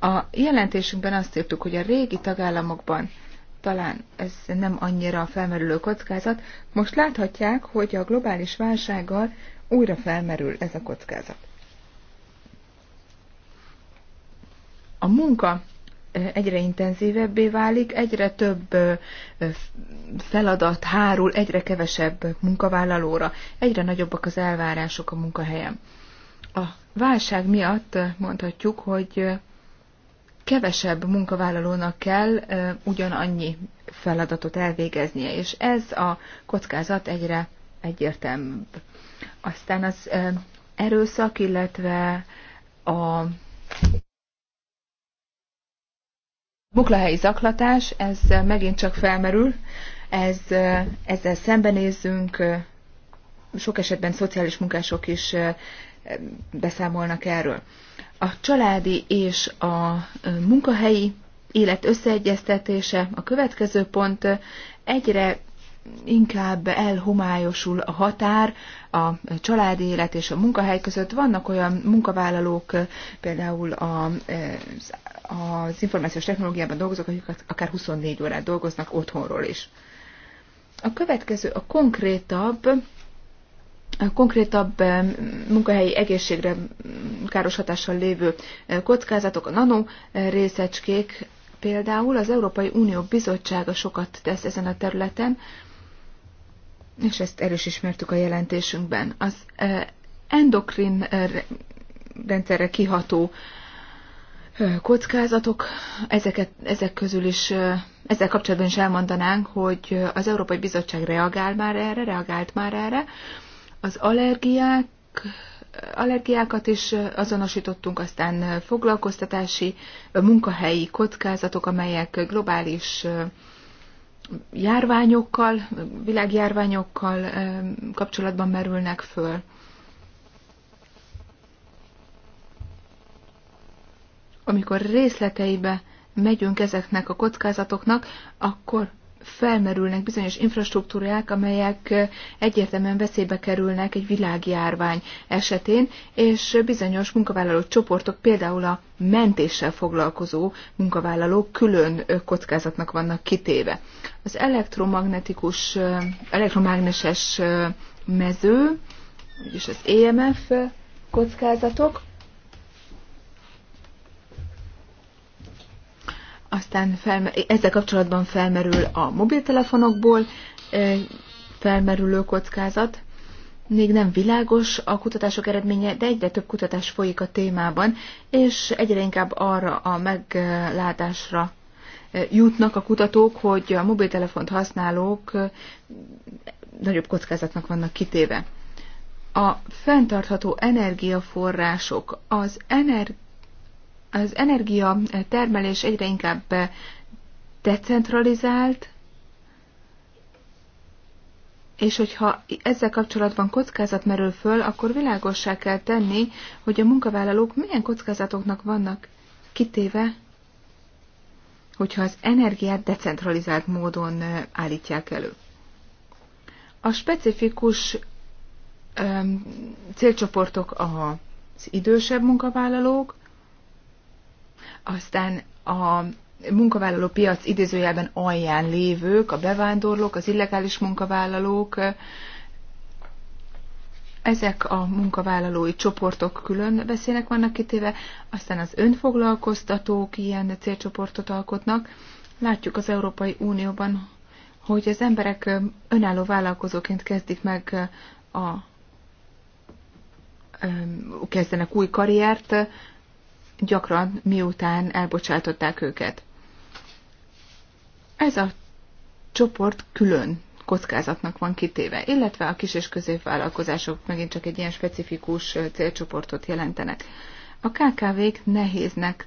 A jelentésünkben azt írtuk, hogy a régi tagállamokban talán ez nem annyira felmerülő kockázat. Most láthatják, hogy a globális válsággal újra felmerül ez a kockázat. A munka egyre intenzívebbé válik, egyre több feladat hárul, egyre kevesebb munkavállalóra, egyre nagyobbak az elvárások a munkahelyen. A válság miatt mondhatjuk, hogy kevesebb munkavállalónak kell ugyanannyi feladatot elvégeznie, és ez a kockázat egyre egyértelműbb. Aztán az erőszak, illetve a munkahelyi zaklatás, ez megint csak felmerül, ez, ezzel szembenézzünk, sok esetben szociális munkások is beszámolnak erről. A családi és a munkahelyi élet összeegyeztetése a következő pont. Egyre inkább elhomályosul a határ a családi élet és a munkahely között. Vannak olyan munkavállalók, például a, az információs technológiában dolgozók, akik akár 24 órát dolgoznak otthonról is. A következő a konkrétabb konkrétabb eh, munkahelyi egészségre káros hatással lévő eh, kockázatok, a nano eh, részecskék, például az Európai Unió Bizottsága sokat tesz ezen a területen, és ezt erős ismertük a jelentésünkben. Az endokrin rendszerre kiható kockázatok, ezeket, ezek közül is, ezzel kapcsolatban is elmondanánk, hogy az Európai Bizottság reagál már erre, reagált már erre, az allergiák, allergiákat is azonosítottunk, aztán foglalkoztatási, munkahelyi kockázatok, amelyek globális járványokkal, világjárványokkal kapcsolatban merülnek föl. Amikor részleteibe megyünk ezeknek a kockázatoknak, akkor felmerülnek bizonyos infrastruktúrák, amelyek egyértelműen veszélybe kerülnek egy világjárvány esetén, és bizonyos munkavállaló csoportok, például a mentéssel foglalkozó munkavállalók külön kockázatnak vannak kitéve. Az elektromagnetikus, elektromágneses mező, vagyis az EMF kockázatok, Aztán felmer, ezzel kapcsolatban felmerül a mobiltelefonokból felmerülő kockázat. Még nem világos a kutatások eredménye, de egyre több kutatás folyik a témában, és egyre inkább arra a meglátásra jutnak a kutatók, hogy a mobiltelefont használók nagyobb kockázatnak vannak kitéve. A fenntartható energiaforrások, az energi az energia eh, termelés egyre inkább eh, decentralizált, és hogyha ezzel kapcsolatban kockázat merül föl, akkor világossá kell tenni, hogy a munkavállalók milyen kockázatoknak vannak kitéve, hogyha az energiát decentralizált módon eh, állítják elő. A specifikus öm, célcsoportok az idősebb munkavállalók, aztán a munkavállaló piac idézőjelben alján lévők, a bevándorlók, az illegális munkavállalók, ezek a munkavállalói csoportok külön beszélnek vannak kitéve, aztán az önfoglalkoztatók ilyen célcsoportot alkotnak. Látjuk az Európai Unióban, hogy az emberek önálló vállalkozóként kezdik meg a kezdenek új karriert, gyakran miután elbocsátották őket. Ez a csoport külön kockázatnak van kitéve, illetve a kis és középvállalkozások megint csak egy ilyen specifikus célcsoportot jelentenek. A KKV-k nehéznek,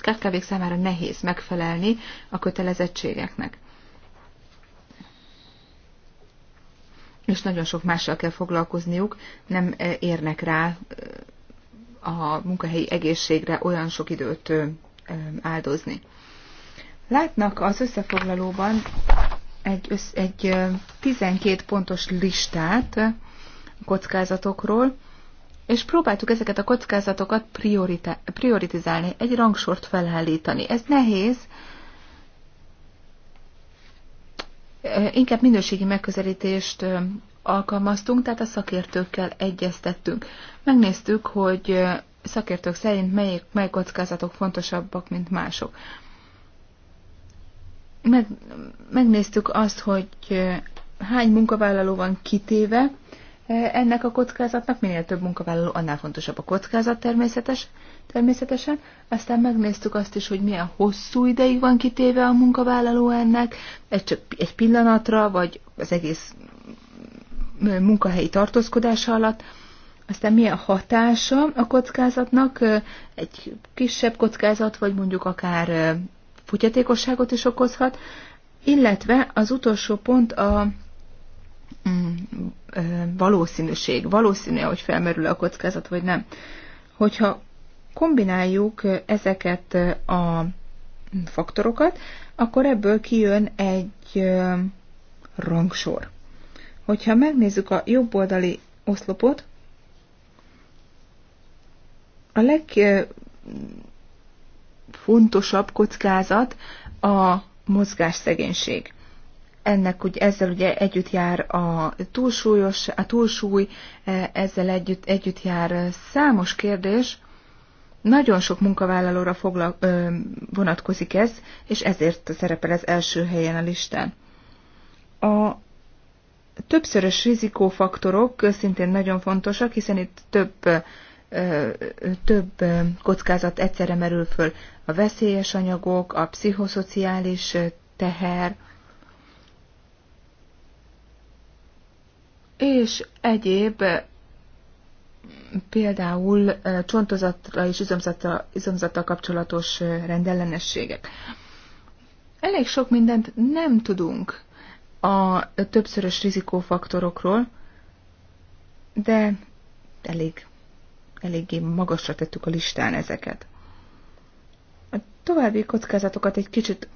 KKV-k számára nehéz megfelelni a kötelezettségeknek. És nagyon sok mással kell foglalkozniuk, nem érnek rá a munkahelyi egészségre olyan sok időt áldozni. Látnak az összefoglalóban egy, egy 12 pontos listát a kockázatokról, és próbáltuk ezeket a kockázatokat prioritizálni, egy rangsort felállítani. Ez nehéz, inkább minőségi megközelítést alkalmaztunk, tehát a szakértőkkel egyeztettünk. Megnéztük, hogy szakértők szerint melyik, mely kockázatok fontosabbak, mint mások. Meg, megnéztük azt, hogy hány munkavállaló van kitéve ennek a kockázatnak, minél több munkavállaló, annál fontosabb a kockázat természetes, természetesen. Aztán megnéztük azt is, hogy milyen hosszú ideig van kitéve a munkavállaló ennek, egy, csak egy pillanatra, vagy az egész munkahelyi tartózkodása alatt, aztán milyen hatása a kockázatnak, egy kisebb kockázat, vagy mondjuk akár fogyatékosságot is okozhat, illetve az utolsó pont a mm, valószínűség, valószínű, hogy felmerül a kockázat, vagy nem. Hogyha kombináljuk ezeket a faktorokat, akkor ebből kijön egy rangsor. Hogyha megnézzük a jobb oldali oszlopot, a legfontosabb kockázat a mozgásszegénység. Ennek ugye, ezzel ugye együtt jár a, túlsúlyos, a túlsúly, e, ezzel együtt, együtt jár számos kérdés, nagyon sok munkavállalóra fogla, ö, vonatkozik ez, és ezért szerepel ez első helyen a listán. A többszörös rizikófaktorok szintén nagyon fontosak, hiszen itt több, több kockázat egyszerre merül föl. A veszélyes anyagok, a pszichoszociális teher, és egyéb például csontozatra és izomzatra, izomzata kapcsolatos rendellenességek. Elég sok mindent nem tudunk a többszörös rizikófaktorokról, de elég, eléggé magasra tettük a listán ezeket. A további kockázatokat egy kicsit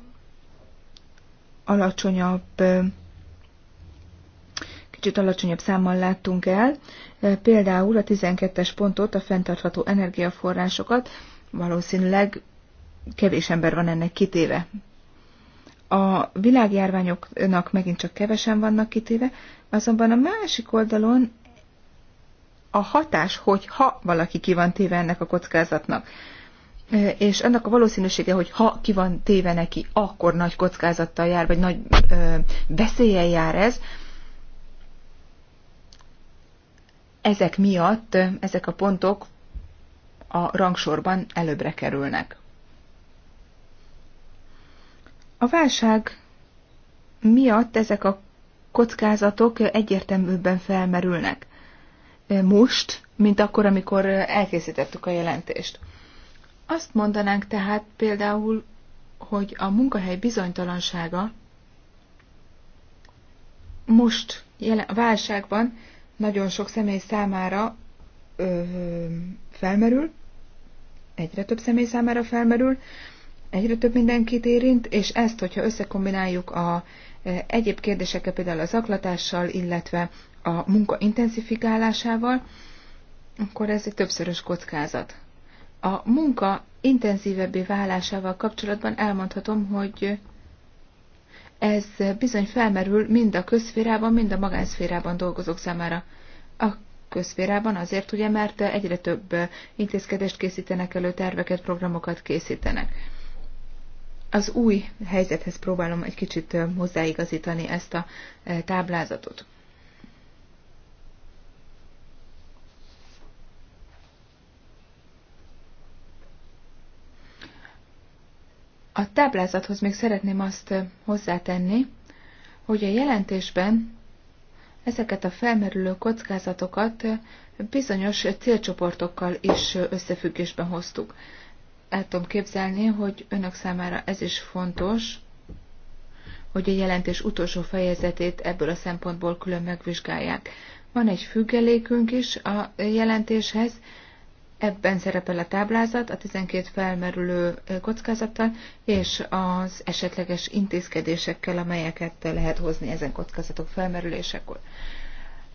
alacsonyabb kicsit alacsonyabb számmal láttunk el, például a 12-es pontot, a fenntartható energiaforrásokat, valószínűleg kevés ember van ennek kitéve a világjárványoknak megint csak kevesen vannak kitéve, azonban a másik oldalon a hatás, hogy ha valaki ki van téve ennek a kockázatnak, e, és annak a valószínűsége, hogy ha ki van téve neki, akkor nagy kockázattal jár, vagy nagy ö, e, veszélyen jár ez, ezek miatt ezek a pontok a rangsorban előbbre kerülnek. A válság miatt ezek a kockázatok egyértelműbben felmerülnek. Most, mint akkor, amikor elkészítettük a jelentést. Azt mondanánk tehát például, hogy a munkahely bizonytalansága most jelen, válságban nagyon sok személy számára ö, felmerül, egyre több személy számára felmerül, egyre több mindenkit érint, és ezt, hogyha összekombináljuk a e, egyéb kérdésekkel, például az zaklatással, illetve a munka intenzifikálásával, akkor ez egy többszörös kockázat. A munka intenzívebbé válásával kapcsolatban elmondhatom, hogy ez bizony felmerül mind a közszférában, mind a magánszférában dolgozók számára. A közszférában azért ugye, mert egyre több intézkedést készítenek elő, terveket, programokat készítenek az új helyzethez próbálom egy kicsit hozzáigazítani ezt a táblázatot. A táblázathoz még szeretném azt hozzátenni, hogy a jelentésben ezeket a felmerülő kockázatokat bizonyos célcsoportokkal is összefüggésben hoztuk el tudom képzelni, hogy önök számára ez is fontos, hogy a jelentés utolsó fejezetét ebből a szempontból külön megvizsgálják. Van egy függelékünk is a jelentéshez, ebben szerepel a táblázat a 12 felmerülő kockázattal és az esetleges intézkedésekkel, amelyeket lehet hozni ezen kockázatok felmerülésekor.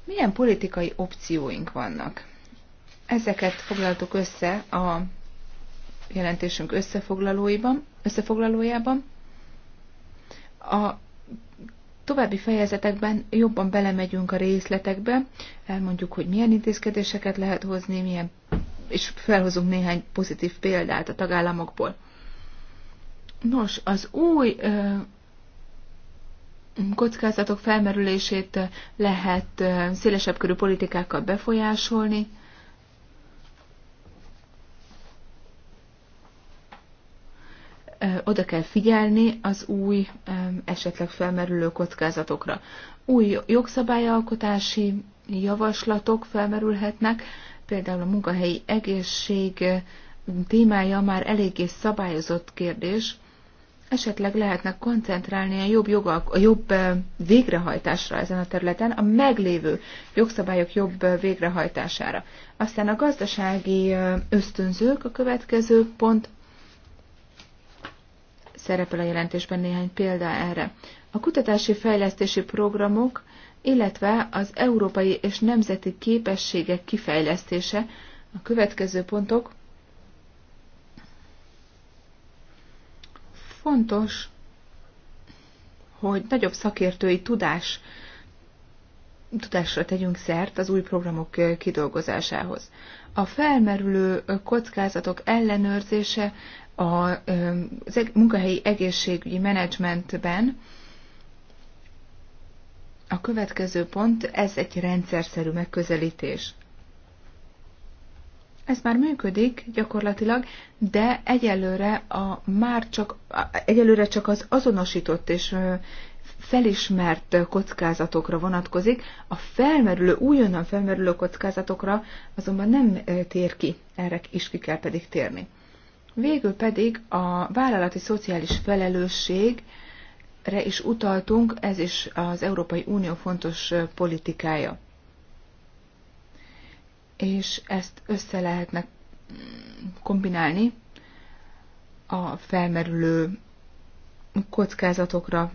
Milyen politikai opcióink vannak? Ezeket foglaltuk össze a jelentésünk összefoglalóiban, összefoglalójában. A további fejezetekben jobban belemegyünk a részletekbe, elmondjuk, hogy milyen intézkedéseket lehet hozni, milyen, és felhozunk néhány pozitív példát a tagállamokból. Nos, az új ö, kockázatok felmerülését lehet szélesebb körű politikákkal befolyásolni, oda kell figyelni az új esetleg felmerülő kockázatokra. Új jogszabályalkotási javaslatok felmerülhetnek, például a munkahelyi egészség témája már eléggé szabályozott kérdés, esetleg lehetnek koncentrálni a jobb, jogak, a jobb végrehajtásra ezen a területen, a meglévő jogszabályok jobb végrehajtására. Aztán a gazdasági ösztönzők a következő pont, Szerepel a jelentésben néhány példa erre. A kutatási fejlesztési programok, illetve az európai és nemzeti képességek kifejlesztése a következő pontok fontos, hogy nagyobb szakértői tudás tudásra tegyünk szert az új programok kidolgozásához. A felmerülő kockázatok ellenőrzése, a az munkahelyi egészségügyi menedzsmentben a következő pont, ez egy rendszerszerű megközelítés. Ez már működik gyakorlatilag, de egyelőre, a már csak, egyelőre csak az azonosított és felismert kockázatokra vonatkozik, a felmerülő, újonnan felmerülő kockázatokra azonban nem tér ki, erre is ki kell pedig térni. Végül pedig a vállalati szociális felelősségre is utaltunk, ez is az Európai Unió fontos politikája. És ezt össze lehetne mm, kombinálni a felmerülő kockázatokra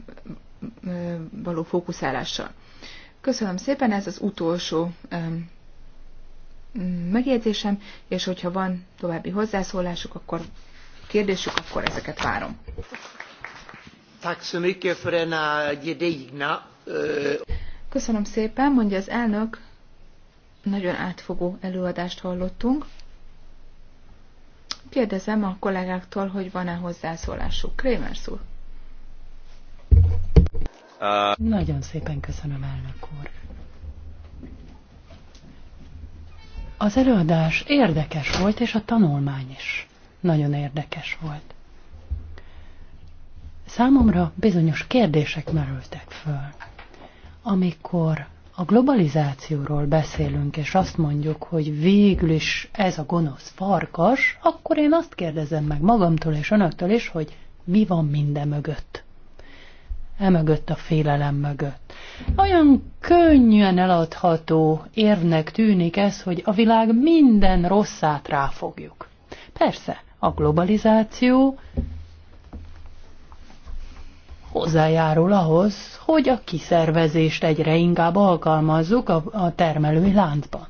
mm, való fókuszálással. Köszönöm szépen, ez az utolsó megjegyzésem, és hogyha van további hozzászólásuk, akkor kérdésük, akkor ezeket várom. Eh, köszönöm szépen, mondja az elnök. Nagyon átfogó előadást hallottunk. Kérdezem a kollégáktól, hogy van-e hozzászólásuk. Krémer úr. Nagyon szépen köszönöm, elnök úr. Az előadás érdekes volt, és a tanulmány is nagyon érdekes volt. Számomra bizonyos kérdések merültek föl. Amikor a globalizációról beszélünk, és azt mondjuk, hogy végül is ez a gonosz farkas, akkor én azt kérdezem meg magamtól és önöktől is, hogy mi van minden mögött emögött a félelem mögött. Olyan könnyen eladható érvnek tűnik ez, hogy a világ minden rosszát ráfogjuk. Persze, a globalizáció hozzájárul ahhoz, hogy a kiszervezést egyre inkább alkalmazzuk a, a termelői láncban.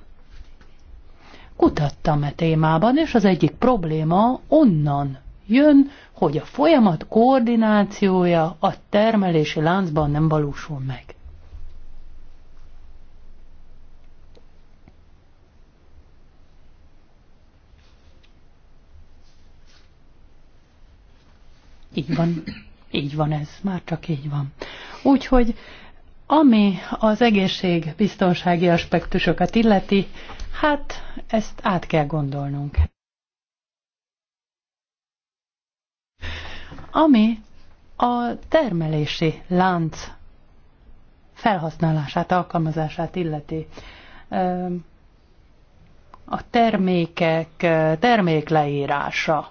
Kutattam e témában, és az egyik probléma onnan jön, hogy a folyamat koordinációja a termelési láncban nem valósul meg. Így van. Így van ez. Már csak így van. Úgyhogy ami az egészség biztonsági aspektusokat illeti, hát ezt át kell gondolnunk. ami a termelési lánc felhasználását, alkalmazását illeti. A termékek, termékleírása,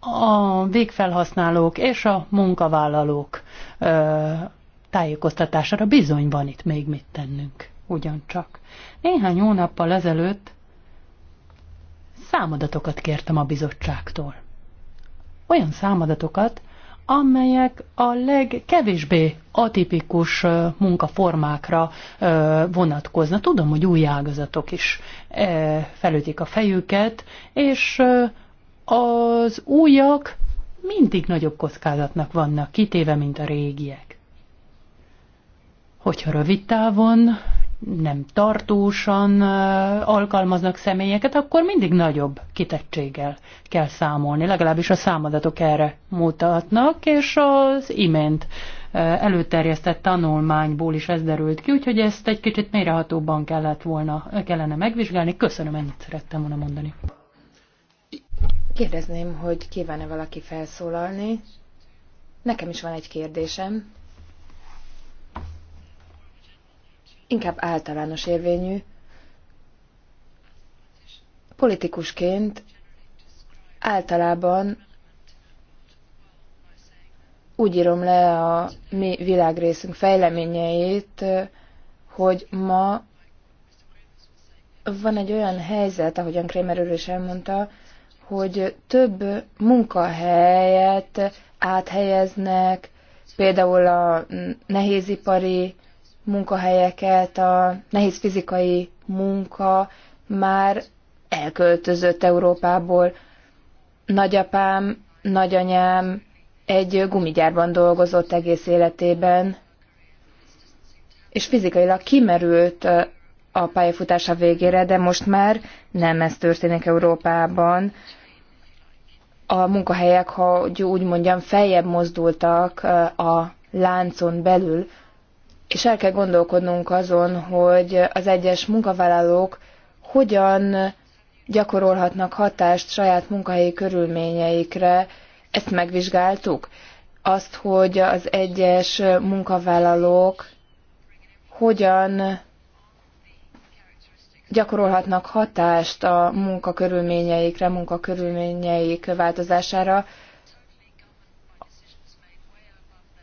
a végfelhasználók és a munkavállalók tájékoztatására bizony van itt még mit tennünk, ugyancsak. Néhány hónappal ezelőtt számadatokat kértem a bizottságtól olyan számadatokat, amelyek a legkevésbé atipikus munkaformákra vonatkoznak. Tudom, hogy új ágazatok is felütik a fejüket, és az újak mindig nagyobb kockázatnak vannak kitéve, mint a régiek. Hogyha rövid távon nem tartósan alkalmaznak személyeket, akkor mindig nagyobb kitettséggel kell számolni. Legalábbis a számadatok erre mutatnak, és az imént előterjesztett tanulmányból is ez derült ki, úgyhogy ezt egy kicsit mélyrehatóbban kellett volna, kellene megvizsgálni. Köszönöm, ennyit szerettem volna mondani. Kérdezném, hogy kíván-e valaki felszólalni? Nekem is van egy kérdésem. inkább általános érvényű. Politikusként általában úgy írom le a mi világrészünk fejleményeit, hogy ma van egy olyan helyzet, ahogyan Krémer úr is elmondta, hogy több munkahelyet áthelyeznek, például a nehézipari munkahelyeket, a nehéz fizikai munka már elköltözött Európából. Nagyapám, nagyanyám egy gumigyárban dolgozott egész életében, és fizikailag kimerült a pályafutása végére, de most már nem ez történik Európában. A munkahelyek, ha úgy mondjam, feljebb mozdultak a láncon belül, és el kell gondolkodnunk azon, hogy az egyes munkavállalók hogyan gyakorolhatnak hatást saját munkahelyi körülményeikre, ezt megvizsgáltuk. Azt, hogy az egyes munkavállalók hogyan gyakorolhatnak hatást a munkakörülményeikre, munkakörülményeik változására,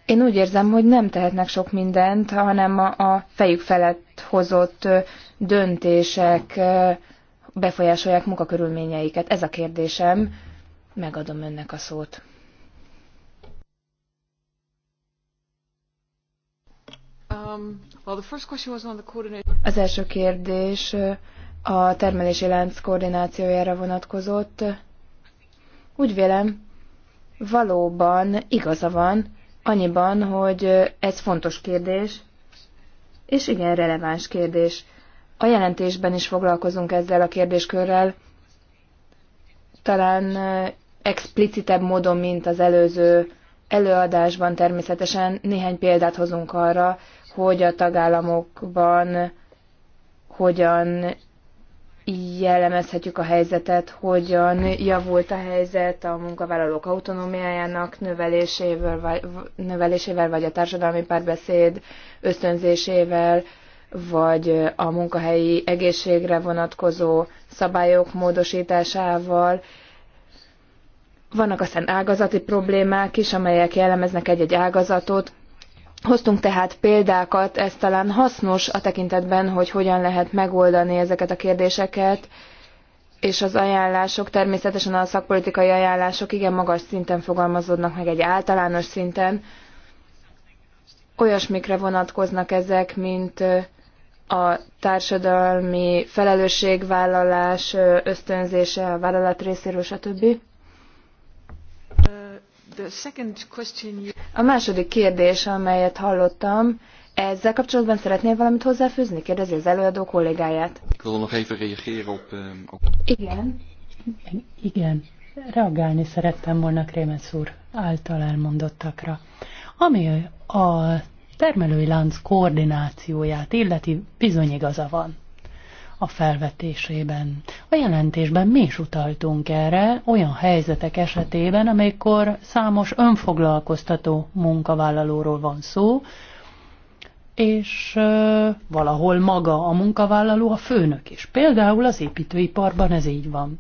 én úgy érzem, hogy nem tehetnek sok mindent, hanem a fejük felett hozott döntések befolyásolják munkakörülményeiket. Ez a kérdésem. Megadom önnek a szót. Um, Az első kérdés a termelési lánc koordinációjára vonatkozott. Úgy vélem, valóban igaza van, annyiban, hogy ez fontos kérdés, és igen, releváns kérdés. A jelentésben is foglalkozunk ezzel a kérdéskörrel, talán explicitebb módon, mint az előző előadásban természetesen néhány példát hozunk arra, hogy a tagállamokban hogyan jellemezhetjük a helyzetet, hogy hogyan javult a helyzet a munkavállalók autonómiájának növelésével, vagy, növelésével, vagy a társadalmi párbeszéd ösztönzésével, vagy a munkahelyi egészségre vonatkozó szabályok módosításával. Vannak aztán ágazati problémák is, amelyek jellemeznek egy-egy ágazatot, Hoztunk tehát példákat, ez talán hasznos a tekintetben, hogy hogyan lehet megoldani ezeket a kérdéseket, és az ajánlások, természetesen a szakpolitikai ajánlások igen magas szinten fogalmazódnak meg egy általános szinten. Olyasmikre vonatkoznak ezek, mint a társadalmi felelősségvállalás ösztönzése a vállalat részéről, stb. A második kérdés, amelyet hallottam, ezzel kapcsolatban szeretnél valamit hozzáfűzni? Kérdezi az előadó kollégáját. Ehm, Igen. Igen. Reagálni szerettem volna Krémesz úr által elmondottakra. Ami a termelői lánc koordinációját illeti, bizony igaza van a felvetésében. A jelentésben mi is utaltunk erre olyan helyzetek esetében, amikor számos önfoglalkoztató munkavállalóról van szó, és ö, valahol maga a munkavállaló a főnök is. Például az építőiparban ez így van.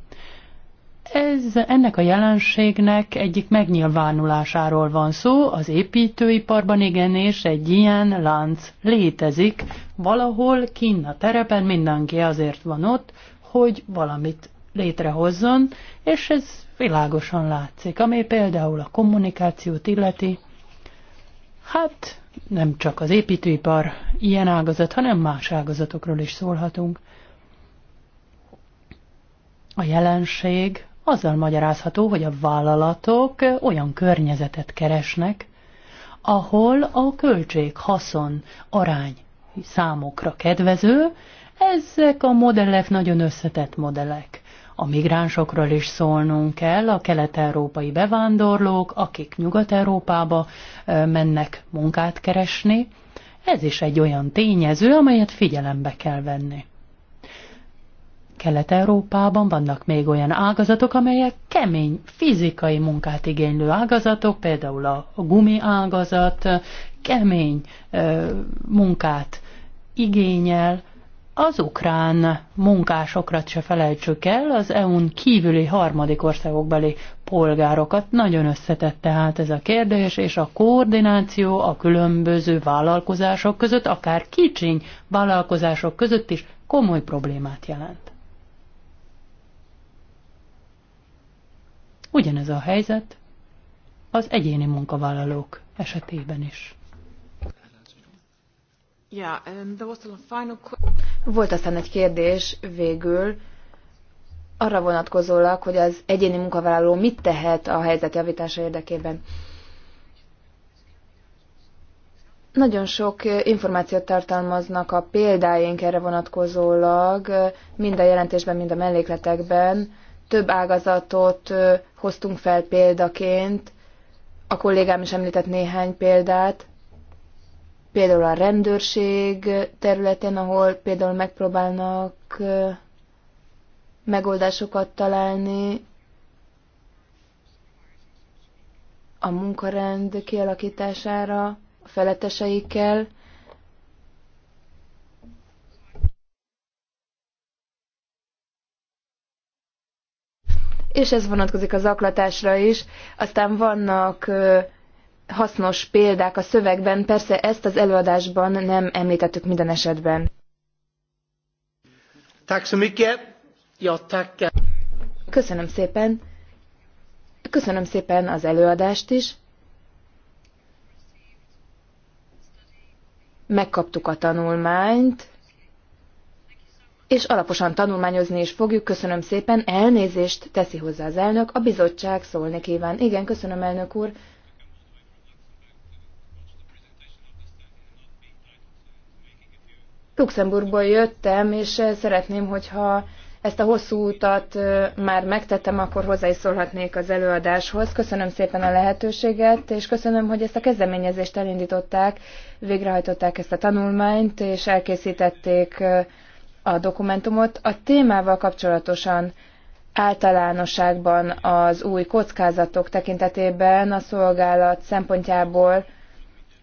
Ez ennek a jelenségnek egyik megnyilvánulásáról van szó, az építőiparban igenis egy ilyen lánc létezik, valahol kinn a terepen mindenki azért van ott, hogy valamit létrehozzon, és ez világosan látszik, ami például a kommunikációt illeti. Hát nem csak az építőipar ilyen ágazat, hanem más ágazatokról is szólhatunk. A jelenség azzal magyarázható, hogy a vállalatok olyan környezetet keresnek, ahol a költség-haszon arány számokra kedvező, ezek a modellek nagyon összetett modellek. A migránsokról is szólnunk kell, a kelet-európai bevándorlók, akik Nyugat-Európába mennek munkát keresni. Ez is egy olyan tényező, amelyet figyelembe kell venni. Kelet-Európában vannak még olyan ágazatok, amelyek kemény fizikai munkát igénylő ágazatok, például a gumi ágazat kemény ö, munkát igényel, az ukrán munkásokat se felejtsük el, az EU-n kívüli harmadik országokbeli polgárokat. Nagyon összetett tehát ez a kérdés, és a koordináció a különböző vállalkozások között, akár kicsiny vállalkozások között is komoly problémát jelent. Ugyanez a helyzet az egyéni munkavállalók esetében is. Um, Volt aztán egy kérdés végül, arra vonatkozólag, hogy az egyéni munkavállaló mit tehet a helyzet javítása érdekében. Nagyon sok információt tartalmaznak a példáink erre vonatkozólag, mind a jelentésben, mind a mellékletekben. Több ágazatot hoztunk fel példaként, a kollégám is említett néhány példát például a rendőrség területen, ahol például megpróbálnak megoldásokat találni a munkarend kialakítására a feleteseikkel. És ez vonatkozik az aklatásra is. Aztán vannak hasznos példák a szövegben, persze ezt az előadásban nem említettük minden esetben. Köszönöm szépen. Köszönöm szépen az előadást is. Megkaptuk a tanulmányt, és alaposan tanulmányozni is fogjuk. Köszönöm szépen. Elnézést teszi hozzá az elnök. A bizottság szólni kíván. Igen, köszönöm, elnök úr. Luxemburgból jöttem, és eh, szeretném, hogyha ezt a hosszú utat eh, már megtettem, akkor hozzá is szólhatnék az előadáshoz. Köszönöm szépen a lehetőséget, és köszönöm, hogy ezt a kezdeményezést elindították, végrehajtották ezt a tanulmányt, és elkészítették eh, a dokumentumot. A témával kapcsolatosan általánosságban az új kockázatok tekintetében a szolgálat szempontjából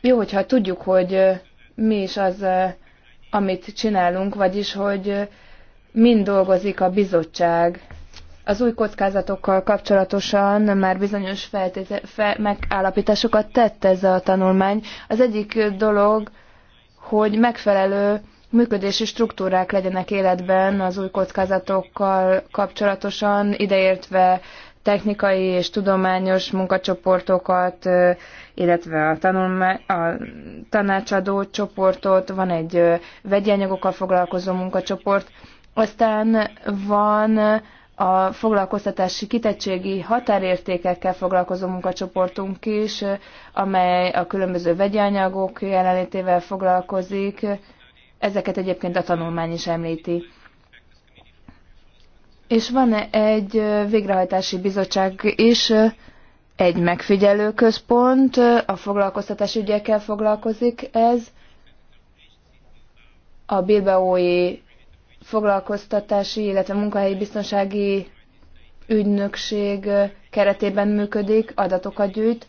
jó, hogyha tudjuk, hogy mi is az amit csinálunk, vagyis, hogy mind dolgozik a bizottság. Az új kockázatokkal kapcsolatosan már bizonyos feltéte- fe- megállapításokat tett ez a tanulmány. Az egyik dolog, hogy megfelelő működési struktúrák legyenek életben az új kockázatokkal kapcsolatosan, ideértve technikai és tudományos munkacsoportokat, illetve a, tanulma, a tanácsadó csoportot, van egy vegyi anyagokkal foglalkozó munkacsoport, aztán van a foglalkoztatási kitettségi határértékekkel foglalkozó munkacsoportunk is, amely a különböző vegyi anyagok jelenlétével foglalkozik. Ezeket egyébként a tanulmány is említi. És van egy végrehajtási bizottság is, egy megfigyelőközpont, a foglalkoztatás ügyekkel foglalkozik ez, a Bilbaói foglalkoztatási, illetve munkahelyi biztonsági ügynökség keretében működik, adatokat gyűjt,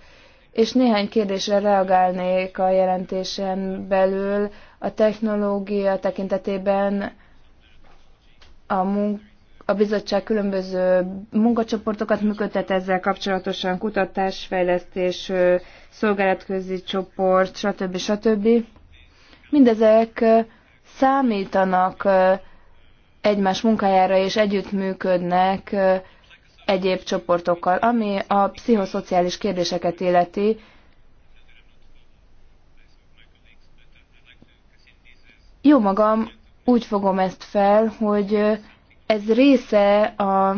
és néhány kérdésre reagálnék a jelentésen belül a technológia tekintetében a munka a bizottság különböző munkacsoportokat működtet ezzel kapcsolatosan, kutatásfejlesztés, szolgálatközi csoport, stb. stb. Mindezek számítanak egymás munkájára és együttműködnek egyéb csoportokkal, ami a pszichoszociális kérdéseket illeti. Jó magam, úgy fogom ezt fel, hogy ez része a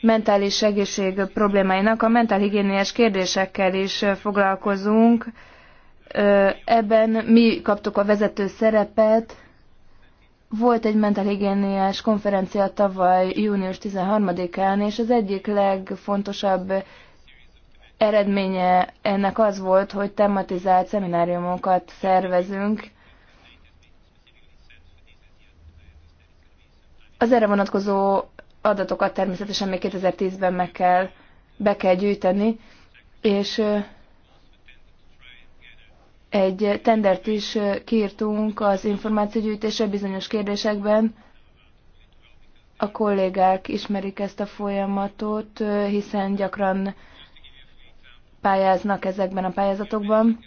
mentális egészség problémáinak, a mentálhigiéniás kérdésekkel is foglalkozunk. Ebben mi kaptuk a vezető szerepet. Volt egy mentálhigiéniás konferencia tavaly június 13-án, és az egyik legfontosabb eredménye ennek az volt, hogy tematizált szemináriumokat szervezünk, Az erre vonatkozó adatokat természetesen még 2010-ben meg kell, be kell gyűjteni, és egy tendert is kiírtunk az információgyűjtésre bizonyos kérdésekben. A kollégák ismerik ezt a folyamatot, hiszen gyakran pályáznak ezekben a pályázatokban.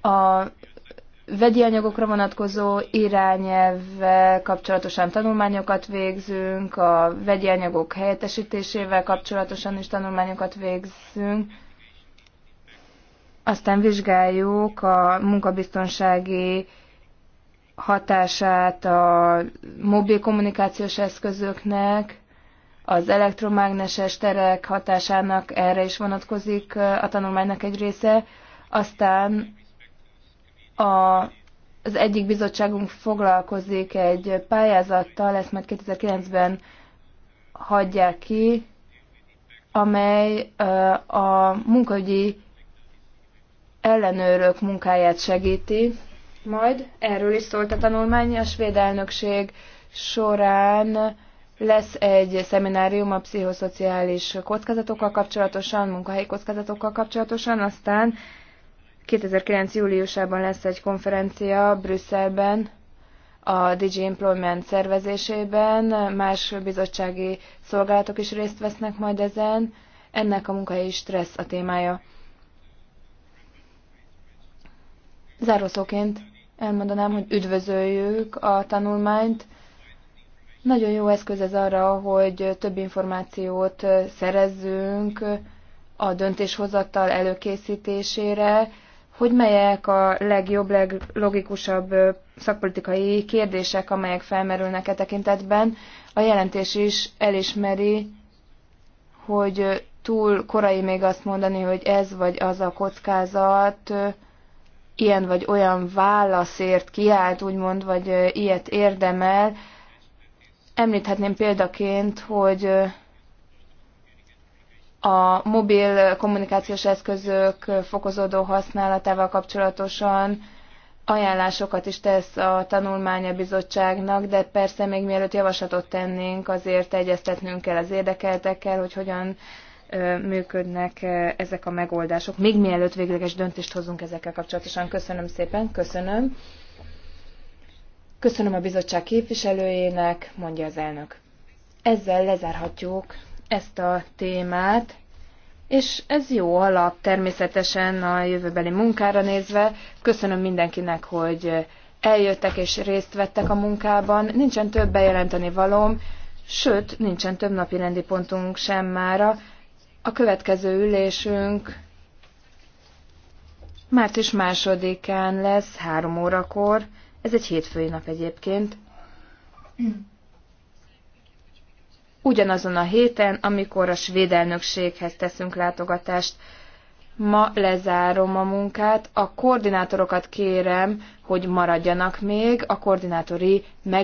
A vegyi anyagokra vonatkozó irányelvvel kapcsolatosan tanulmányokat végzünk, a vegyi anyagok helyettesítésével kapcsolatosan is tanulmányokat végzünk. Aztán vizsgáljuk a munkabiztonsági hatását a mobil kommunikációs eszközöknek, az elektromágneses terek hatásának erre is vonatkozik a tanulmánynak egy része. Aztán a, az egyik bizottságunk foglalkozik egy pályázattal, ezt már 2009-ben hagyják ki, amely a munkaügyi ellenőrök munkáját segíti. Majd erről is szólt a tanulmány, a svéd elnökség során lesz egy szeminárium a pszichoszociális kockázatokkal kapcsolatosan, munkahelyi kockázatokkal kapcsolatosan, aztán 2009. júliusában lesz egy konferencia Brüsszelben, a Digi Employment szervezésében, más bizottsági szolgálatok is részt vesznek majd ezen. Ennek a munkahelyi stressz a témája. Zárószóként elmondanám, hogy üdvözöljük a tanulmányt. Nagyon jó eszköz ez arra, hogy több információt szerezzünk a döntéshozattal előkészítésére, hogy melyek a legjobb, leglogikusabb szakpolitikai kérdések, amelyek felmerülnek e tekintetben. A jelentés is elismeri, hogy túl korai még azt mondani, hogy ez vagy az a kockázat ilyen vagy olyan válaszért kiállt, úgymond, vagy ilyet érdemel. Említhetném példaként, hogy a mobil kommunikációs eszközök fokozódó használatával kapcsolatosan ajánlásokat is tesz a tanulmánya bizottságnak, de persze még mielőtt javaslatot tennénk, azért egyeztetnünk kell az érdekeltekkel, hogy hogyan működnek ezek a megoldások. Még mielőtt végleges döntést hozunk ezekkel kapcsolatosan. Köszönöm szépen, köszönöm. Köszönöm a bizottság képviselőjének, mondja az elnök. Ezzel lezárhatjuk ezt a témát, és ez jó alap természetesen a jövőbeli munkára nézve. Köszönöm mindenkinek, hogy eljöttek és részt vettek a munkában. Nincsen több bejelenteni valóm, sőt, nincsen több napi rendi pontunk sem mára. A következő ülésünk március másodikán lesz, három órakor. Ez egy hétfői nap egyébként ugyanazon a héten, amikor a svéd elnökséghez teszünk látogatást. Ma lezárom a munkát, a koordinátorokat kérem, hogy maradjanak még, a koordinátori meg